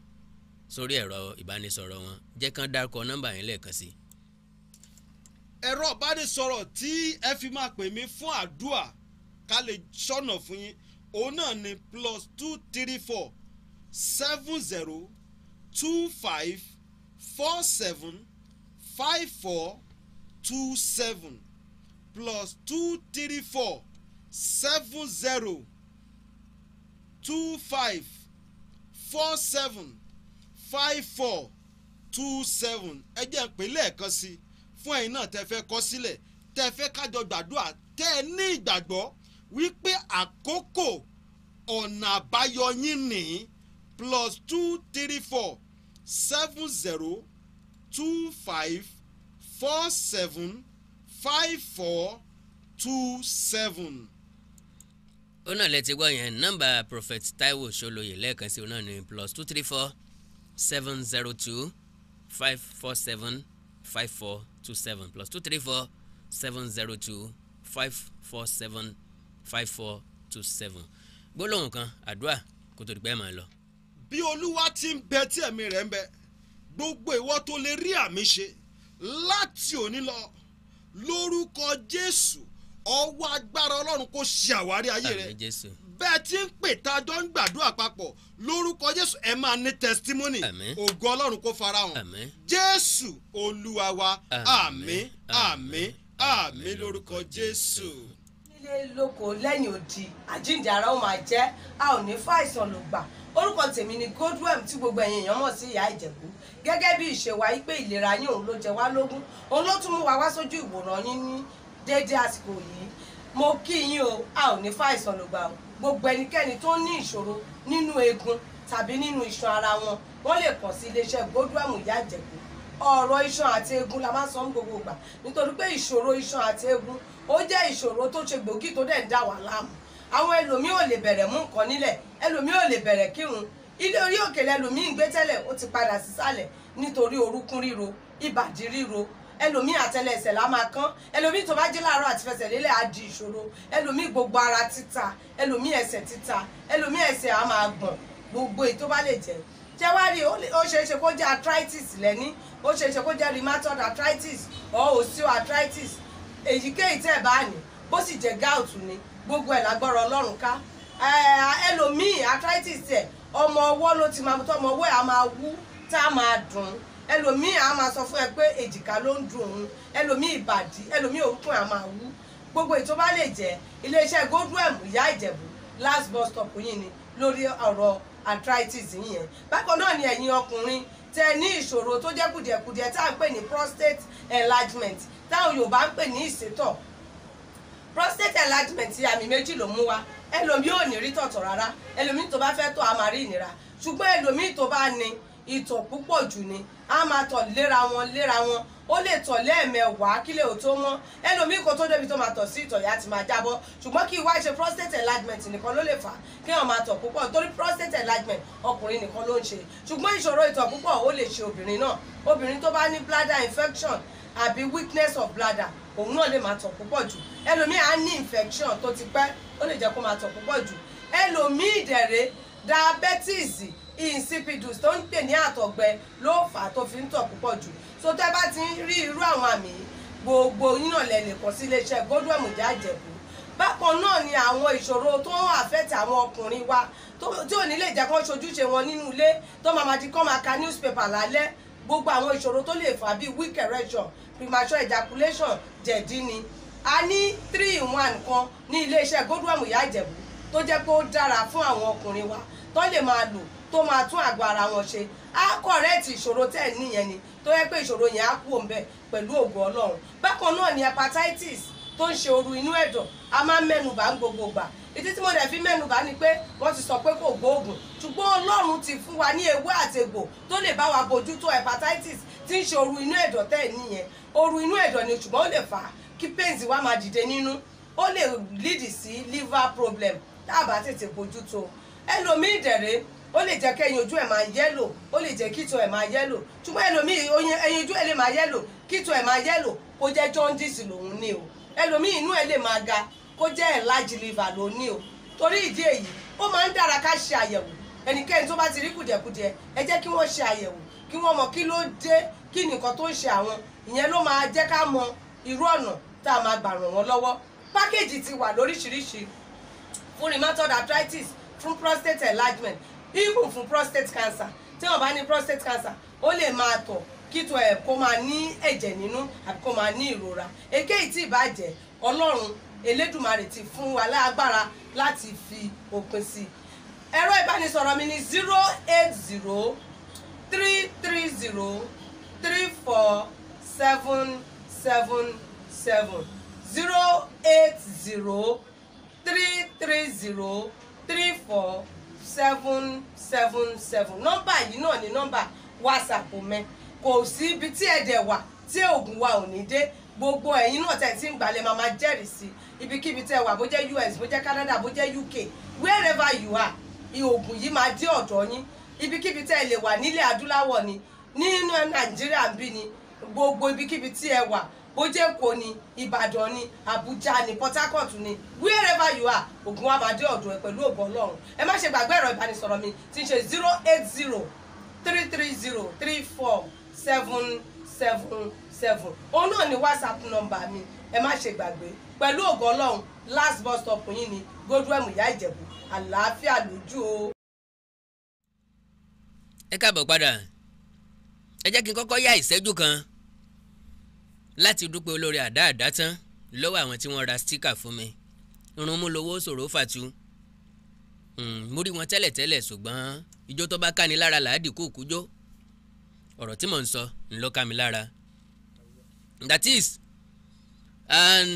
sórí ẹ̀rọ ìbánisọ̀rọ̀ wọn jẹ́ kán dárúkọ nọ́mbà yẹn lẹ́ẹ̀kan sí. ẹ̀rọ ìbánisọ̀rọ̀ tí ẹ fi máa pè mí fún àdúà ká lè ṣọ̀nà fún yín òun náà ni plus two three four seven zero two five four seven five four two seven plus two three four seven zero two five four seven five four two seven ẹ jẹ́ ń pè lẹ́ẹ̀kan sí i fún ẹ̀yin náà tẹ́ fẹ́ kọ sílẹ̀ tẹ́ fẹ́ kájọ gbàdúrà tẹ́ ẹ ní ìgbàgbọ́ wípé àkókò ọ̀nà àbáyọ yín nìyí plus two three four seven zero two five four seven five four two seven. ó náà lẹ gbọ́ yẹn nọ́mbà prophet taiwo ṣolóye lẹ́ẹ̀kan sí ọ̀nà ní plus two three four seven zero two five four seven five four two seven plus two three four seven zero two five four seven five four two seven gbólóhùn kan àdúrà kó tó di pé ẹ̀ máa lọ bí olúwa ti ń bẹ tí ẹ̀mí rẹ̀ ń bẹ gbogbo ìwọ tó lè rí àmì ṣe láti òní lọ lórúkọ jésù ọwọ́ agbára ọlọ́run kó ṣe àwárí ayé rẹ bẹ́ẹ̀ tí ń pè tá a jọ ń gbàdúrà papọ̀ lórúkọ jésù ẹ máa ní testimony ògo ọlọ́run kó farahàn jésù olúwa wa àmín àmín àmín lórúkọ jésù nílé lóko lẹ́yìn odi àjíǹde ara ó máa jẹ́ a ò ní fàìsàn ló gbà orúkọ tèmi ni Godwem tí gbogbo ẹ̀yin èèyàn mọ̀ sí ìyá ìjẹ̀bú gẹ́gẹ́ bí ìṣe wa pé ìlera yín òun ló jẹ wá lógún òun ló tún mú wa wá sójú ìwòran yín ní déédéé àsìkò yìí mo kí yín o a ò ní fàìsàn ló gbà o gbogbo ẹnikẹ́ni tó ní ìṣòro nínú eegun tàbí nínú iṣan ara wọn wọ́n lè kàn sí iléeṣẹ́ Godwem ìyá ìjẹ̀bú ọ̀rọ̀ iṣan àti eegun la máa sọ ń gbogbo gbà nítorí pé ìṣòro iṣan àti eegun ó jẹ́ ìṣòro tó ṣe gbòógì tó dẹ̀ dá wà láàmú àwọn ẹlòmíì ò lè bẹ̀rẹ̀ mú nǹkan nílẹ̀ ẹlòmíì ò lè bẹ̀rẹ̀ kírun ilé orí òkè lẹlòmíì ń gbé tẹ́lẹ̀ ó ti padà sísàlẹ̀ nítorí orúkún ríro ìbàdí ríro ẹlòmíì àtẹlẹsẹ̀ la máa kán ẹlòmíì tó bá jí láàárọ̀ àti fẹsẹ̀ lélẹ̀ á di ìṣòro ẹlòmíì gbogbo ara títa ẹlòmíì ẹsẹ̀ títa ẹlòmíì ẹsẹ̀ á máa gbọ̀n gbogbo èyí tó bá lè jẹ́ jẹ́ wá rí ó ṣeéṣe kó jẹ́ arthritis lẹ́ní ó ṣeéṣe kó jẹ́ rheumatoid arthritis or osteoarthritis èyíkéyìí tẹ́ ẹ̀ bá ní bó sì jẹ́ gáùtù ni gbogbo ẹ̀ lágbára ọlọ́run ká ẹlòmíì arthritis ẹ̀ ọmọ ọwọ́ ló ti máa tọ́ ọmọ ọwọ́ ẹ̀ á máa wú tá a máa dùn ún ẹlòmíì á máa sọ fún ẹ pé èjìká ló ń dùn òun ẹlòmíì ìbàdí ẹlòmíì orúkún á máa wú gbogbo ètò bá lè jẹ́ iléeṣẹ́ godwem ìyá ìjẹ̀bú last bus stop yìí ni lórí ọ̀rọ̀ arthritis yìí yẹn bákan náà ni ẹ̀yin ọkùnrin tẹ ní ìṣòro tó jẹ́ kùdìẹ̀kùdìẹ̀ tá à ń pè ní prostate enlargement táwọn Yorùbá ń pè ní ìsétọ̀ prostate enlargement àmì méjì ló mú wa ẹlòmíì ò ní rí tọ̀tọ̀ rárá ẹlòmíì tó bá fẹ́ tọ̀ á máa rí ìnira ṣùgbọ́n ẹlòmíì tó bá ní ìtọ̀ púpọ̀ jù ni á máa tọ̀ léra wọn léra wọn ó lè tọ̀ lẹ́ẹ̀mẹwàá kílẹ̀ ò tó mọ́ ẹlòmíì kò tó débi tó máa tọ̀ sí ìtọ̀lẹ́ àti máa jábọ́ ṣùgbọ́n kí wá ṣe prostate enlargement nìkan ló lè fà kí wọ́n máa tọ̀ púpọ̀ torí prostate enlargement ọkùnrin nìkan ló ń ṣe ṣùgbọ́n ìṣòro ìtọ̀ púpọ̀ ó lè ṣe obìnrin náà obìnrin tó bá ní bladder infection àbí weakness of bladder òun náà lè máa tọ̀ púpọ̀ jù ẹlòmíì á ní infection tó ti pẹ́ ó lè jẹ́ kó máa tọ̀ púpọ̀ jù ẹlòmíì dẹ̀rẹ̀ diabetes insipidus tó ń pè ní àtọ̀gbẹ ló fà á tó fi ń tọ̀ púpọ̀ jù so tẹ́ bá ti ń rí irú àwọn àmì gbogbo yín lẹ lè kàn sí iléeṣẹ́ Godwin Mujah Àjẹ̀bú bákan náà ni àwọn ìṣòro tó ń àfẹ́tì àwọn ọkùnrin wa tí ò ní lè jẹ́ kán ṣojúṣe wọn nínú ilé tó máa ma di kán máa ka newspaper lálẹ́ gbogbo àwọn ìṣòro tó lè fà bíi weak erection premature ejaculation jẹ̀dí ni a ní three in one kan ní iléeṣẹ́ Godwin Mujah Àjẹ̀bú tó jẹ́ pé ó dára fún àwọn ọkùnrin wa tó lè máa lò tó máa tún àgọ́ ara wọn ṣe á kọ̀rẹ́ẹ̀tì ìṣòro tẹ̀ níyẹn ni tó yẹ pé ìṣòro yẹn á kú òǹbẹ pẹ̀lú ògo ọlọ́run bákan náà ni hepatitis tó ń ṣe ooru inú ẹ̀dọ̀ a máa ń mẹ́nubà ń gbogbo gbà ìdí tí mo dẹ̀ fi mẹ́nubà ni pé wọ́n ti sọ pé kò gbóògùn ṣùgbọ́n ọlọ́run ti fún wa ní ewé àtegbò tó lè bá wa bójútó hepatitis tí ń ṣe ooru inú ẹ̀dọ̀ tẹ̀ níyẹn ooru inú ẹ̀dọ̀ ni ṣùgbọ́n ó lè fà á kí pains wa máa dìde nínú ó lè lead sí liver problem tá a bá tètè bójútó ẹlòmíì dẹ̀rẹ́ ó lè jẹ́ kẹ́yìn ojú ẹ̀ máa yẹ́lò ó lè jẹ́ kíto ẹ̀ máa yẹ́lò ṣùgbọ́n ẹlòmíì ẹyin ojú ẹ̀ lè máa yẹ́lò kíto ẹ̀ máa yẹ́lò kó jẹ́ jaundice lòun ní o ẹlòmíì inú ẹ̀ lè máa ga kó jẹ́ enlarged liver lòun ní o torí ìdí èyí ó máa ń dára ká ṣe àyẹ̀wò ẹnikẹ́ni tó bá ti rí kùdìẹ̀kudiẹ ẹ jẹ́ kí wọ́n ṣe àyẹ̀wò kí wọ́n mọ kí ló dé kí nìkan tó ń ṣe àwọn ìyẹn ló máa jẹ́ ká mọ irú ọ̀nà tá a máa gbà ràn wọ́n lọ́wọ́ pákéjì ti wà lóríṣiríṣi fún rheumatoid arthritis fún prostate enlargement even fún prostate cancer tí wọ́n bá ní prostate cancer ó lè máa tọ̀ kíto ẹ̀ kó máa ní ẹ̀jẹ̀ nínú àbí kó máa ní ìrora èkéyìí tí ìbàjẹ́ ọlọ́run elédùmarè ti fún wa lágbára láti fi òpin sí ẹ̀rọ ìbánisọ̀rọ̀ mi ní zero eight zero three three zero three four seven seven seven zero eight zero three three zero three four seven seven seven nọ́mbà yìí náà ni nọ́mbà whatsapp mi kò sí ibi tí ẹ̀dẹ̀ wà tí oògùn wa ò ní dé gbogbo ẹ̀yin náà tẹ̀ tí ń gbalẹ̀ máa máa jẹ́rìí sí ibikíbi tẹ́ wà bó jẹ́ US bó jẹ́ Canada bó jẹ́ UK wherever you are ìoògùn yìí máa dé ọ̀dọ̀ yín ibikíbi tẹ́ lè wà nílẹ̀ adúláwọ̀ ni nínú nàìjíríà ń bí ni gbogbo ibikíbi tí ẹ wà bójẹ́kọ ni ìbàdàn ni àbújá ni port harcourt ni wherever you are ògùn wa máa dé ọ̀dọ̀ e ẹ pẹ̀lú ògbọ́n ọlọ́run ẹ má ṣe gbàgbé ẹ̀rọ ìbánisọ̀rọ̀ mi tí ṣe zero eight zero three three zero three four seven seven seven òun náà ni whatsapp number mi ẹ má ṣe gbàgbé pẹ̀lú ògbọ́n ọlọ́run last bus stop yín ni godwem ìyá ìjẹ̀bù àlàáfíà lójú o. ẹ káàbọ̀ padà ẹ jẹ́ kí n kọ́kọ́ yá ìṣẹ́jú kan láti dúpẹ́ olórí àdáàdá tán lọ́wọ́ àwọn tí wọ́n ra stíkà fún mi irun mú lowó ṣòro fàtú hmm, mo rí wọn tẹ́lẹ̀tẹ́lẹ̀ ṣùgbọ́n ijó tó bá ká ni lára làádì kò kújó ọ̀rọ̀ tí mò ń sọ ń lọ ká mi lára that is um,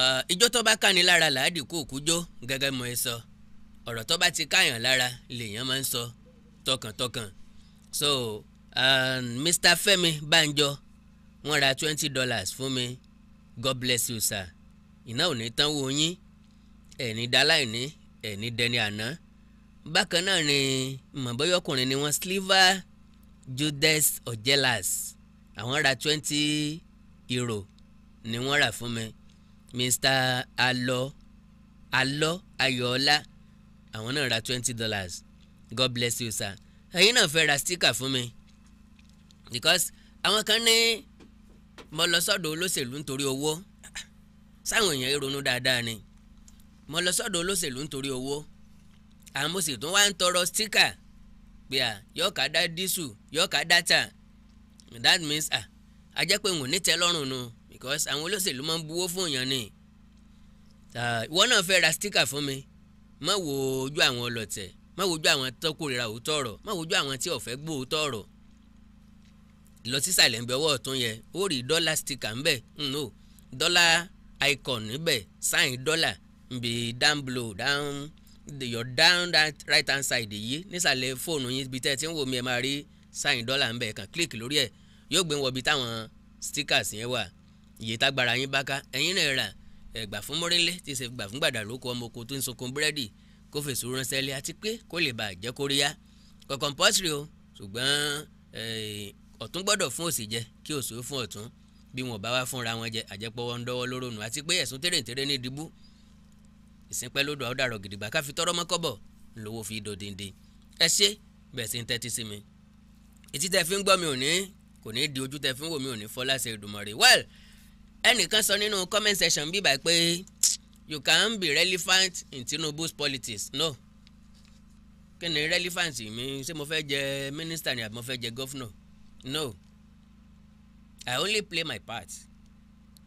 uh, ijó tó bá ká ni lára làádì kò kújó gẹ́gẹ́ mo ẹ sọ ọ̀rọ̀ tó bá ti káyàn lára lèèyàn máa ń sọ tọkàntọkàn so Mr. Fẹ́mi banjo, wọ́n ra twenty dollars fún mi God bless you sir iná ò ní tán wo yín ẹ̀ní dáláìní ẹ̀ní dẹni àná bákan náà ni mọ̀bọ́yọkùnrin ni wọ́n sliver judas ojelas àwọn ra twenty euro ni wọ́n rà fún mi Mr. Alọ Alọ Ayọ̀ọ́lá àwọn náà ra twenty dollars God bless you sir ẹ̀yin náà fẹ́ ra sticker fún mi because àwọn kan ní mo lọ sọ́dọ̀ olóṣèlú nítorí owó sáwọn èèyàn ronú dáadáa ni mo lọ sọ́dọ̀ olóṣèlú nítorí owó àwọn mo sì tún wá ń tọrọ stíkà pé à yọ̀ọ̀ká dá dísù yọ̀ọ̀ká dátà that means à á jẹ́ pé n ò ní tẹ́ lọ́rùn nu because àwọn olóṣèlú máa ń buwó fún èèyàn ni ìwọ náà fẹ́ ra stíkà fún mi má wo ojú àwọn ọlọ̀tẹ̀ má wo ojú àwọn tó kórìíra òótọ́ ọ̀rọ̀ má wo ojú àwọn tí ò fẹ́ òótọ́ ọ̀rọ̀ lọ sísàlẹ̀ ńbẹ ọwọ́ ọ̀tún yẹn ó rí dọ́là sticker ńbẹ no dọ́là icon níbẹ̀ sign dọ́là ńbẹ down below down your down that right hand side yìí nísàlẹ̀ fóònù yín ibi tẹ́ ẹ ti ń wò mí ẹ máa rí sign dọ́là ńbẹ kàn click lórí ẹ̀ yóò gbé wọ ibi táwọn stickers yẹn wà iye tágbára yín bá ká ẹ̀yin náà rà ẹ̀gbà fún mọ́rínlé tí ṣe gbà fún gbàdà lóko ọmọ oko tó ń sunkún búrẹ́dì kó fèsì ránṣẹ́ lé àti pé kó lè bàa jẹ́ kóríyá kọ̀ọ̀kan pọ́sìrì o ṣùgbọ́n ọ̀tún gbọ́dọ̀ fún òsì jẹ kí òsì ó fún ọ̀tún bí wọn bá wá fúnra wọn jẹ àjẹpọ̀ wọn ń dọ́wọ́ lóró nù àti pé ẹ̀sùn tèrèǹtèrè ní ìdìbò ìsìnpẹ́ lódò àwòdàrọ̀ gidigba káfi tọrọ mọ́kọ́bọ̀ lówó fi dòdìndì ẹ ṣe bẹ́ẹ̀ sì ń tẹ́tí sí mi etí tẹ́ fi ń gbọ́ mi ò kò ní di ojú tẹ́ fi ń wò mí ò ní fọ́ láṣẹ well ẹnìkan sọ nínú comment section bí pé you can be relevant in Tinubu's politics no kí ni relevance mi ṣé mo fẹ́ jẹ minister ni àbí mo fẹ́ jẹ governor No. I only play my part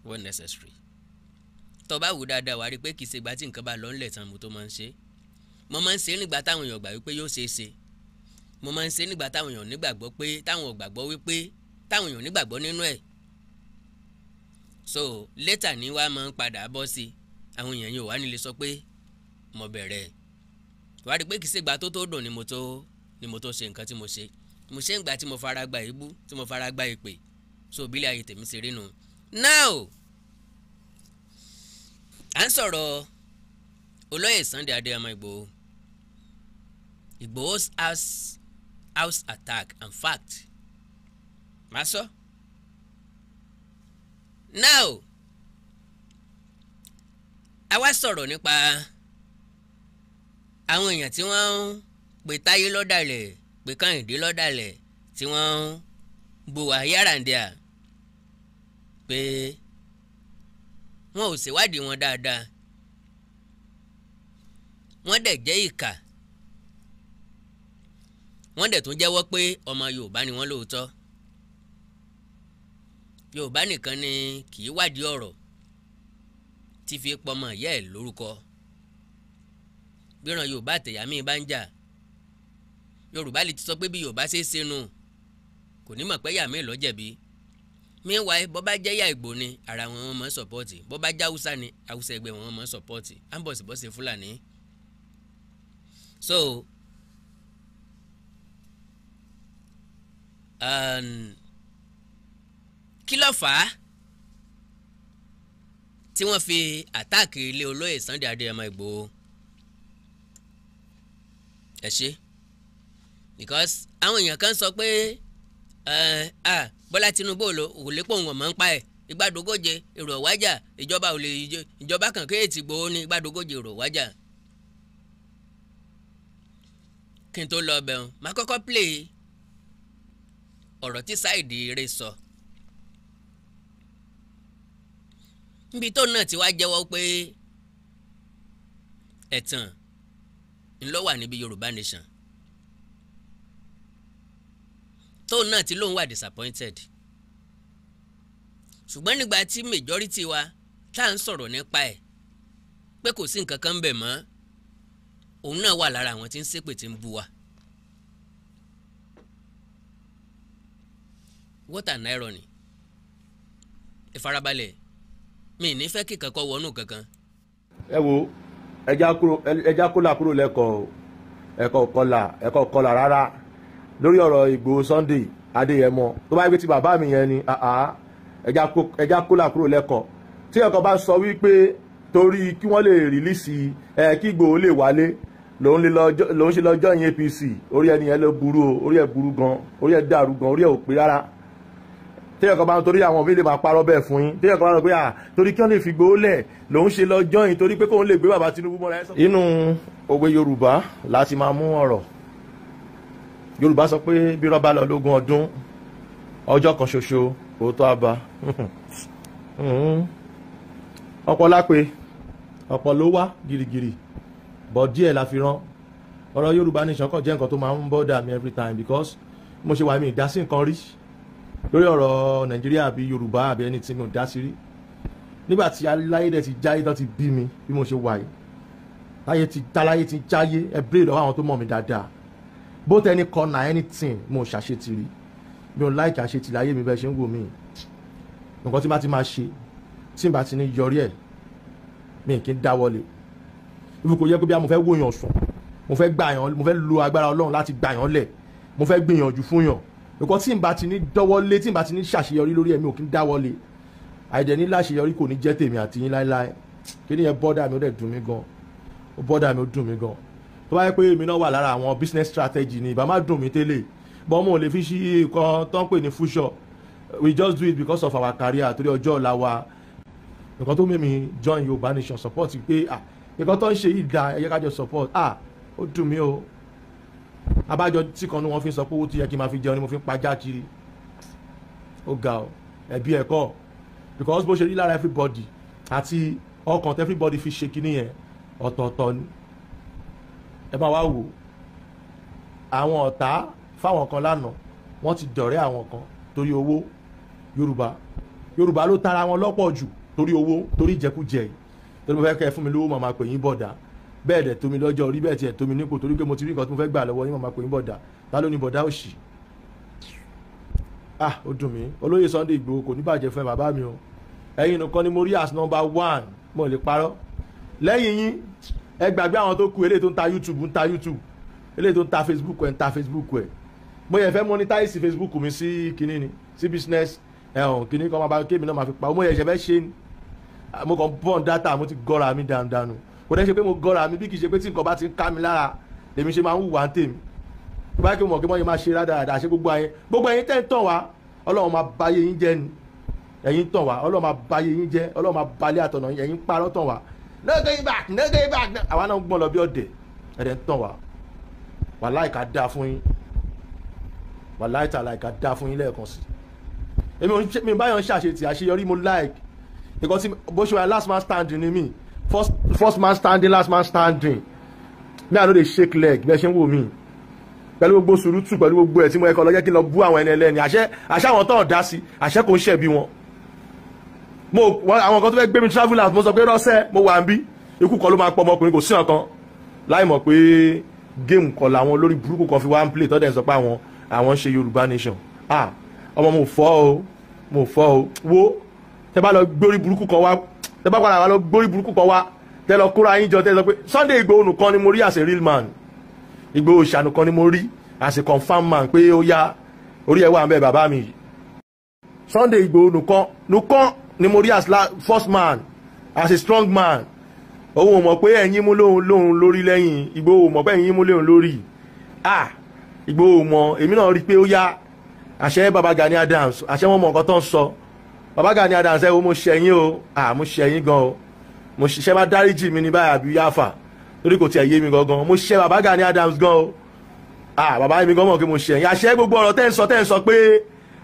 when necessary. tó bá wù dáadáa wà á rí i pé kì í ṣe ìgbà tí nǹkan bá lọ ńlẹ̀ tán mo tó máa ń ṣe mo máa ń ṣe nígbà táwọn èèyàn gbà wípé yóò ṣe é ṣe mo máa ń ṣe nígbà táwọn èèyàn nígbàgbọ́ pé táwọn ò wípé táwọn èèyàn nígbàgbọ́ nínú ẹ̀ so later ni wàá máa ń padà bọ́ sí àwọn èèyàn yóò wá nílé sọ pé mo bẹ̀rẹ̀ wà á rí i pé kì ṣe ìgbà tó tó dùn ni mo ni mo tó ṣe nǹkan tí mo ṣe mo ṣe ń gbà tí mo fara gba ìbú tí mo fara gba ìpè so bílẹ̀ ayé tèmi ṣe rí nu now à ń sọ̀rọ̀ olóyè Sunday Adéyẹmọ Ìgbòho Ìgbòho's house house attack and fact màá sọ now a wá sọ̀rọ̀ nípa àwọn èèyàn tí wọ́n ń pè táyé lọ́dàlẹ̀ pé káyìndé lọ́dàlẹ̀ tí wọ́n ń bu àyàràǹdíà pé wọn ò ṣèwádìí wọn dáadáa wọ́n dẹ̀ jẹ́ ìkà wọ́n dẹ̀ tún jẹ́wọ́ pé ọmọ yorùbá ni wọ́n lóòótọ́ yorùbá nìkan ni kì í wádìí ọ̀rọ̀ tí fi pọmọ ìyá ẹ̀ lórúkọ gbéran yorùbá àtẹ̀yàmí bá ń jà yorùbá lè ti sọ pé bí yorùbá ṣe é sínú kò ní mọ̀ pé yàmí lọ́jẹ̀bi meanwhile bó bá jẹ́ yà ìgbò ni ara wọn mọ̀ sọ́pọ́ọ̀tì bó bá jẹ́ haúsá ni haúsá ẹgbẹ́ wọn mọ̀ sọ́pọ́ọ̀tì ambọ̀sibọ́sì fúlàní. so um, kí ló fà á tí wọ́n fi àtáàkì ilé olóyè Sunday Adéyẹmọ Ìgbòho ẹ ṣe because àwọn èèyàn kan sọ pé Bọ́lá Tinubu ò lè pòun ọ̀mọ́ ń pa ẹ̀ ìgbàdógóje èrò wájà ìjọba ò lè ìjọba kan kéètì gbòó ní ìgbàdógóje èrò wájà. kí n tó lọ bẹ̀rùn máa kọ́kọ́ play ọ̀rọ̀ tí Saheed Ire sọ. níbi tó náà ti wá jẹ́wọ́ pé ẹ̀tàn ńlọ wà níbi Yorùbá Nation tóun náà ti lóun wà disappointed ṣùgbọ́n nígbà tí majority wa tá à ń sọ̀rọ̀ nípa ẹ̀ pé kò sí nǹkan kan bẹ̀ mọ́ òun náà wà lára àwọn tí ń ṣépè tí ń bu wa. what an irony ìfarabalẹ̀ mi ní fẹ́ kí kankan wọnú kankan. ẹ wo ẹja kúrò ẹja kúrò lẹ́kọ̀ọ́ ẹ̀kọ́ kọlà ẹ̀kọ́ kọlà rárá lórí ọ̀rọ̀ Ìgbòho Sunday Adéyẹmọ tó bá gbé ti bàbá mi yẹn ni ẹja kólà kúrò lẹ́kọ̀ọ́ tí ẹ̀kọ́ bá sọ wípé torí kí wọ́n lè rìlíìsì ẹ̀ kí Ìgbòho lè wálé lòun lòun ṣe lọ́jọ́ yẹn APC orí ẹni yẹn ló burú o orí ẹ̀ burú gan orí ẹ̀ dàrú gan orí ẹ̀ ò pé rárá tí ẹ̀kọ́ bá ń torí àwọn òbí lè máa parọ́ bẹ́ẹ̀ fún yín tí ẹ̀kọ́ bá ń pé à torí kí wọ́n lè fi Ìgbòho lẹ̀ lòun ṣe lọ́jọ́ yẹn torí pé kóun lè gbé bàbá Tinubu mọ́ra ẹ̀ sọ. inú òwe Yorùbá láti máa mú ọ̀rọ̀ yorùbá sọ pé bí rọ́bà lọ lógún ọdún ọjọ́ kan ṣoṣo òótọ́ àbá ọ̀pọ̀ lápè ọ̀pọ̀ ló wá girigiri bọ̀ díẹ̀ la fi rán ọ̀rọ̀ yorùbá nation kàn jẹ́ nǹkan tó máa ń bọ́dà mi every time because mo ṣe wà mí ìdásí nǹkan rí lórí ọ̀rọ̀ nàìjíríà àbí yorùbá àbí ẹni tí mi ò dá sí rí nígbà tí aláyé dẹ̀ ti jáyé tó ti bí mi bí mo ṣe wà yìí láyé ti jáláyé ti jáyé ẹ bèrè lọ́wọ́ àwọn tó mọ̀ mí dáadáa both any corner anything mo ṣàṣetiri mi ò láìka ṣetiri ayé mi bẹ́ẹ̀ ṣe ń wò mí nǹkan tí bá ti máa ṣe tí n bá ti ní yọrí ẹ̀ mi kì í dáwọ́lé ibi kò yẹ pé bí a mo fẹ́ wòyàn sùn mo fẹ́ gbàyàn mo fẹ́ lo agbára ọlọ́run láti gbàyàn lẹ̀ mo fẹ́ gbìyànjú fún yàn nǹkan tí n bá ti ní dọ́wọ́lé tí n bá ti ní ṣàṣeyọrí lórí ẹ̀ mi ò kì í dáwọ́lé àìdẹ̀ ní láṣeyọrí kò ní jẹ́ tèmi àti yín láéláé kí ni yẹn bọ́dà mi ó dẹ̀ dùn mí gan bọ́dà mi ó dùn mí gan tó bá yẹ pé èmi náà wà lára àwọn business strategy ni ìbá má dùn mí tẹ́lẹ̀ bọ́n mo lè fi ṣí nǹkan tó ń pè ní future we just do it because of our career torí ọjọ́ ọ̀la wa nǹkan tó mẹ́mi join Yorùbá Nation support pé ah nǹkan tó ń ṣe yìí da ẹ̀yẹ́ kájọ support ah ó dùn mí o abájọ tí kan ní wọ́n fi sọ pé owó tó yẹ kí n máa fi jẹun ni mo fi ń pajá kiri ó ga ọ ẹbí ẹ̀kọ́ because bó ṣe rí lára everybody àti ọkàn everybody fi ṣe kíní yẹn ọ̀tọ̀ọ̀tọ̀ ni ẹ máa wá wò àwọn ọ̀tá fáwọn kan lánàá wọ́n ti dọ̀rẹ́ àwọn kan torí owó yorùbá yorùbá ló tara wọn lọ́pọ̀ jù torí owó torí ìjẹkújẹ yìí torí mo fẹ́ kẹ́ ẹ fún mi lówó màmá pè yín bọ̀dà bẹ́ẹ̀ dẹ̀ tómi lọ́jọ́ orí bẹ́ẹ̀ tiẹ̀ tómi nípò torí pé mo ti rí nǹkan tí fẹ́ gbà lọ́wọ́ yín màmá pè yín bọ̀dà ta ló ní bọ̀dà òṣì ah ó dùn mí olóyè Sunday Igboho kò ní bàjẹ́ fún ẹ bàbá mi o ẹ̀yin nìkan ni mo rí as number one mo lè parọ́ lẹ́yìn yín ẹ gbàgbé àwọn tó kù eléyìí tó ń ta youtube ń ta youtube eléyìí tó ń ta facebook ẹ̀ ń ta facebook ẹ̀ mo yẹ fẹ́ monetize facebook mi sí kinní ni sí business ẹ̀hún kinní kan máa bá kémi náà máa fi pa mo yẹ ìṣẹ̀fẹ́ ṣe ni mo kàn bọ́n data mo ti gọ́ra mi dandanu kò dẹ́ ṣe pé mo gọ́ra mi bí kì í ṣe pé tí nǹkan bá ti ń ká mi lára lèmi ṣe máa ń hùwà ń tèmi bí bá kí mo mọ̀ kí mo yẹ máa ṣe rádaràdà ṣe gbogbo ayé gbogbo ẹ̀yin tẹ́ ń tàn wá ọlọ́run máa báyé yín jẹ́ ni ẹ̀yin tàn wá ọlọ́run máa báyé yín jẹ́ ọlọ́run máa balẹ̀ àtọ̀nà ẹ̀yin parọ́ tàn wá no going back no going back. àwa náà ń gbọ́n lọ bí ọ̀dẹ̀ ẹ̀dẹ̀ ń tàn wá wàláì ká dáa fún yín wàláì tààlà ìka dáa fún yín lẹ́ẹ̀kan sí èmi mi báyọ̀ ń ṣàṣetì àṣeyọrí mo like nǹkan tí bó ṣe wà last man standing ni mí first first man standing last man standing me i no dey shake leg bẹ́ẹ̀ ṣe ń wò mí pẹ̀lú gbogbo sùúrùtù pẹ̀lú gbogbo ẹ̀ tí mo ẹ̀kọ́ lọ́jọ́ kí n lọ bú àwọn ẹni ẹlẹ́ni àṣẹ àṣẹ àwọn tó ń dá sí àṣẹ kò ń ṣẹ̀bi wọn mo àwọn kan tó fẹ́ gbé mi travel mo sọ pé rọ́ṣẹ́ mo wà ń bí ikú kan ló máa pọ̀ ọmọkùnrin kò sí ọ̀kan láì mọ̀ pé géèmù kan làwọn lórí burúkú kan fi wá ń play tọ́dẹ̀ sọ pé àwọn àwọn ń ṣe Yorùbá nation ah ọmọ mo fọ́ o mo fọ́ o wo tẹ bá lọ gbórí burúkú kan wá tẹ bá padà wá lọ gbórí burúkú kan wá tẹ lọ kóra yín jọ tẹ sọ pé Sunday Igboho nìkan ni mo rí as a real man Igboho Òòṣà nìkan ni mo rí as a confam man pé ó yá orí ẹ wà ń bẹ bàbá mi Sunday Igboho nìkan nìkan ni mo rí as first man as a strong man òun ò mọ̀ pé ẹ̀yin mú lóhun lóhun lórí lẹ́yìn Ìgbòho mọ̀ pé ẹ̀yin mú lóhun lórí ah Ìgbòho mọ̀ èmi náà rí i pé ó yá àṣẹ baba Gani Adams àṣẹ wọn mọ̀ nǹkan tó ń sọ baba Gani Adams ẹ wo mo ṣẹ̀yìn o ah mo ṣẹ̀yìn gan o mo ṣiṣẹ́ bá dáríjì mi ní báyà bí yáfà torí kò tiẹ̀ yé mi gangan mo ṣẹ̀ baba Gani Adams gan o ah baba mi gan mọ̀ pé mo ṣẹ̀yìn àṣẹ gbogbo ọ̀rọ̀ tẹ́ ń sọ tẹ́ ń sọ pé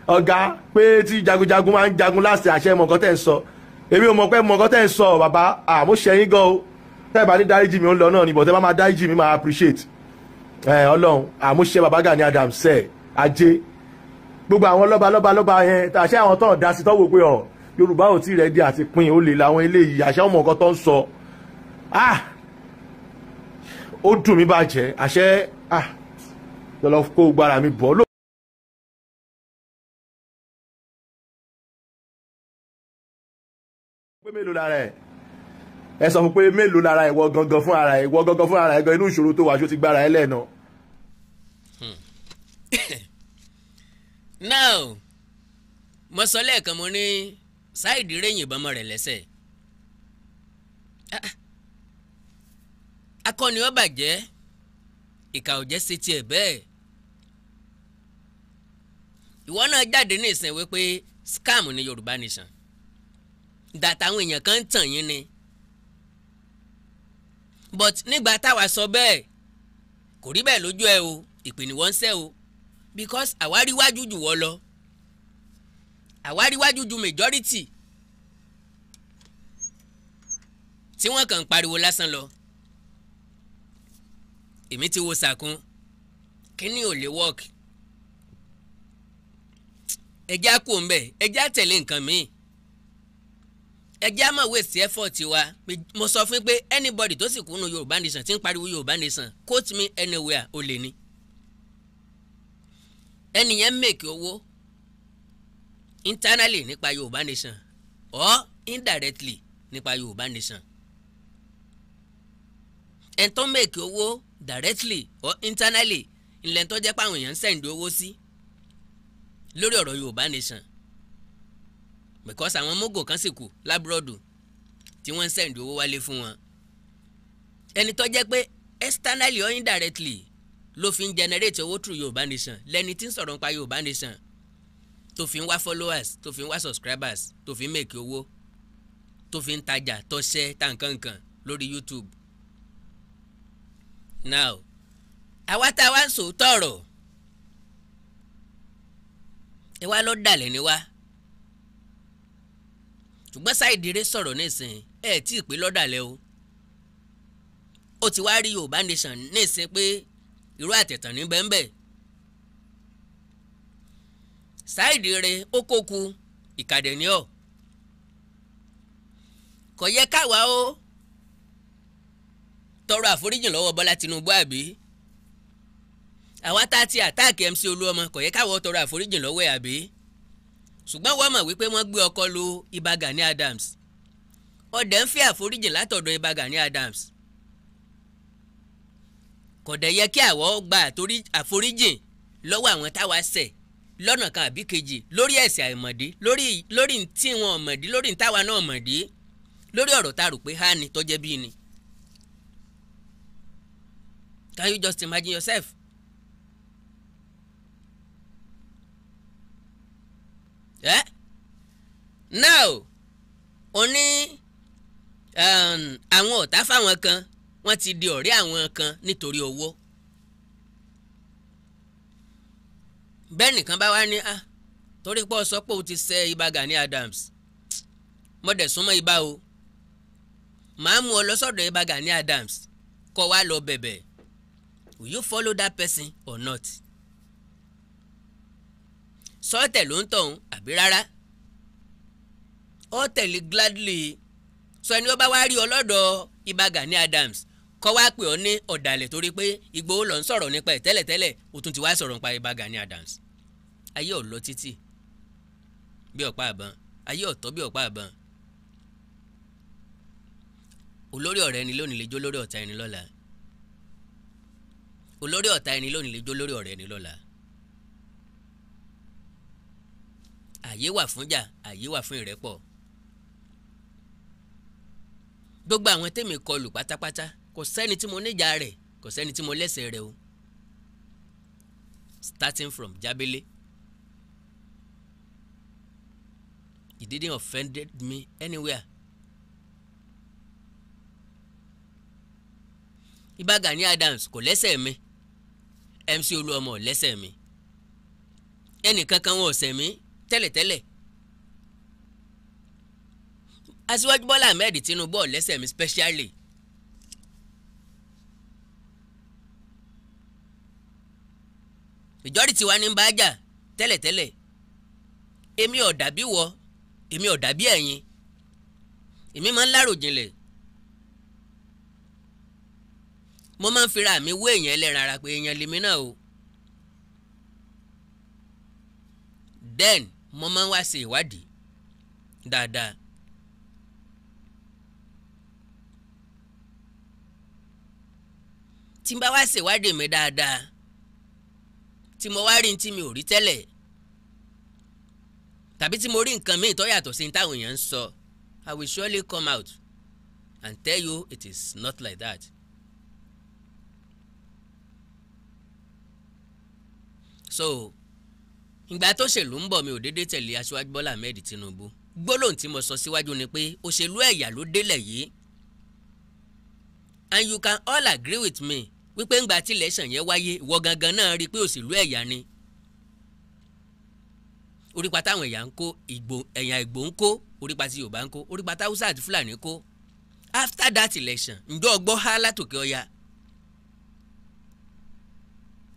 ọ̀gá pé tí jagunjagun máa ń jagun láti àṣẹ mọ̀ nǹkan tẹ̀ ń sọ èmi ò mọ̀ pé mọ̀ nǹkan tẹ̀ ń sọ bàbá àmọ́ ṣẹ̀yìn gan o tẹ́ ẹ̀ bá ní dáríjì mi ó ń lọ náà ni bọ̀tẹ́ bá máa dáríjì mi máa appreciate ẹ̀ ọlọ́run àmúṣe bàbá Gani Adams ẹ̀ ajé gbogbo àwọn lọ́ba lọ́ba lọ́ba yẹn àṣẹ àwọn tán dá sí tọ́wọ́ pé ọ̀ Yorùbá ò tí rẹ̀ di àti pin ó lè làwọn eléyìí àṣẹ ọmọ nǹkan tó ń ah ó dùn mí bàjẹ́ ah lọ́lọ́ kó gbára mi bọ́ pé mélòó lára ẹ̀ ẹ sọ fún pé mélòó lára ìwọ gangan fún ara ìwọ gangan fún ara ẹ̀ gan inú ìṣòro tó wà ṣó ti gbára ẹ lẹ́ẹ̀nà. Hmm. now mo sọ lẹ́ẹ̀kan mo ní ṣáìdì rẹ̀yìn ìbọn mọ́ rẹ̀ lẹ́sẹ̀ akọni ó bàjẹ́ ìkà ò jẹ́ ṣe tiẹ̀ bẹ́ẹ̀ ìwọ náà jáde ní ìsìn wípé scam ní Yorùbá Nation dàtàwọn èèyàn kan ń tàn yín ni but nígbà táwa sọ bẹ́ẹ̀ kò rí bẹ́ẹ̀ lójú ẹ o ìpè ni wọ́n ń sẹ́ o because àwáríwájú jù wọ́ lọ àwáríwájú ju majority tí wọ́n kàn ń pariwo lásán lọ èmi ti wo sàkún kíní ò lè work ẹjẹ́ á kú òun bẹ́ẹ̀ ẹjẹ́ á tẹ̀lé nǹkan mìíràn ẹjẹ́ àmọ̀ wèsì effort wa mo sọ fún pé anybody tó sì kúnnu yorùbá nation ti ń pariwo yorùbá nation Coach me anywhere ó lè ní. ẹnìyẹn make owó internally nípa yorùbá nation or indirectly nípa yorùbá nation. ẹn tó make owó directly or internally ńlẹ̀ tó jẹ́ pé àwọn èèyàn ń sẹ̀ǹdì owó sí lórí ọ̀rọ̀ yorùbá nation because àwọn mógò kan sì kù lábúròdù tí wọ́n ń sẹ́ǹdì owó wálé fún wọn ẹni tó jẹ́ pé externally or indirectly ló fi ń generate owó through Yorùbá Nation lẹ́ni tí ń sọ̀rọ̀ nípa Yorùbá Nation tó fi ń wá followers tó fi ń wá subscribers tó fi ń make owó tó fi ń tajà tọ́ṣẹ́ ta nǹkan nǹkan lórí YouTube now àwa tá a wá ń sòótọ́ ọ̀rọ̀ ẹ wá ló dàlẹ̀ ni wá ṣùgbọ́n Sáìdìrẹ sọ̀rọ̀ nísìn ẹ̀ tí ì pé lọ́dàlẹ́ o ó ti wá rí Yorùbá Nation nísìn pé irú àtẹ̀tàn ní bẹ́ńbẹ́ Sáìdìrẹ ó kóku ìkàdé ní ọ kò yẹ káwa o tọrọ àforíjìn lọ́wọ́ Bọ́lá Tinubu àbí àwa tá a ti àtáàkì MC Olúọmọ kò yẹ káwa tọrọ àforíjìn lọ́wọ́ ẹ̀ àbí ṣùgbọ́n wọ́n mọ̀ wípé wọ́n gbé ọkọ lu Ìbà Adams ọ̀dẹ̀ ń fẹ́ àforíjìn látọ̀dọ̀ Ìbà Adams kò dẹ̀ yẹ kí àwọ̀ gba àforíjìn lọ́wọ́ àwọn táwa ṣẹ̀ lọ́nà kan àbí kejì lórí ẹ̀ṣẹ̀ àìmọ̀dí lórí lórí tí wọn ọ̀mọ̀dí lórí táwa náà ọ̀mọ̀dí lórí ọ̀rọ̀ tá rò pé há ni tọ́jẹ́ bí ni. Can you just imagine yourself? ẹ now ó ní um, àwọn ọ̀tá fáwọn kan wọ́n ti di ọ̀rẹ́ àwọn kan nítorí owó bẹ́ẹ̀ nìkan bá wá ní ah torí pé ó sọ pé o ti ṣe Ìbà Gani Adams mo dẹ̀ súnmọ́ Ìbà o màá mú ọ lọ sọ́dọ̀ Ìbà Gani Adams kó wá lọ bẹ̀bẹ̀ will you follow that person or not? sọ́ọ̀tẹ̀ ló ń tọ̀hún àbí rárá ó tẹ̀lé gladly sọ ẹni wọ́n bá wá rí ọ lọ́dọ̀ Ìbà Gani Adams kọ́ wá pè ọ́ ní ọ̀dàlẹ̀ torí pé Ìgbòho ló ń sọ̀rọ̀ nípa ẹ̀ tẹ́lẹ̀tẹ́lẹ̀ ó tún ti wá sọ̀rọ̀ nípa Ìbà Gani Adams ayé ò lọ títì bí ọ̀pá àbọ̀n ayé ọ̀tọ́ bí ọ̀pá àbọ̀n olórí ọ̀rẹ́ ni lónìí lè jó lórí ọ̀tá ẹni lọ́la olórí ọ̀tá ẹni lónìí lè jó lórí ọ̀rẹ́ ẹni lọ́la àyè wà fúnjà àyè wà fún ìrẹ́pọ̀ gbogbo àwọn tèmi kọlù pátápátá kò sẹ́ni tí mo níjà rẹ̀ kò sẹ́ni tí mo lẹ́sẹ̀ rẹ̀ o starting from Jábélé he didn't offended me anywhere Ìbà Gani Adams kò lẹ́sẹ̀ mi MC Olúọmọ lẹ́sẹ̀ mi ẹnì kankan wọn ò mi tẹ́lẹ̀tẹ́lẹ̀ aṣíwájú bọ́lá ahmed tinubu ọ̀lẹ́sẹ̀ mi specially ìjọ́rí tiwa ní bá jà tẹ́lẹ̀tẹ́lẹ̀ èmi ò dàbí wọ èmi ò dàbí ẹ̀yin èmi máa ń láròjinlẹ̀ mo máa ń fira mi wé èèyàn ẹlẹ́ran ara pé èèyàn lèmi náà o then mo máa ń wá ṣe ìwádìí dáadáa. tí n bá wá ṣèwádìí mi dáadáa tí mo wá rí tí mi ò rí tẹ́lẹ̀ tàbí tí mo rí nǹkan míì tó yàtọ̀ sí táwọn èèyàn ń sọ I will surely come out and tell you it is not like that. So ìgbà tó ṣèlú ń bọ̀ mi ò déédéé tẹ̀lé aṣíwájú bọ́lá ahmed tinubu gbólóhùn tí mo sọ síwájú ni pé òṣèlú ẹ̀yà ló délẹ̀ yìí and you can all agree with me wípé ńgbà tí election yẹn wáyé ìwọ gangan náà rí i pé òṣèlú ẹ̀yà ni orípa táwọn ẹ̀yà ń kó ẹ̀yà ìgbò ń kó orípa tí yorùbá ń kó orípa tí haúsá àti fúlàní kó after that election ǹjọ́ ọgbọ́ há látòkè ọya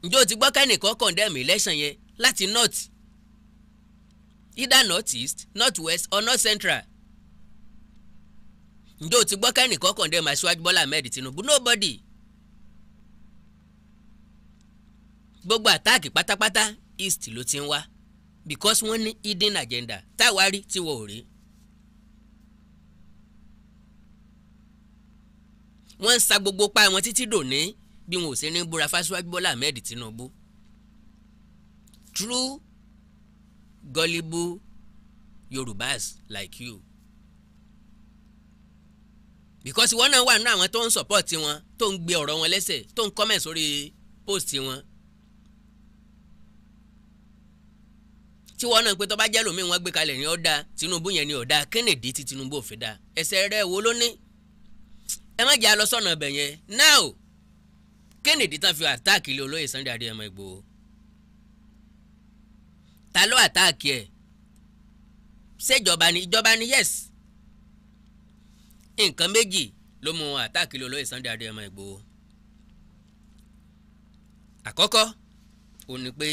ǹjọ́ ti gbọ́ kẹ́nìkan condemn election yẹn láti north either north east north west or north central ǹjẹ́ o ti gbọ́ kẹ́nìkan kàn dé máa ṣíwájú Bọ́lá Ahmed Tinubu nobody gbogbo àtáàkì pátápátá east ló ti ń wá because wọ́n ní hidden agenda táwa rí tí wọ́n ò rí. wọ́n ń sa gbogbo pa wọn títí dòní bí wọn ò sí ní búra fásiwájú Bọ́lá Ahmed Tinubu true gullible yorùbás like you because ìwọ náà wà nínú àwọn tó ń support wọn tó ń gbé ọ̀rọ̀ wọn lẹ́sẹ̀ tó ń comment sórí post wọn tí wọn náà pé tó bá jẹ́ lómi wọn gbé kalẹ̀ ní ọ̀dà Tinubu yẹn ní ọ̀dà Kennedy tí Tinubu ò fi dá ẹsẹ̀ rẹ̀ wo ló ní ẹ má jẹ́ a lọ sọ́nà ibẹ̀ yẹn now Kennedy tán fi àtáàkì lé olóyè Sunday Adéyẹmọ Ìgbòho ta ló àtáàkì ẹ̀ ṣèjọba ni ìjọba ni yes nǹkan méjì ló mú àtáàkì lọ lóye Sunday Adéyẹmọ Ìgbòho àkọ́kọ́ ò ní pé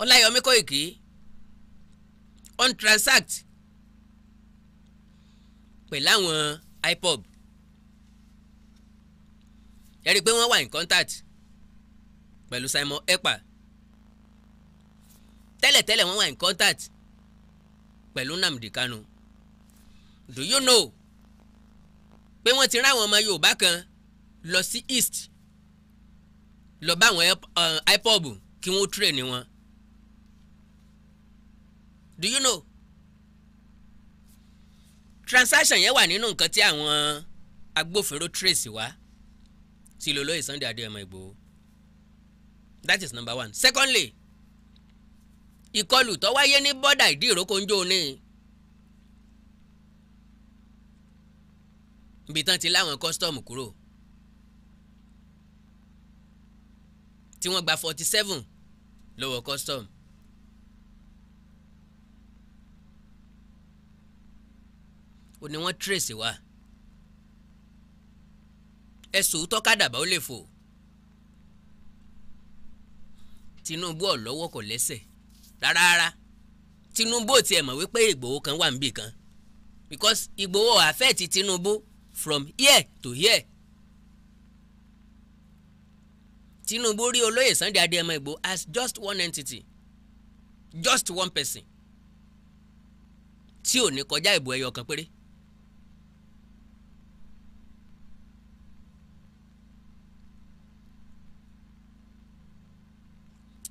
Ọláyọmí Kóìkì on transact pẹ̀lú àwọn IPOB ẹ rí i pé wọ́n wà in contact pẹ̀lú Simon Ekpa tẹ́lẹ̀tẹ́lẹ̀ wọ́n wà in contact pẹ̀lú Nnamdi Kanu do you know pé wọ́n ti ráwọn ọmọ Yorùbá kan lọ sí East lọ bá àwọn IPOB eh, kí wọ́n train wọn do you know transaction yẹn wà nínú nǹkan tí àwọn agbófinró trace wá sí lọ́lọ́ Sunday Adéyẹmọ Ìgbòho that is number one secondly ìkọlù tó wáyé ní bọ́dà ìdí ìrókò ń jó ni. ibi tán ti láwọn kọ́sítọ́ọ̀mù kúrò tí wọ́n gba forty seven lọ́wọ́ kọ́sítọ́ọ̀mù. ó ní wọ́n tírèsì wá ẹ̀sùn tọ́kadàbà ó lè fò Tinubu ọ̀ lọ́wọ́ kò lẹ́sẹ̀ rárá rárá Tinubu ò tiẹ̀ mọ̀ wípé Ìgbòho kan wà níbì kan because Ìgbòho affect Tinubu from here to here Tinubu rí olóyè Sunday Adéyẹmọ Ìgbòho as just one entity just one person tí ò ní kọjá ìbò ẹyọ kan péré.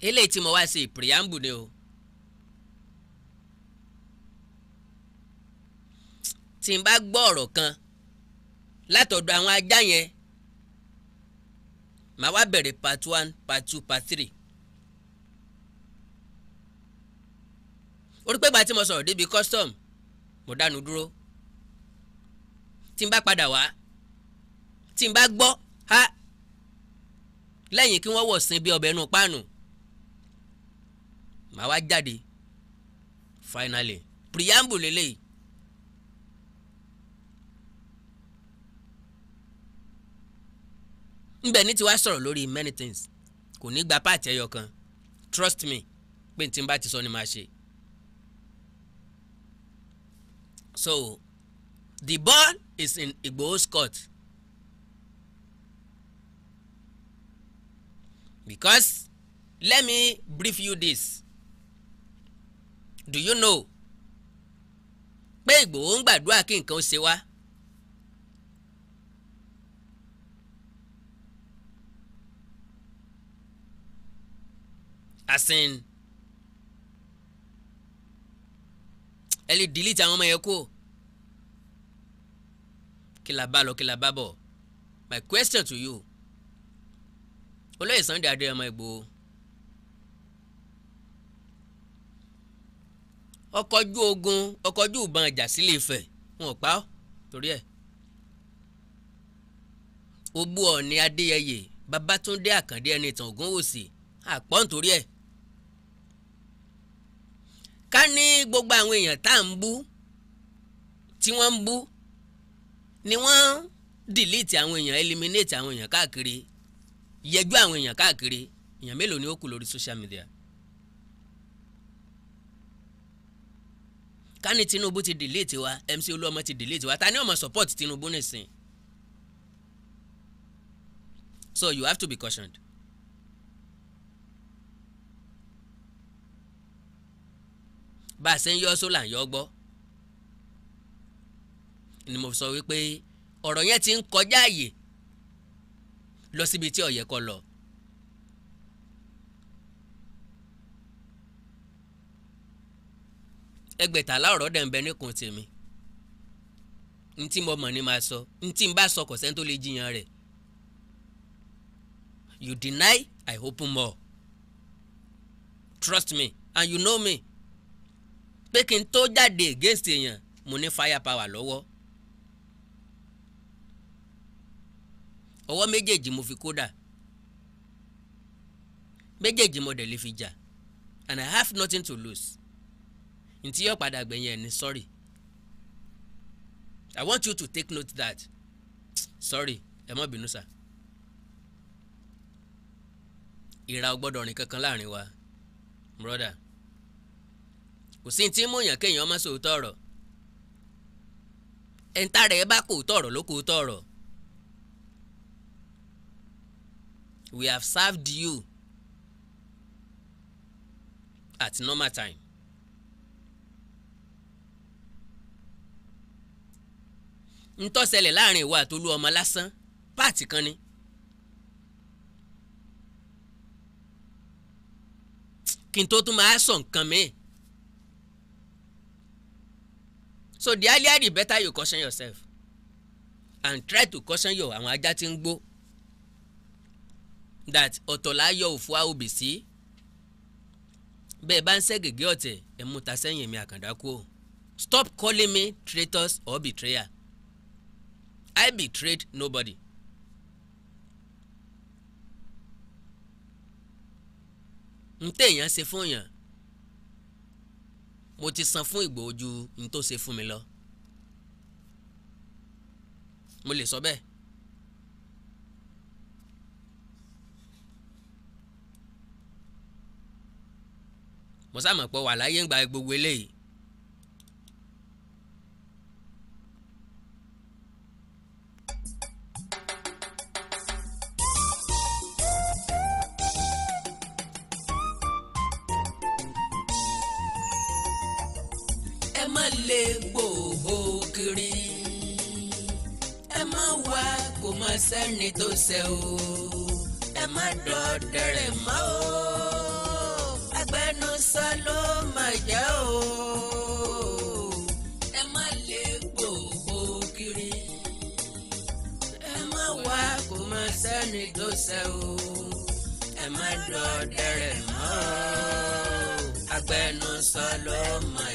eléyìí tí mo wá ṣe preamble ni o tí n bá gbọ́ ọ̀rọ̀ kan látọ̀dọ̀ àwọn ajá yẹn màá wá bẹ̀rẹ̀ part one part two part three. orí pé gba tí mo sọ̀rọ̀ débi custom mo dánu dúró tí n bá padà wá tí n bá gbọ́ ha lẹ́yìn kí wọ́n wọ̀ sin bí ọbẹ̀ inú páànù màá wá jáde finally preamble lélẹ́yìí nbẹ ní tiwa sọ̀rọ̀ lórí many things kò ní gba páàtì ẹyọ kan trust me pé tí n bá ti sọ ni màá ṣe. so the ball is in Igboho's court because let me brief you this do you know pé Igboho ń gbàdúrà kí nǹkan ó ṣe wá as in ẹ lè delete àwọn ọmọ yẹn kó kí la bá lọ kí la bá bọ̀ my question to you olóyè Sunday Adéyẹmọ Ìgbòho ọkọ̀ ojú ogun ọkọ̀ ojú ìbọn ìjà sílé Ifẹ̀ wọn ò pa ọ́ torí ẹ̀ Ògbúọ̀ní Adéyẹyè Babátúndé Àkàndé Ẹnìtàn Ògúnwùsì àpọ̀ nítorí ẹ̀ ká ní gbogbo àwọn èèyàn tá à ń bú tí wọ́n ń bú ni wọ́n delete àwọn èèyàn eliminate àwọn èèyàn káàkiri yẹjú àwọn èèyàn káàkiri èèyàn mélòó ni ó kù lórí social media. ká ní Tinubu ti delete wa MC Olúọmọ ti delete wa ta ni ó support Tinubu nìsín. So you have to be cautioned. bá a ṣe ń yọ sólà ń yọ gbọ́ ni mo sọ wípé ọ̀rọ̀ yẹn ti ń kọjá àyè lọ síbi tí ó yẹ kó lọ. ẹgbẹ̀tàlá ọ̀rọ̀ dẹ̀ ń bẹ níkùn tèmi n tí mo mọ̀ ni màá sọ n tí n bá sọ kò sẹ́ni lè jiyàn rẹ̀ you deny I open more trust me and you know me pé kí n tó jáde against èèyàn mo ní fire power lọ́wọ́ ọwọ́ méjèèjì mo fi kódà méjèèjì mo dẹ̀ lè fi jà and I have nothing to lose ntí yóò padà gbẹ̀yìn ẹni sorry I want you to take note that sorry ẹ má bínú sá ìra ọgbọ́dọ̀ rìn kankan láàrin wa brother kò sí ti mú yàn kéèyàn má sòótọ́ ọ̀rọ̀ ẹ̀ńtà rẹ̀ bá kò tọ̀rọ̀ ló kò tọ̀rọ̀ we have served you at normal time. ntọ́sẹ̀lẹ̀ láàrin ìwà àtolú ọmọ lásán páàtì kan ni. kí n tó tún máa sọ nǹkan mìíràn so the earlier the better you caution yourself and try to caution your àwọn ajá tí ń gbó that ọ̀tọ̀lá yọ òfu àòbí sí bẹ́ẹ̀ bá ń ṣe gègé ọ̀tẹ̀ ẹ̀ mú ta sẹ́yìn mi àkàndá kú o stop calling me traitors or betrayer I betrayed nobody. n téèyàn ṣe fún yàn mo ti san fún Ìgbòho ju n tó ṣe fún mi lọ mo lè sọ bẹ́ẹ̀. mo sáà mọ̀ pé wà láyé ń gba gbogbo eléyìí lè gbòòbò kiri ẹ má wá kó má sẹ́ni tó sẹ́ o ẹ má dọ́dẹ̀rẹ̀ mọ́ o agbẹnusọ ló mà jẹ́ o. ẹ má lè gbòòbò mọ́ o agbẹnusọ ló mà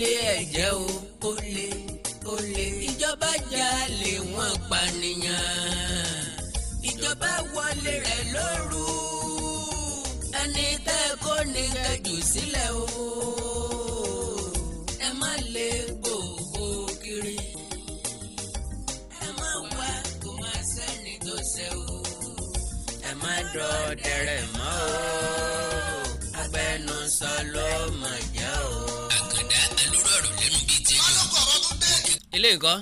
lé ẹ̀jẹ̀ o ó le ó lé ìjọba jalè wọ́n pànìyàn ìjọba wọlé rẹ̀ lóru ẹni tẹ́ kó ní kẹjù sílẹ̀ o ẹ má lè gbòògbò kiri ẹ má wá kó má sẹ́ni tó ṣe o ẹ má dọ̀ọ́ dẹrẹ̀ mọ́ o agbẹnusọ ló mọ̀ jẹ́ o ọ̀rọ̀ lẹ́nu bíi tiẹ̀. eléyìí kan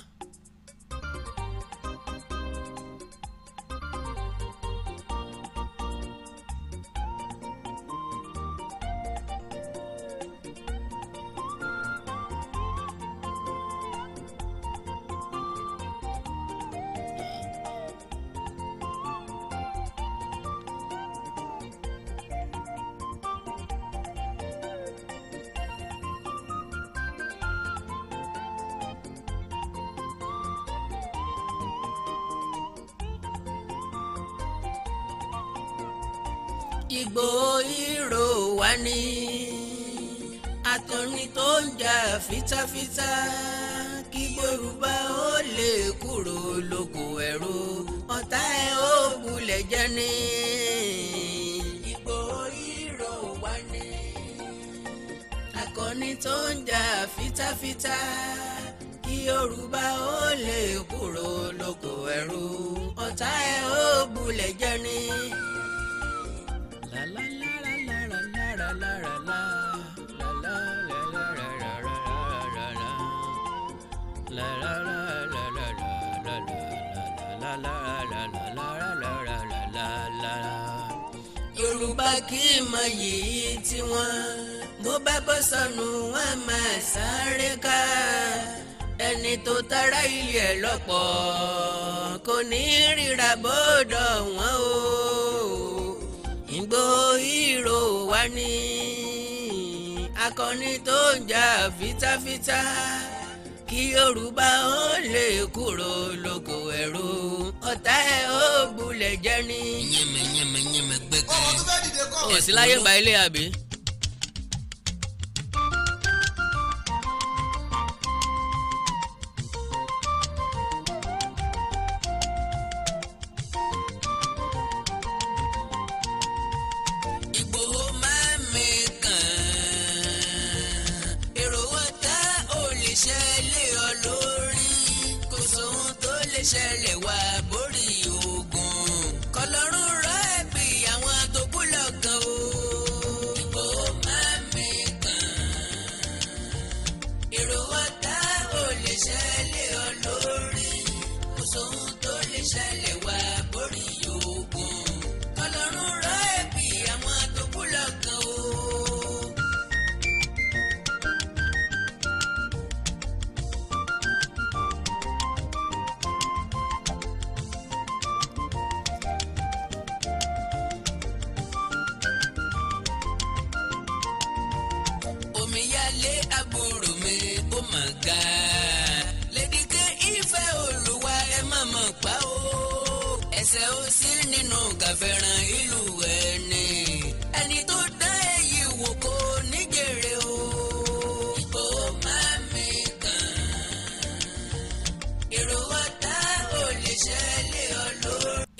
àbí.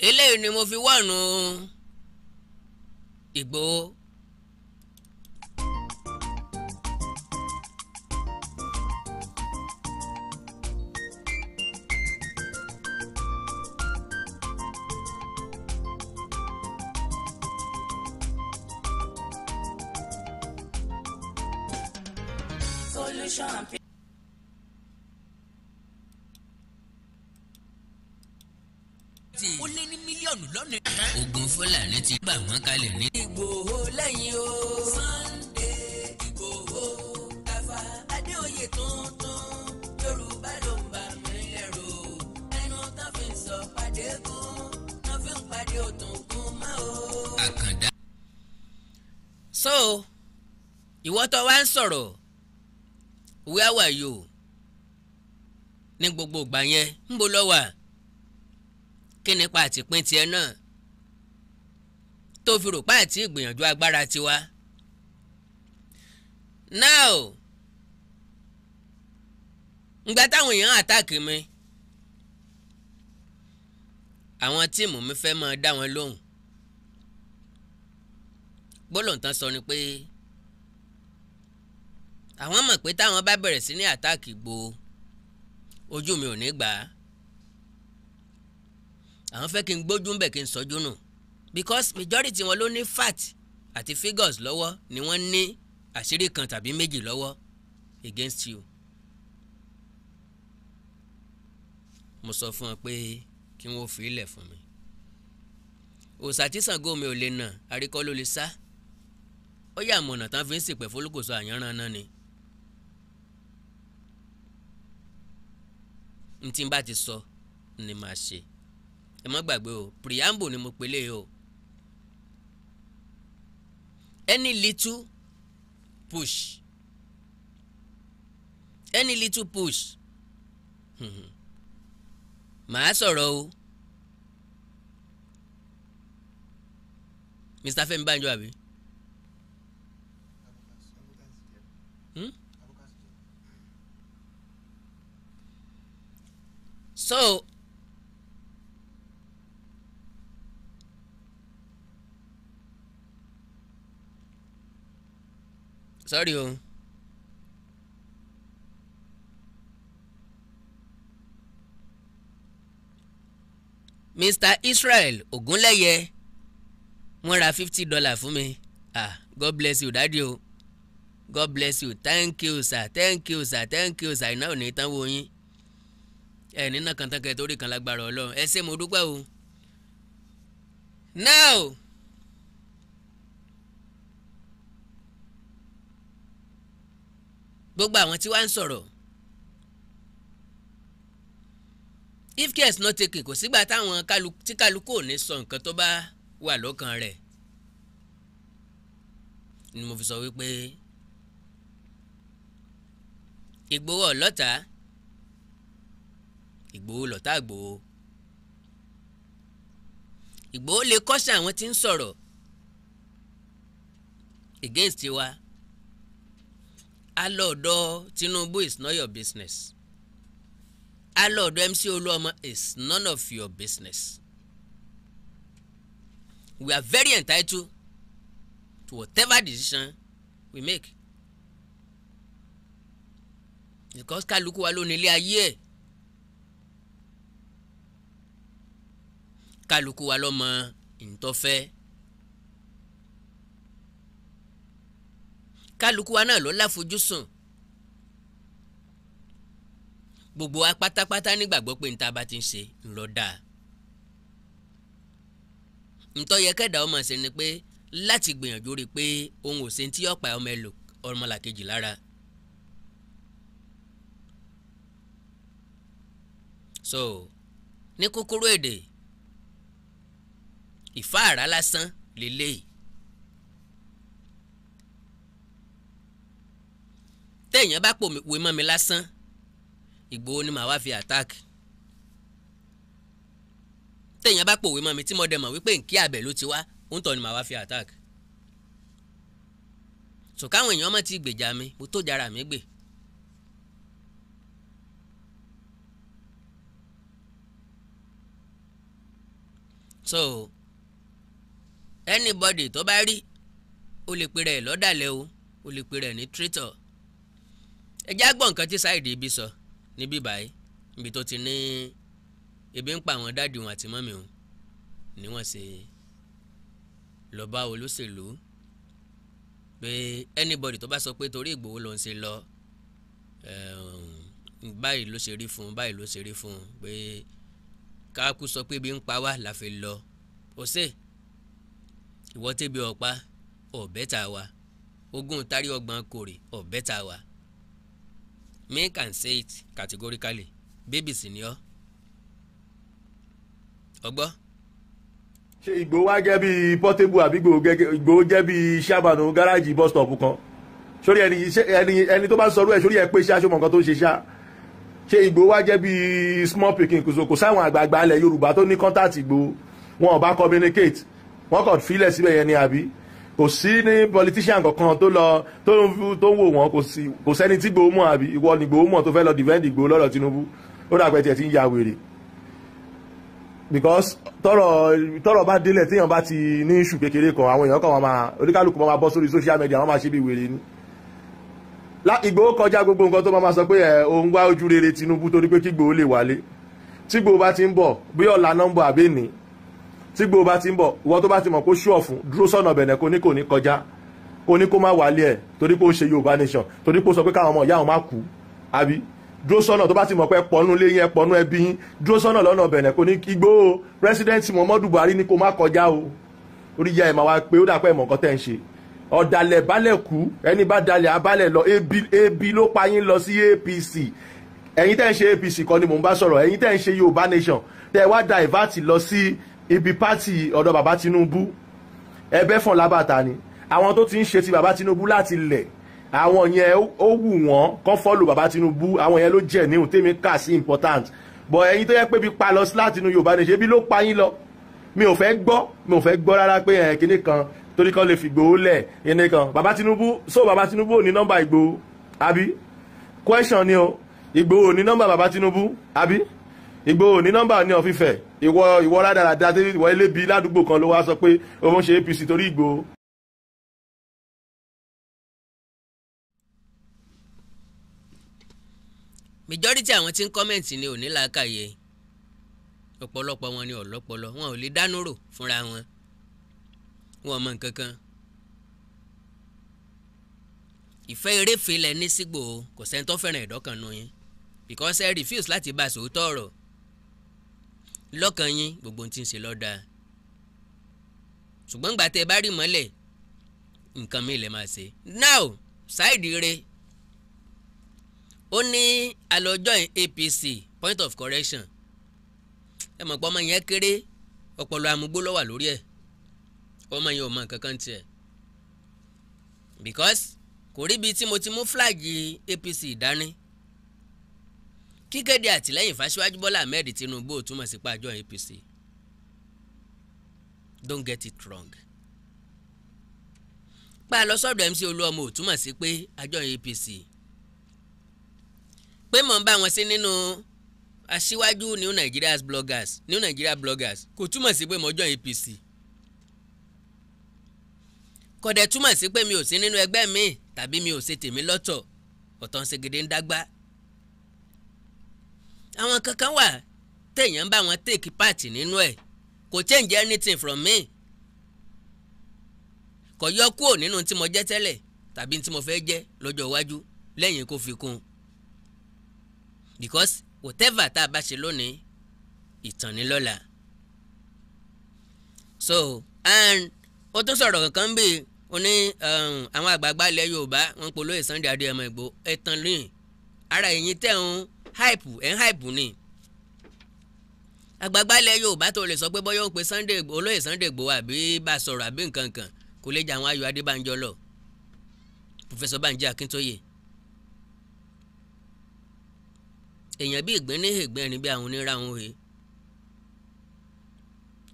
eléyìí ni mo fi wọ́ọ̀nù Ìgbòho sọ̀rọ̀ where were you ní gbogbo ìgbà yẹn ń bo lọ wà kí nípa àtìpín tiẹ̀ náà tó fi rò páàtì ìgbìyànjú agbára tiwa now ngbà táwọn èèyàn àtàkì mi àwọn tíìmù mi fẹ́ máa dá wọn lóhùn gbólóǹtàn sọ ni pé. Pe àwọn mọ̀ pé táwọn bá bẹ̀rẹ̀ sí ní àtáàkì gbo ojú mi ò ní gbà á àwọn fẹ́ kí n gbójú ńbẹ̀ kí n sọ́jú nù because majority wọn ló ní fat àti figures lọ́wọ́ ni wọ́n ní àṣírí kan tàbí méjì lọ́wọ́ against you. mo sọ fún ọ pé kí wọ́n fi ilẹ̀ fún mi òòṣà tí Ṣàngó mi ò lè nà àríkọ́ ló lè sá ó yà mọ̀nà tán fi ń sìpẹ́ fólúkòsọ àyànràn náà ni. ntí n bá ti sọ ni màá ṣe ẹ má gbàgbé o preamble ni mo pèlè o any little push any little push màá sọ̀rọ̀ o Mr. Fẹ́mi Bánjọ àbí so sorry o. Oh. Mr. Israel Ogunleye wọ́n ra fifty dollar fún mi ah God bless you dadi o oh. God bless you thank you sir thank you sir thank you sir iná ò ní tán wo yín ẹ nínà kàntàkẹ́ torí kan lágbára ọlọ́run ẹ ṣé mo dúpẹ́ o. now gbogbo àwọn tí wàá ń sọ̀rọ̀ if care is not taken kò sígbà táwọn tí kálukú ò ní sọ nǹkan tó bá wà lọ́kàn rẹ̀ ni mo fi sọ wípé Ìgbòho ọlọ́ta Ìgbòho lọ́tà Ìgbòho Ìgbòho lè kọ́ṣẹ́ àwọn tí ń sọ̀rọ̀ against wa alọ́ọ̀dọ́ Tinubu is not your business alọ́ọ̀dọ́ MC Olúọmọ is none of your business we are very entitled to whatever decision we make because kálukú wa ló ní ilé ayé ẹ̀. kálukú wa lọ́mọ ntọ́fẹ́ kálukú wa náà ló láfojúsùn gbogbo wa pátápátá nígbàgbọ́ pé níta bá ti ń ṣe ńlọ dáa ntọ́ yẹ kẹ́dà ọmọ ṣe ni pé láti gbìyànjú rí i pé ohun ò ṣe ti ọ̀pá ọmọ ẹlò ọmọlàkejì lára. so ní kúkúrú èdè ìfáàrà lásán lélẹ́yìí. téèyàn bá pòwe mọ́ mi lásán Ìgbòho ni màá wá fi attack téèyàn bá pòwe mọ́ mi tí mo dẹ̀ mọ̀ wípé nkí àbẹ̀ ló ti wá ń tọ́ ni màá wá fi attack so káwọn èèyàn má ti gbèjà mi mo tó jara mi gbè. so anybody tó bá rí ó lè pe rẹ̀ lọ́dàlẹ̀ o ó lè pe rẹ̀ ní traitor ẹ já gbọ́ nǹkan tí Saheed ibi sọ níbí báyìí níbi tó ti ní ebi ń pa àwọn dáàdì wọn àti mọ́mì wọn ni wọ́n ṣe lọ bá olóṣèlú pé anybody tó bá sọ pé torí Ìgbòho ló ń ṣe lọ báyìí ló ṣe rí fún báyìí ló ṣe rí fún pé káàkú sọ pé ebi ń pa wá la fi lọ ọ̀sẹ̀ ìwọ tẹ́bi ọ̀pá ọ̀bẹ ta wa ogún tari ọgbọ̀n kòrè ọ̀bẹ ta wa me can say it categorically baby sì ni ọ́ ọgbọ́. ṣé ìgbò wá jẹ́ bíi portable àbí ìgbò jẹ́ bíi sábàánù gáràjì bus stop kan sórí ẹni ẹni tó bá sọ̀rọ̀ ẹ̀ sórí ẹ̀ pé ṣáṣọ́ mọ̀ nǹkan tó ń ṣe ṣá ṣé ìgbò wá jẹ́ bíi small pikin kò sáwọn àgbààgbà ilẹ̀ Yorùbá tó ní contact ìgbò wọn ò bá communicate wọ́n kàn filẹ̀ síbẹ̀ yẹn ni àbí kò sí ní politician kankan tó lọ tó ń wò wọ́n kò sẹ́ni tí gbòó mọ̀ àbí ìwọ ni gbòó mọ̀ tó fẹ́ lọ defend ìgbòó lọ́dọ̀ Tinubu ó dàgbẹ́ tiẹ̀ ti ń ya wèrè because tọrọ tọrọ bá délẹ̀ téèyàn bá ti ní iṣu kékeré kan àwọn èèyàn kan wọn máa oníkálukú máa bọ́ sórí social media wọn máa ṣe bí wèrè ni Ìgbòho kọjá gbogbo nǹkan tó máa sọ pé ẹ òun wá ojú rere Tinubu torí pé kí Ìgbòho lè wálé tí Ìgbòho bá ti ń bọ̀ bí ọ̀la nọ́mbà àbẹ́ni tí gbogbo bá ti ń bọ̀ ìwọ tó bá ti mọ̀ kó ṣú ọ̀fun dúró sọ́nà bẹ̀nẹ̀ kó ní kò ní kọjá kó ní kó má wálé ẹ̀ torí pé ó ṣe Yorùbá nation torí pé ó sọ pé káwọn ọmọ ìyá òun má kú àbí dúró sọ́nà tó bá ti mọ̀ pé pọ̀nú lé yẹn pọ̀nú ẹbí yín dúró sọ́nà lọ́nà bẹ̀nẹ̀ kó ní igbó president Muhammadu Buhari ní kó má kọjá o orí ya ẹ̀ máa wá pé ó dàpẹ́ ìmọ̀ nǹkan tẹ́ ń ṣe ọ̀dàlẹ̀ balẹ̀ kú ẹni bá dalẹ̀ abalẹ̀ lọ ebi ló pa yín lọ sí APC ẹ̀yin tẹ́ ń ṣe APC kọ́ ni mò ń bá sọ̀rọ̀ ẹ̀yin tẹ́ ń ṣe Yorùbá nation tẹ́ wá divert lọ sí ibi pátì ọ̀dọ̀ bàbá Tinubu ẹbẹ́ fọ̀n lábàtà ni àwọn tó ti ń ṣe ti bàbá Tinubu láti lẹ̀ àwọn yẹn ó wù wọ́n kọ́ fọ́lù bàbá Tinubu àwọn yẹn ló jẹ́ níhùn tèmi kà sí important bọ̀ ẹ̀yin tó yẹ pé bí pa lọ sí láti inú Yorùbá nìṣẹ́ bí ló pa yín lọ mi ò fẹ́ gbọ́ mi ò fẹ́ gbọ́ rárá pé ẹ̀ kíní kan torí kan lè fi Ìgbòho lẹ̀ kíní kan bàbá Tinubu so bàbá Tinubu ò ní nọ́mbà Ìgbòho àbí question ni o Ìgbòho ò ní nọ́mbà bàbá Tinubu àbí Ìgbòho ní nọ́mbà ní ọ̀fífẹ̀ ìwọ ìwọ rádaràda tí ìwọ elébi ládùúgbò kan ló wá sọ pé òun ṣe APC torí Ìgbòho. majority àwọn tí ń kọ́mẹ̀ntì ni ò ní làákàyè ọ̀pọ̀lọpọ̀ wọn ni ọ̀lọ́pọlọ wọn ò lè dánú rò fúnra wọn wọn mọ nǹkan kan ìfẹ́ eréfèé lẹ ní sígbò kò sẹ́ni fẹ́ràn ẹ̀dọ́ kan nù yín because ẹ refuse láti bá sòótọ́ ọ̀rọ̀ lọ́kàn yín gbogbo ohun tí ń ṣe lọ́dà ṣùgbọ́n gbà tẹ́ ẹ bá rí mọ́lẹ̀ nǹkan mi lè máa ṣe now ṣáìdì rẹ ó ní alọ́jọ́ APC point of correction ẹ mọ̀ pé ọmọ yẹn kéré ọpọlọ amúgbó ló wà lórí ẹ̀ ọmọ yẹn ò mọ nǹkan kan tiẹ̀ because kò ríbi tí mo ti mú flag APC dání kíkéde àtìlẹ́yìn fásiwájú Bọ́lá Ahmed Tinubu ò túmọ̀ sí pàjọ APC don't get it wrong pa lọ sọ́dọ̀ MC Olúọmọ ò túmọ̀ sí pé àjọ APC pé mò ń bá wọn sí nínú aṣíwájú New Nigeria's bloggers New Nigeria bloggers kò túmọ̀ sí pé mo jọ APC kò dẹ̀ túmọ̀ sí pé mi ò sí nínú ẹgbẹ́ mi tàbí mi ò ṣe tèmi lọ́tọ̀ ọ̀tọ̀ ṣègede ń dágbá àwọn kankan wà téèyàn bá wọn take part nínú ẹ̀ kò change anything from me kò yọ kúrò nínú tí mo jẹ́ tẹ́lẹ̀ tàbí tí mo fẹ́ jẹ́ lọ́jọ́ iwájú lẹ́yìn kó fi kún un because whatever tá a bá ṣe lónìí ìtàn ni lọ́la so and ó tún sọ̀rọ̀ kankan bíi ó ní um, àwọn àgbààgbà ilẹ̀ Yorùbá wọn polówó Sunday Adéyẹmọ Ìgbò ẹ̀tàn lóyìn ara ẹ̀yin tẹ̀ ń hype ẹ̀ ń hype ni àgbàgbà ilẹ̀ Yorùbá tó lè sọ pé bọ́yọ̀ ń pe Sunday olóyè Sunday Igboho àbí bá a sọ̀rọ̀ àbí nǹkan kan kò lè jà àwọn Ayọ̀ Adébánjọ lọ Professor Banji Akíntóyè èèyàn bí ìgbín ní ìgbín ẹni bí àwọn onírà wọn he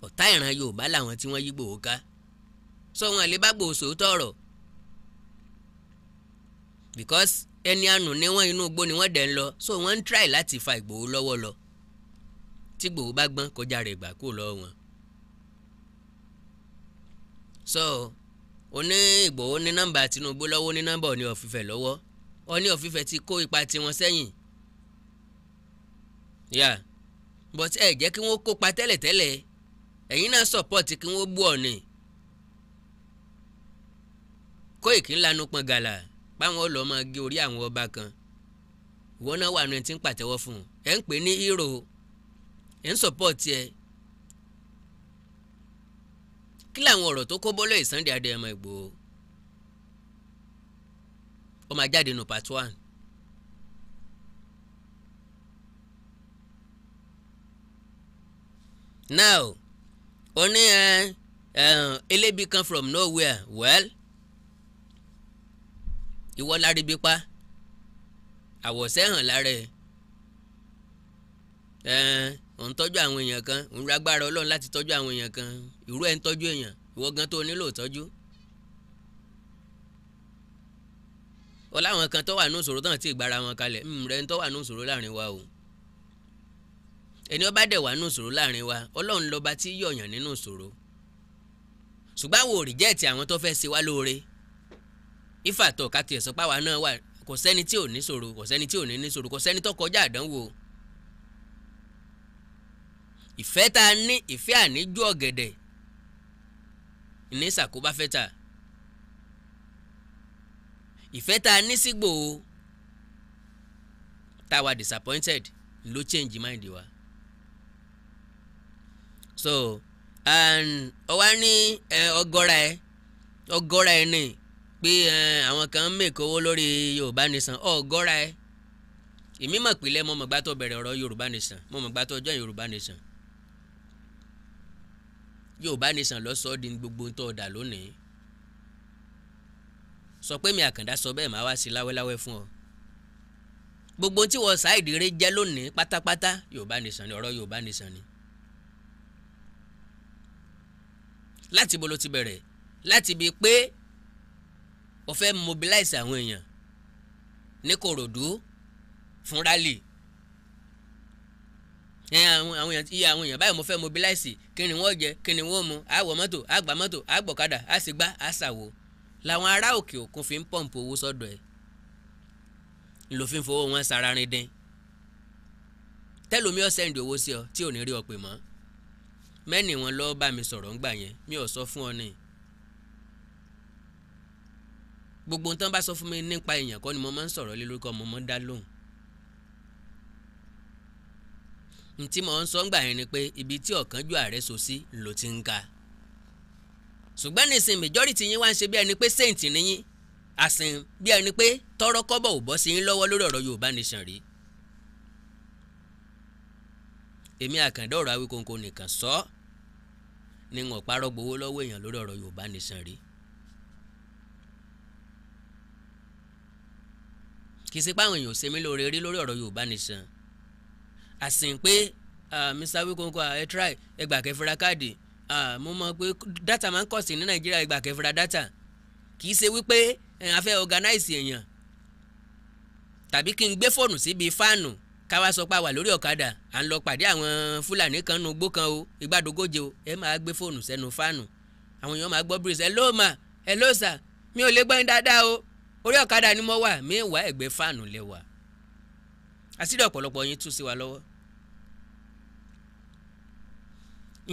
ọ̀tá ìran Yorùbá làwọn tí wọ́n yí Ìgbòho ká sọ wọn àlébágbò sòótọ́ ọ̀rọ̀ because ẹni àánú ni wọ́n inú igbó ni wọ́n dẹ̀ ń lọ so wọ́n ń try láti fa Ìgbòho lọ́wọ́ lọ tí Ìgbòho bá gbọ́n kọjá rẹ̀ gbà kó lọ́wọ́ wọn. so oní Ìgbòho ní nọ́mbà Tinubu lọ́wọ́ ní nọ́mbà Ọọ̀ni of Ifẹ̀ lọ́wọ́ Ọọ̀ni of Ifẹ̀ ti kó ipa tiwọn sẹ́yìn yà but ẹ jẹ́ kí wọ́n kópa tẹ́lẹ̀tẹ́lẹ̀ ẹ̀yin náà support kí wọ́n bú Ọọ̀ni Kóìkì ńlanu pọn gàlà páwọn ọlọ́ máa gé orí àwọn ọba kan wọn náà wà ní ti ń pàtẹ́wọ́ fún un ẹ̀ ń pè ní hero ẹ̀ ń sọ́pọ́ọ̀tì ẹ̀ kí làwọn ọ̀rọ̀ tó kó bọ́lọ̀ ìsànde Adéyẹmọ Ìgbòho ó máa jáde nù part one. now ó ní ẹ eh, eh, elébi kan from nowhere well ìwọ láribi pa àwọ̀sẹ́ hàn lára ẹ̀ ẹ̀ẹ́n ò ń tọ́jú àwọn èèyàn kan ò ń lágbára ọlọ́run láti tọ́jú àwọn èèyàn kan ìrú ẹ̀ ń tọ́jú èèyàn ìwọ gan tó nílò tọ́jú. ọláwọn kan tó wà ní ìṣòro tán ti gbára wọn kalẹ̀ hmm, rẹ̀ ń tó wà ní ìṣòro láàrin wa o ẹni ó bá dẹ̀ wà ní ìṣòro láàrin wa ọlọ́run lọ́ba tí yọ̀yàn nínú ìṣòro ṣùgbọ́n àwọn òrìjẹ́ẹ̀tì àwọn tó fẹ́ ṣe wá lóore ifá tó ká tiẹ̀ sọ pé àwa náà wà kò sẹ́ni tí ò ní ṣòro kò sẹ́ni tí ò ní ní ṣòro kò sẹ́ni tó kọjá àdánwò ìfẹ́ tá ní ìfẹ́ àníjú ọ̀gẹ̀dẹ̀ ní ṣàkóbá fẹ́ ta ìfẹ́ tá ní sígbò o tá disappointed ló change mind wa so ọwá ní ọgọ́ra ẹ ọgọ́ra ẹ ní pé àwọn kan ń mèkó owó lórí Yorùbá Nation ọ̀gọ́ra ẹ̀ èmi mọ̀ pílẹ̀ mo mọ̀ gbà tó bẹ̀rẹ̀ ọ̀rọ̀ Yorùbá Nation mo mọ̀ gbà tó join Yorùbá Nation Yorùbá Nation lọ sọ di gbogbo tó dà lónìí sọ pé mi Àkàndá sọ bẹ́ẹ̀ máa wá sí láwẹ́láwẹ́ fún ọ gbogbo tí wọ́n ṣáìdì rẹ jẹ́ lónìí pátápátá Yorùbá Nation ni ọ̀rọ̀ Yorùbá Nation ni láti bolo ti bẹ̀rẹ̀ láti bi pé ó fẹ́ mobilize àwọn èèyàn ní Kòròdú fún rally àwọn èèyàn iye àwọn èèyàn báyìí mo fẹ́ mobilize kí ni wọ́n jẹ kí ni wọ́n mu a wọ mọ́tò a gbà mọ́tò a gbọ̀kadà a sì gbá a ṣàwò làwọn ará òkè òkun fi ń pọ̀mpù owó sọ́dọ̀ ẹ̀ lòfin fowó wọn sara rin dín tẹ́lómi ọ̀sẹ̀ ìdí owó sí ọ tí ò ní rí ọ pè mọ́ wọn lọ́ọ́ bá mi sọ̀rọ̀ ńgbà yẹn mi ò sọ fún ọ nìyí gbogbo nǹkan bá sọ fún mi nípa èèyàn kọ́ ni mo máa ń sọ̀rọ̀ lé lórúkọ mo máa ń dá lóhùn ntí mo ń sọ ń gbà yẹn ni pé ibi tí ọ̀kánjú ààrẹ so sí ló ti ń ka ṣùgbọ́n nísìnyí majority yín wá ń ṣe bí ẹni pé saint nìyín àsìn bí ẹni pé tọrọ kọ́bọ̀ ò bọ́ sí yín lọ́wọ́ lórí ọ̀rọ̀ Yorùbá nation rí èmi àkàndá Awíkóńkó nìkan sọ ni n parọ́ gbowó lọ́wọ́ èèyàn lórí ọ̀rọ̀ Yorùbá nation rí kì í ṣe páwọn èèyàn ṣe mí lóore rí lórí ọ̀rọ̀ Yorùbá Nation àsìn pé Mr. Wikonko ẹ try ẹgbà kẹfìrà káàdì mo mọ̀ pé data máa ń kọ̀ sí ní Nàìjíríà ẹgbà kẹfìrà data kì í ṣe wípé a fẹ́ organize èèyàn tàbí kí n gbé fóònù síbi fáànù káwa sọ pé a wà lórí ọ̀kadà à ń lọ pàdé àwọn Fúlàní kan nu gbó kan o ìgbàdógóje o ẹ máa gbé fóònù sẹ́nu fáànù àwọn èèyàn máa gbọ́ breeze hello ma hello sir mi ò lè gbọ́ yín dáadáa o orí ọ̀kadà ni mo wà mí wà ẹ̀gbẹ́ fáànù lẹ́wà àṣírí ọ̀pọ̀lọpọ̀ yín tú sí wa lọ́wọ́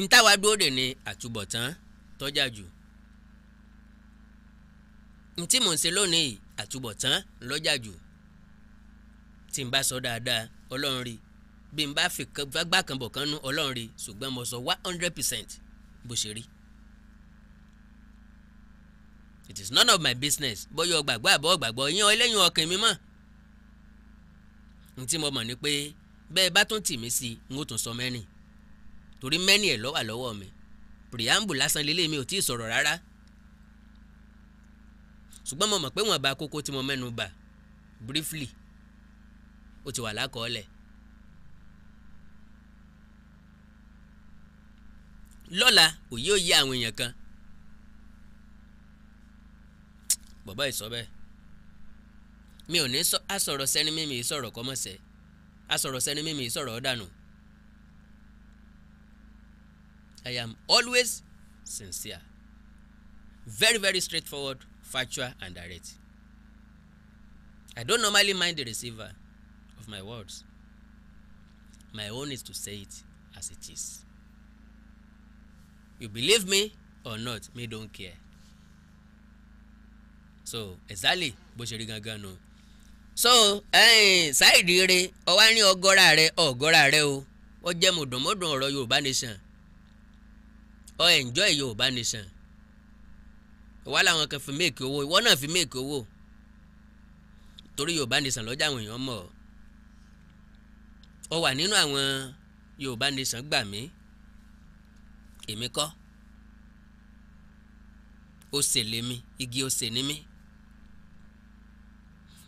ntáwa dúró dè ní àtúbọ̀tán tọ́jà jù ntí mò ń ṣe lónìí àtúbọ̀tán lọ́jà jù tí n bá sọ dáadáa ọlọ́run rí bí n bá fi gbá kan nú ọlọ́run rí ṣùgbọ́n mo sọ one hundred percent bó ṣe rí it is none of my business bóyá ọgbàgbọ́ àbọ̀ ọgbàgbọ́ yan ẹlẹ́yin ọkàn mi mọ́ n tí mo mọ̀ ni pé bẹ́ẹ̀ bá tún tì mí sí i n ó tún sọ mẹ́rin torí mẹ́rin ẹ̀ lọ́wà lọ́wọ́ mi preamble lásán lélẹ́ mi ò tí ì sọ̀rọ̀ rárá ṣùgbọ́n mo mọ̀ pé wọ́n bá kókó tí mo mẹ́nu bà briefly ó ti wà lákọọ́lẹ̀ lọ́la òye òye àwọn èèyàn kan bọ̀bá ìsọ bẹ́ẹ̀ mi ò ní asọ̀rọ̀ sẹ́ni mímì sọ̀rọ̀ kọ́mọ̀sẹ̀ asọ̀rọ̀ sẹ́ni mímì sọ̀rọ̀ ọ̀dànù I am always sincere very very straightforward factual and direct I don't normally mind the receiver of my words my own is to say it as it is you believe me or not me don't care so exactly bó ṣe rí gangan nu. so ṣáìdì rẹ ọwá ní ọgọ́ra rẹ ọgọ́ra rẹ o ó jẹ́ mọ̀dùnmọ́dùn ọ̀rọ̀ Yorùbá nation ọ enjoy Yorùbá nation wà láwọn kan fi méèkì owó ìwọ náà fi méèkì owó torí Yorùbá nation lọ́jà àwọn èèyàn mọ̀ ọ wà nínú àwọn Yorùbá nation gbà mí èmi kọ́ ó sèlè mi igi ó sè mi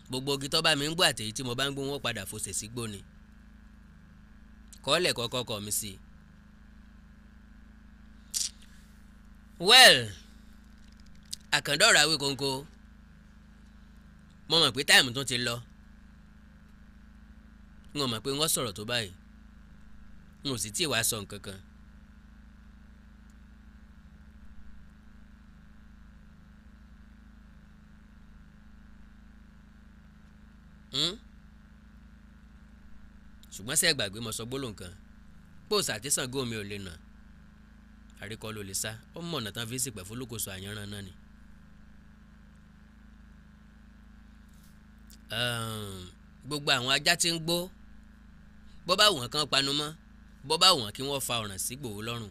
gbogbo igi tó bá mi ń gbọ́ àtẹ̀yí tí mo bá ń gbó wọn padà fòṣẹ̀ sí gbóni kọ́lẹ̀ kọ́kọ́ kọ́ mi sí i. well àkàndọ̀rọ̀ àwí kóńkó mo mọ̀ pé táìmù tó ti lọ n ò mọ̀ pé wọ́n sọ̀rọ̀ tó báyìí n ò sì tí ì wá sọ nǹkan kan. Hmm? ṣùgbọ́n sẹ́ gbàgbé mo sọ gbólóhùn kan àti Ṣàngó mi ò lè nà àríkọ́ ló lè sá ó mọ̀ ọ̀nà tán fi sìpẹ́ ni. gbogbo àwọn ajá ti ń gbó bó bá wọ̀n bọba panu mọ́ kí wọ́n fa ọ̀ràn sí lọ́rùn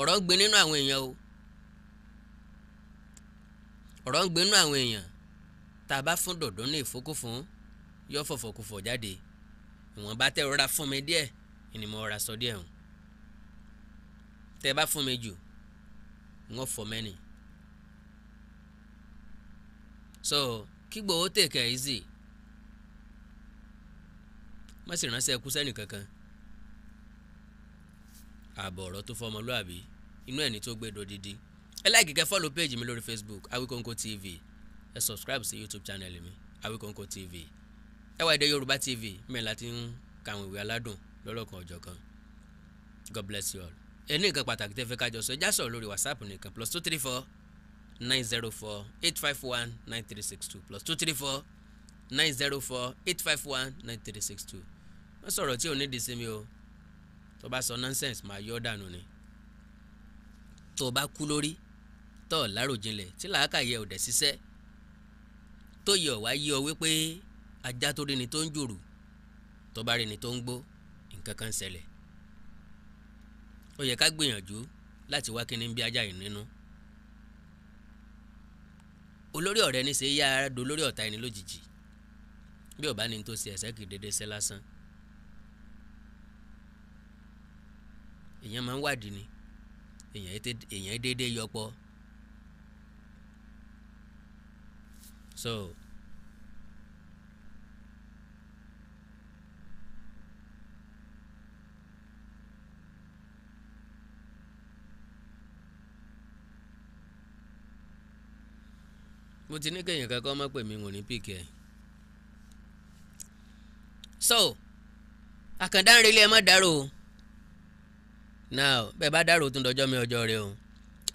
ọ̀rọ̀ ń gbin nínú àwọn tá a bá fún dọ̀dún ní ìfókùfún yọ fọ̀fọ̀kùfọ̀ jáde ìwọ̀nba tẹ́ rọra fún mi díẹ̀ ni mo rà sọ díẹ̀ hùn tẹ́ bá fún mi jù ń fọ mẹ́ni. so kí Ìgbòho take it easy má sì ránṣẹ́ ẹkú sẹ́nì kankan ààbọ̀ ọ̀rọ̀ tó fọmọlúàbí inú ẹni tó gbé dodidi ẹ láìkí kẹ́ fọ́lù péèjì mi lórí Facebook Awikonko TV ẹ subscribe sí youtube channel mi Awikonko TV ẹ wá èdè yorùbá tv mẹ́rin láti ń kàwọn ìwé aládùn lọ́lọ́kan ọjọ́ kan god bless you all ẹ ní nǹkan pàtàkì tẹ́ fẹ́ kájọ sọ ẹ já sọ̀rọ̀ lórí whatsapp nìkan plus two three four nine zero four eight five one nine three six two plus two three four nine zero four eight five one nine three six two wọ́n sọ̀rọ̀ tí ò ní di sinmi o tó bá sọ nonsense máa yọ dànù ni tó bá kú lórí tó láròjinlẹ̀ tí làákàyè ò dẹ̀ ṣiṣẹ́ tó yẹ ọ̀ wá yé ọ wípé ajá tó rí ni tó ń jòrò tó bá rí ni tó ń gbó nǹkan kan ṣẹlẹ̀ ó yẹ ká gbìyànjú láti wá kíni bí ajá yìí nínú olórí ọ̀rẹ́ ní ṣe yá ara do olórí ọ̀tá ẹni lójijì bí ọba ni tó ṣe ẹ̀ṣẹ̀ kì í dédé ṣe lásán èèyàn máa ń wádìí ni èèyàn dédé yọpọ̀ so mo ti ní kéèyàn kankan má pè mí wọ́n ní píkì so àkàndá ń relé ẹ má dárò now bẹ́ẹ̀ bá dárò tún dọjọ́ mi ọjọ́ rẹ o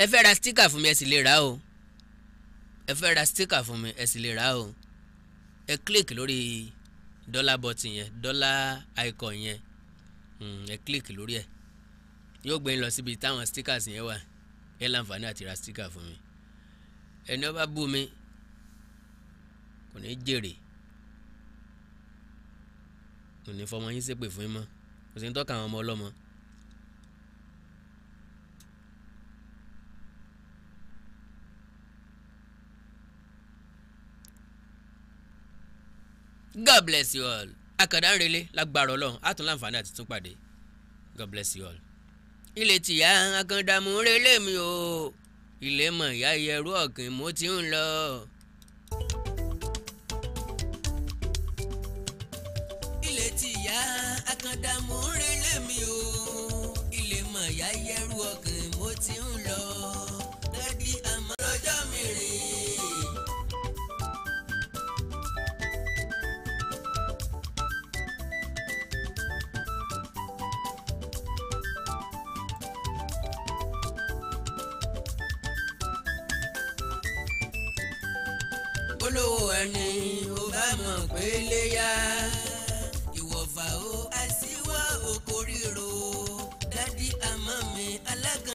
ẹ fẹ́ ra sticker fún mi ẹ sì lè rà o ẹ fẹ́ ra stika fún mi ẹ sì lè rà o ẹ click lórí dollar button yẹn dollar icon yẹn hmm, ẹ click lórí ẹ yóò gbé yín lọ síbi táwọn stickers yẹn wà ẹ láǹfààní àti ra sticker fún mi ẹni ọba bú mi kò ní jèrè kò ní fọmọ yín ṣépè fún yín mọ́ kò sí ní tọ́ka àwọn ọmọ ọlọ́mọ God bless you all akàndá ń relé lágbára ọlọ́run á tún láǹfààní àti tún pàdé God bless you all. ilé tìyá akàndàmú relé mi o ilé mọ̀ ìyá ìyẹ̀rú ọ̀gìn mo ti ń lọ. ilé tìyá akàndàmú relé mi o. ni ó bá mọ̀ pé léyà.